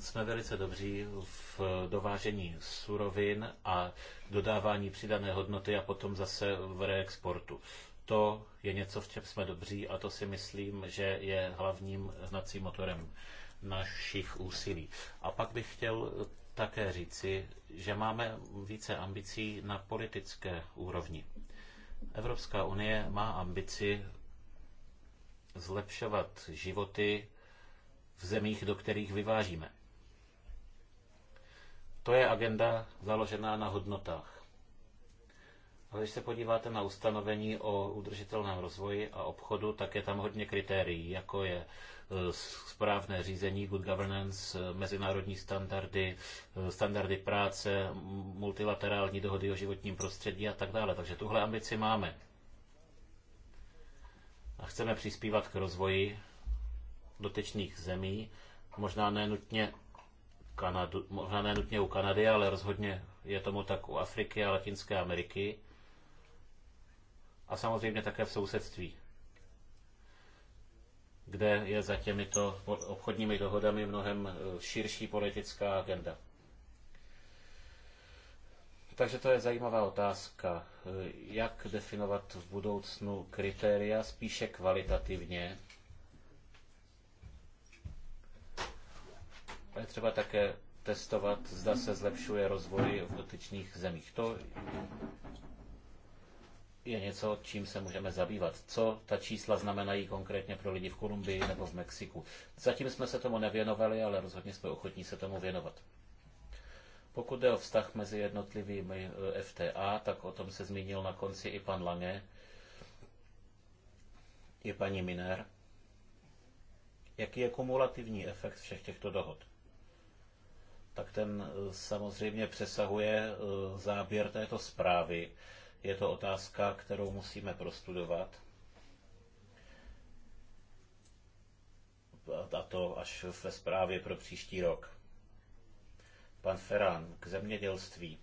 Jsme velice dobří v dovážení surovin a dodávání přidané hodnoty a potom zase v reexportu. To je něco, v čem jsme dobří a to si myslím, že je hlavním hnacím motorem našich úsilí. A pak bych chtěl také říci, že máme více ambicí na politické úrovni. Evropská unie má ambici zlepšovat životy v zemích, do kterých vyvážíme. To je agenda založená na hodnotách. Ale když se podíváte na ustanovení o udržitelném rozvoji a obchodu, tak je tam hodně kritérií, jako je Eh, správné řízení, good governance, eh, mezinárodní standardy, eh, standardy práce, multilaterální dohody o životním prostředí a tak dále. Takže tuhle ambici máme. A chceme přispívat k rozvoji dotyčných zemí, možná nenutně Kanadu, možná nutně u Kanady, ale rozhodně je tomu tak u Afriky a Latinské Ameriky a samozřejmě také v sousedství kde je za těmito obchodními dohodami mnohem eh, širší politická agenda. Takže to je zajímavá otázka. Eh, jak definovat v budoucnu kritéria spíše kvalitativně? A je třeba také testovat, zda se zlepšuje rozvoj v dotyčných zemích. To je něco, čím se můžeme zabývat. Co ta čísla znamenají konkrétně pro lidi v Kolumbii nebo v Mexiku. Zatím jsme se tomu nevěnovali, ale rozhodně jsme ochotní se tomu věnovat. Pokud jde o vztah mezi jednotlivými eh, FTA, tak o tom se zmínil na konci i pan Lange, i paní Miner. Jaký je kumulativní efekt všech těchto dohod? Tak ten eh, samozřejmě přesahuje eh, záběr této zprávy je to otázka, kterou musíme prostudovat. A to až ve zprávě pro příští rok. Pan Ferran, k zemědělství.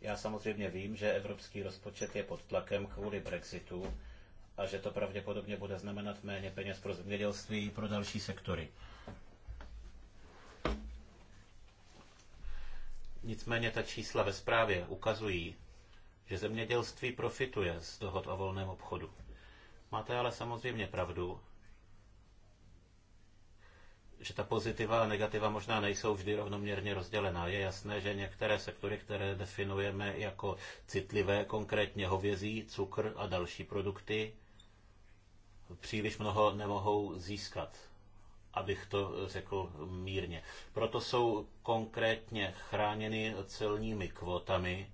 Já samozřejmě vím, že evropský rozpočet je pod tlakem kvůli Brexitu a že to pravděpodobně bude znamenat méně peněz pro zemědělství i pro další sektory. Nicméně ta čísla ve zprávě ukazují, že zemědělství profituje z dohod o volném obchodu. Máte ale samozřejmě pravdu, že ta pozitiva a negativa možná nejsou vždy rovnoměrně rozdělená. Je jasné, že některé sektory, které definujeme jako citlivé, konkrétně hovězí, cukr a další produkty, příliš mnoho nemohou získat abych to řekl mírně. Proto jsou konkrétně chráněny celními kvotami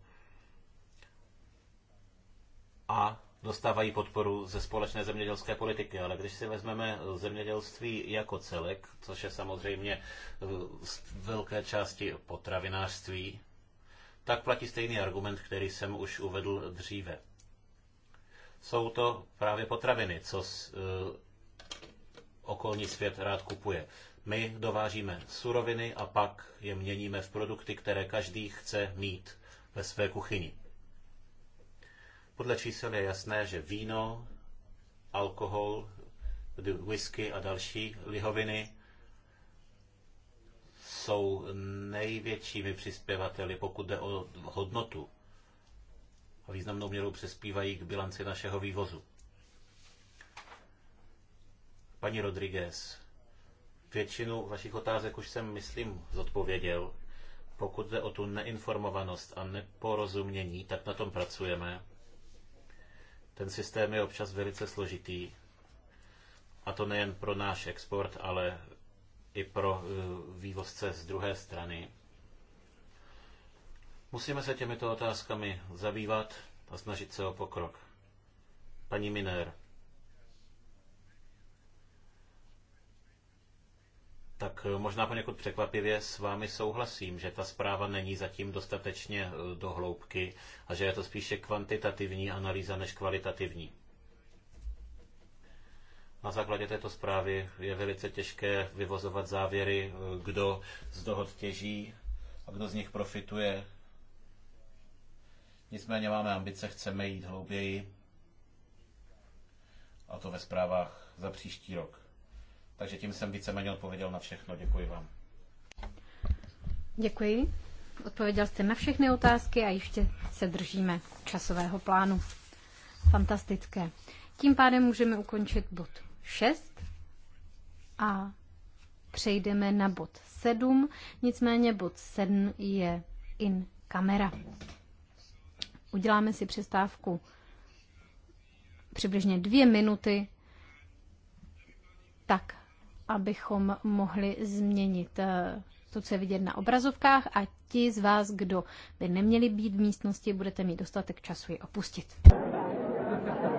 a dostávají podporu ze společné zemědělské politiky, ale když si vezmeme zemědělství jako celek, což je samozřejmě eh, z velké části potravinářství, tak platí stejný argument, který jsem už uvedl dříve. Jsou to právě potraviny, co eh, okolní svět rád kupuje. My dovážíme suroviny a pak je měníme v produkty, které každý chce mít ve své kuchyni. Podle čísel je jasné, že víno, alkohol, whisky a další lihoviny jsou největšími přispěvateli, pokud jde o hodnotu. A významnou měrou přispívají k bilanci našeho vývozu. Paní Rodriguez, většinu vašich otázek už jsem, myslím, zodpověděl. Pokud jde o tu neinformovanost a neporozumění, tak na tom pracujeme. Ten systém je občas velice složitý. A to nejen pro náš export, ale i pro eh, vývozce z druhé strany. Musíme se těmito otázkami zabývat a snažit se o pokrok. Paní Minér. tak eh, možná poněkud překvapivě s vámi souhlasím, že ta zpráva není zatím dostatečně eh, do hloubky a že je to spíše kvantitativní analýza než kvalitativní. Na základě této zprávy je velice těžké vyvozovat závěry, eh, kdo z dohod těží a kdo z nich profituje. Nicméně máme ambice, chceme jít hlouběji a to ve zprávách za příští rok. Takže tím jsem víceméně odpověděl na všechno. Děkuji vám. Děkuji. Odpověděl jste na všechny otázky a ještě se držíme časového plánu. Fantastické. Tím pádem můžeme ukončit bod 6 a přejdeme na bod 7. Nicméně bod 7 je in kamera. Uděláme si přestávku přibližně dvě minuty, tak abychom mohli změnit eh, to, co je vidět na obrazovkách a ti z vás, kdo by neměli být v místnosti, budete mít dostatek času ji opustit.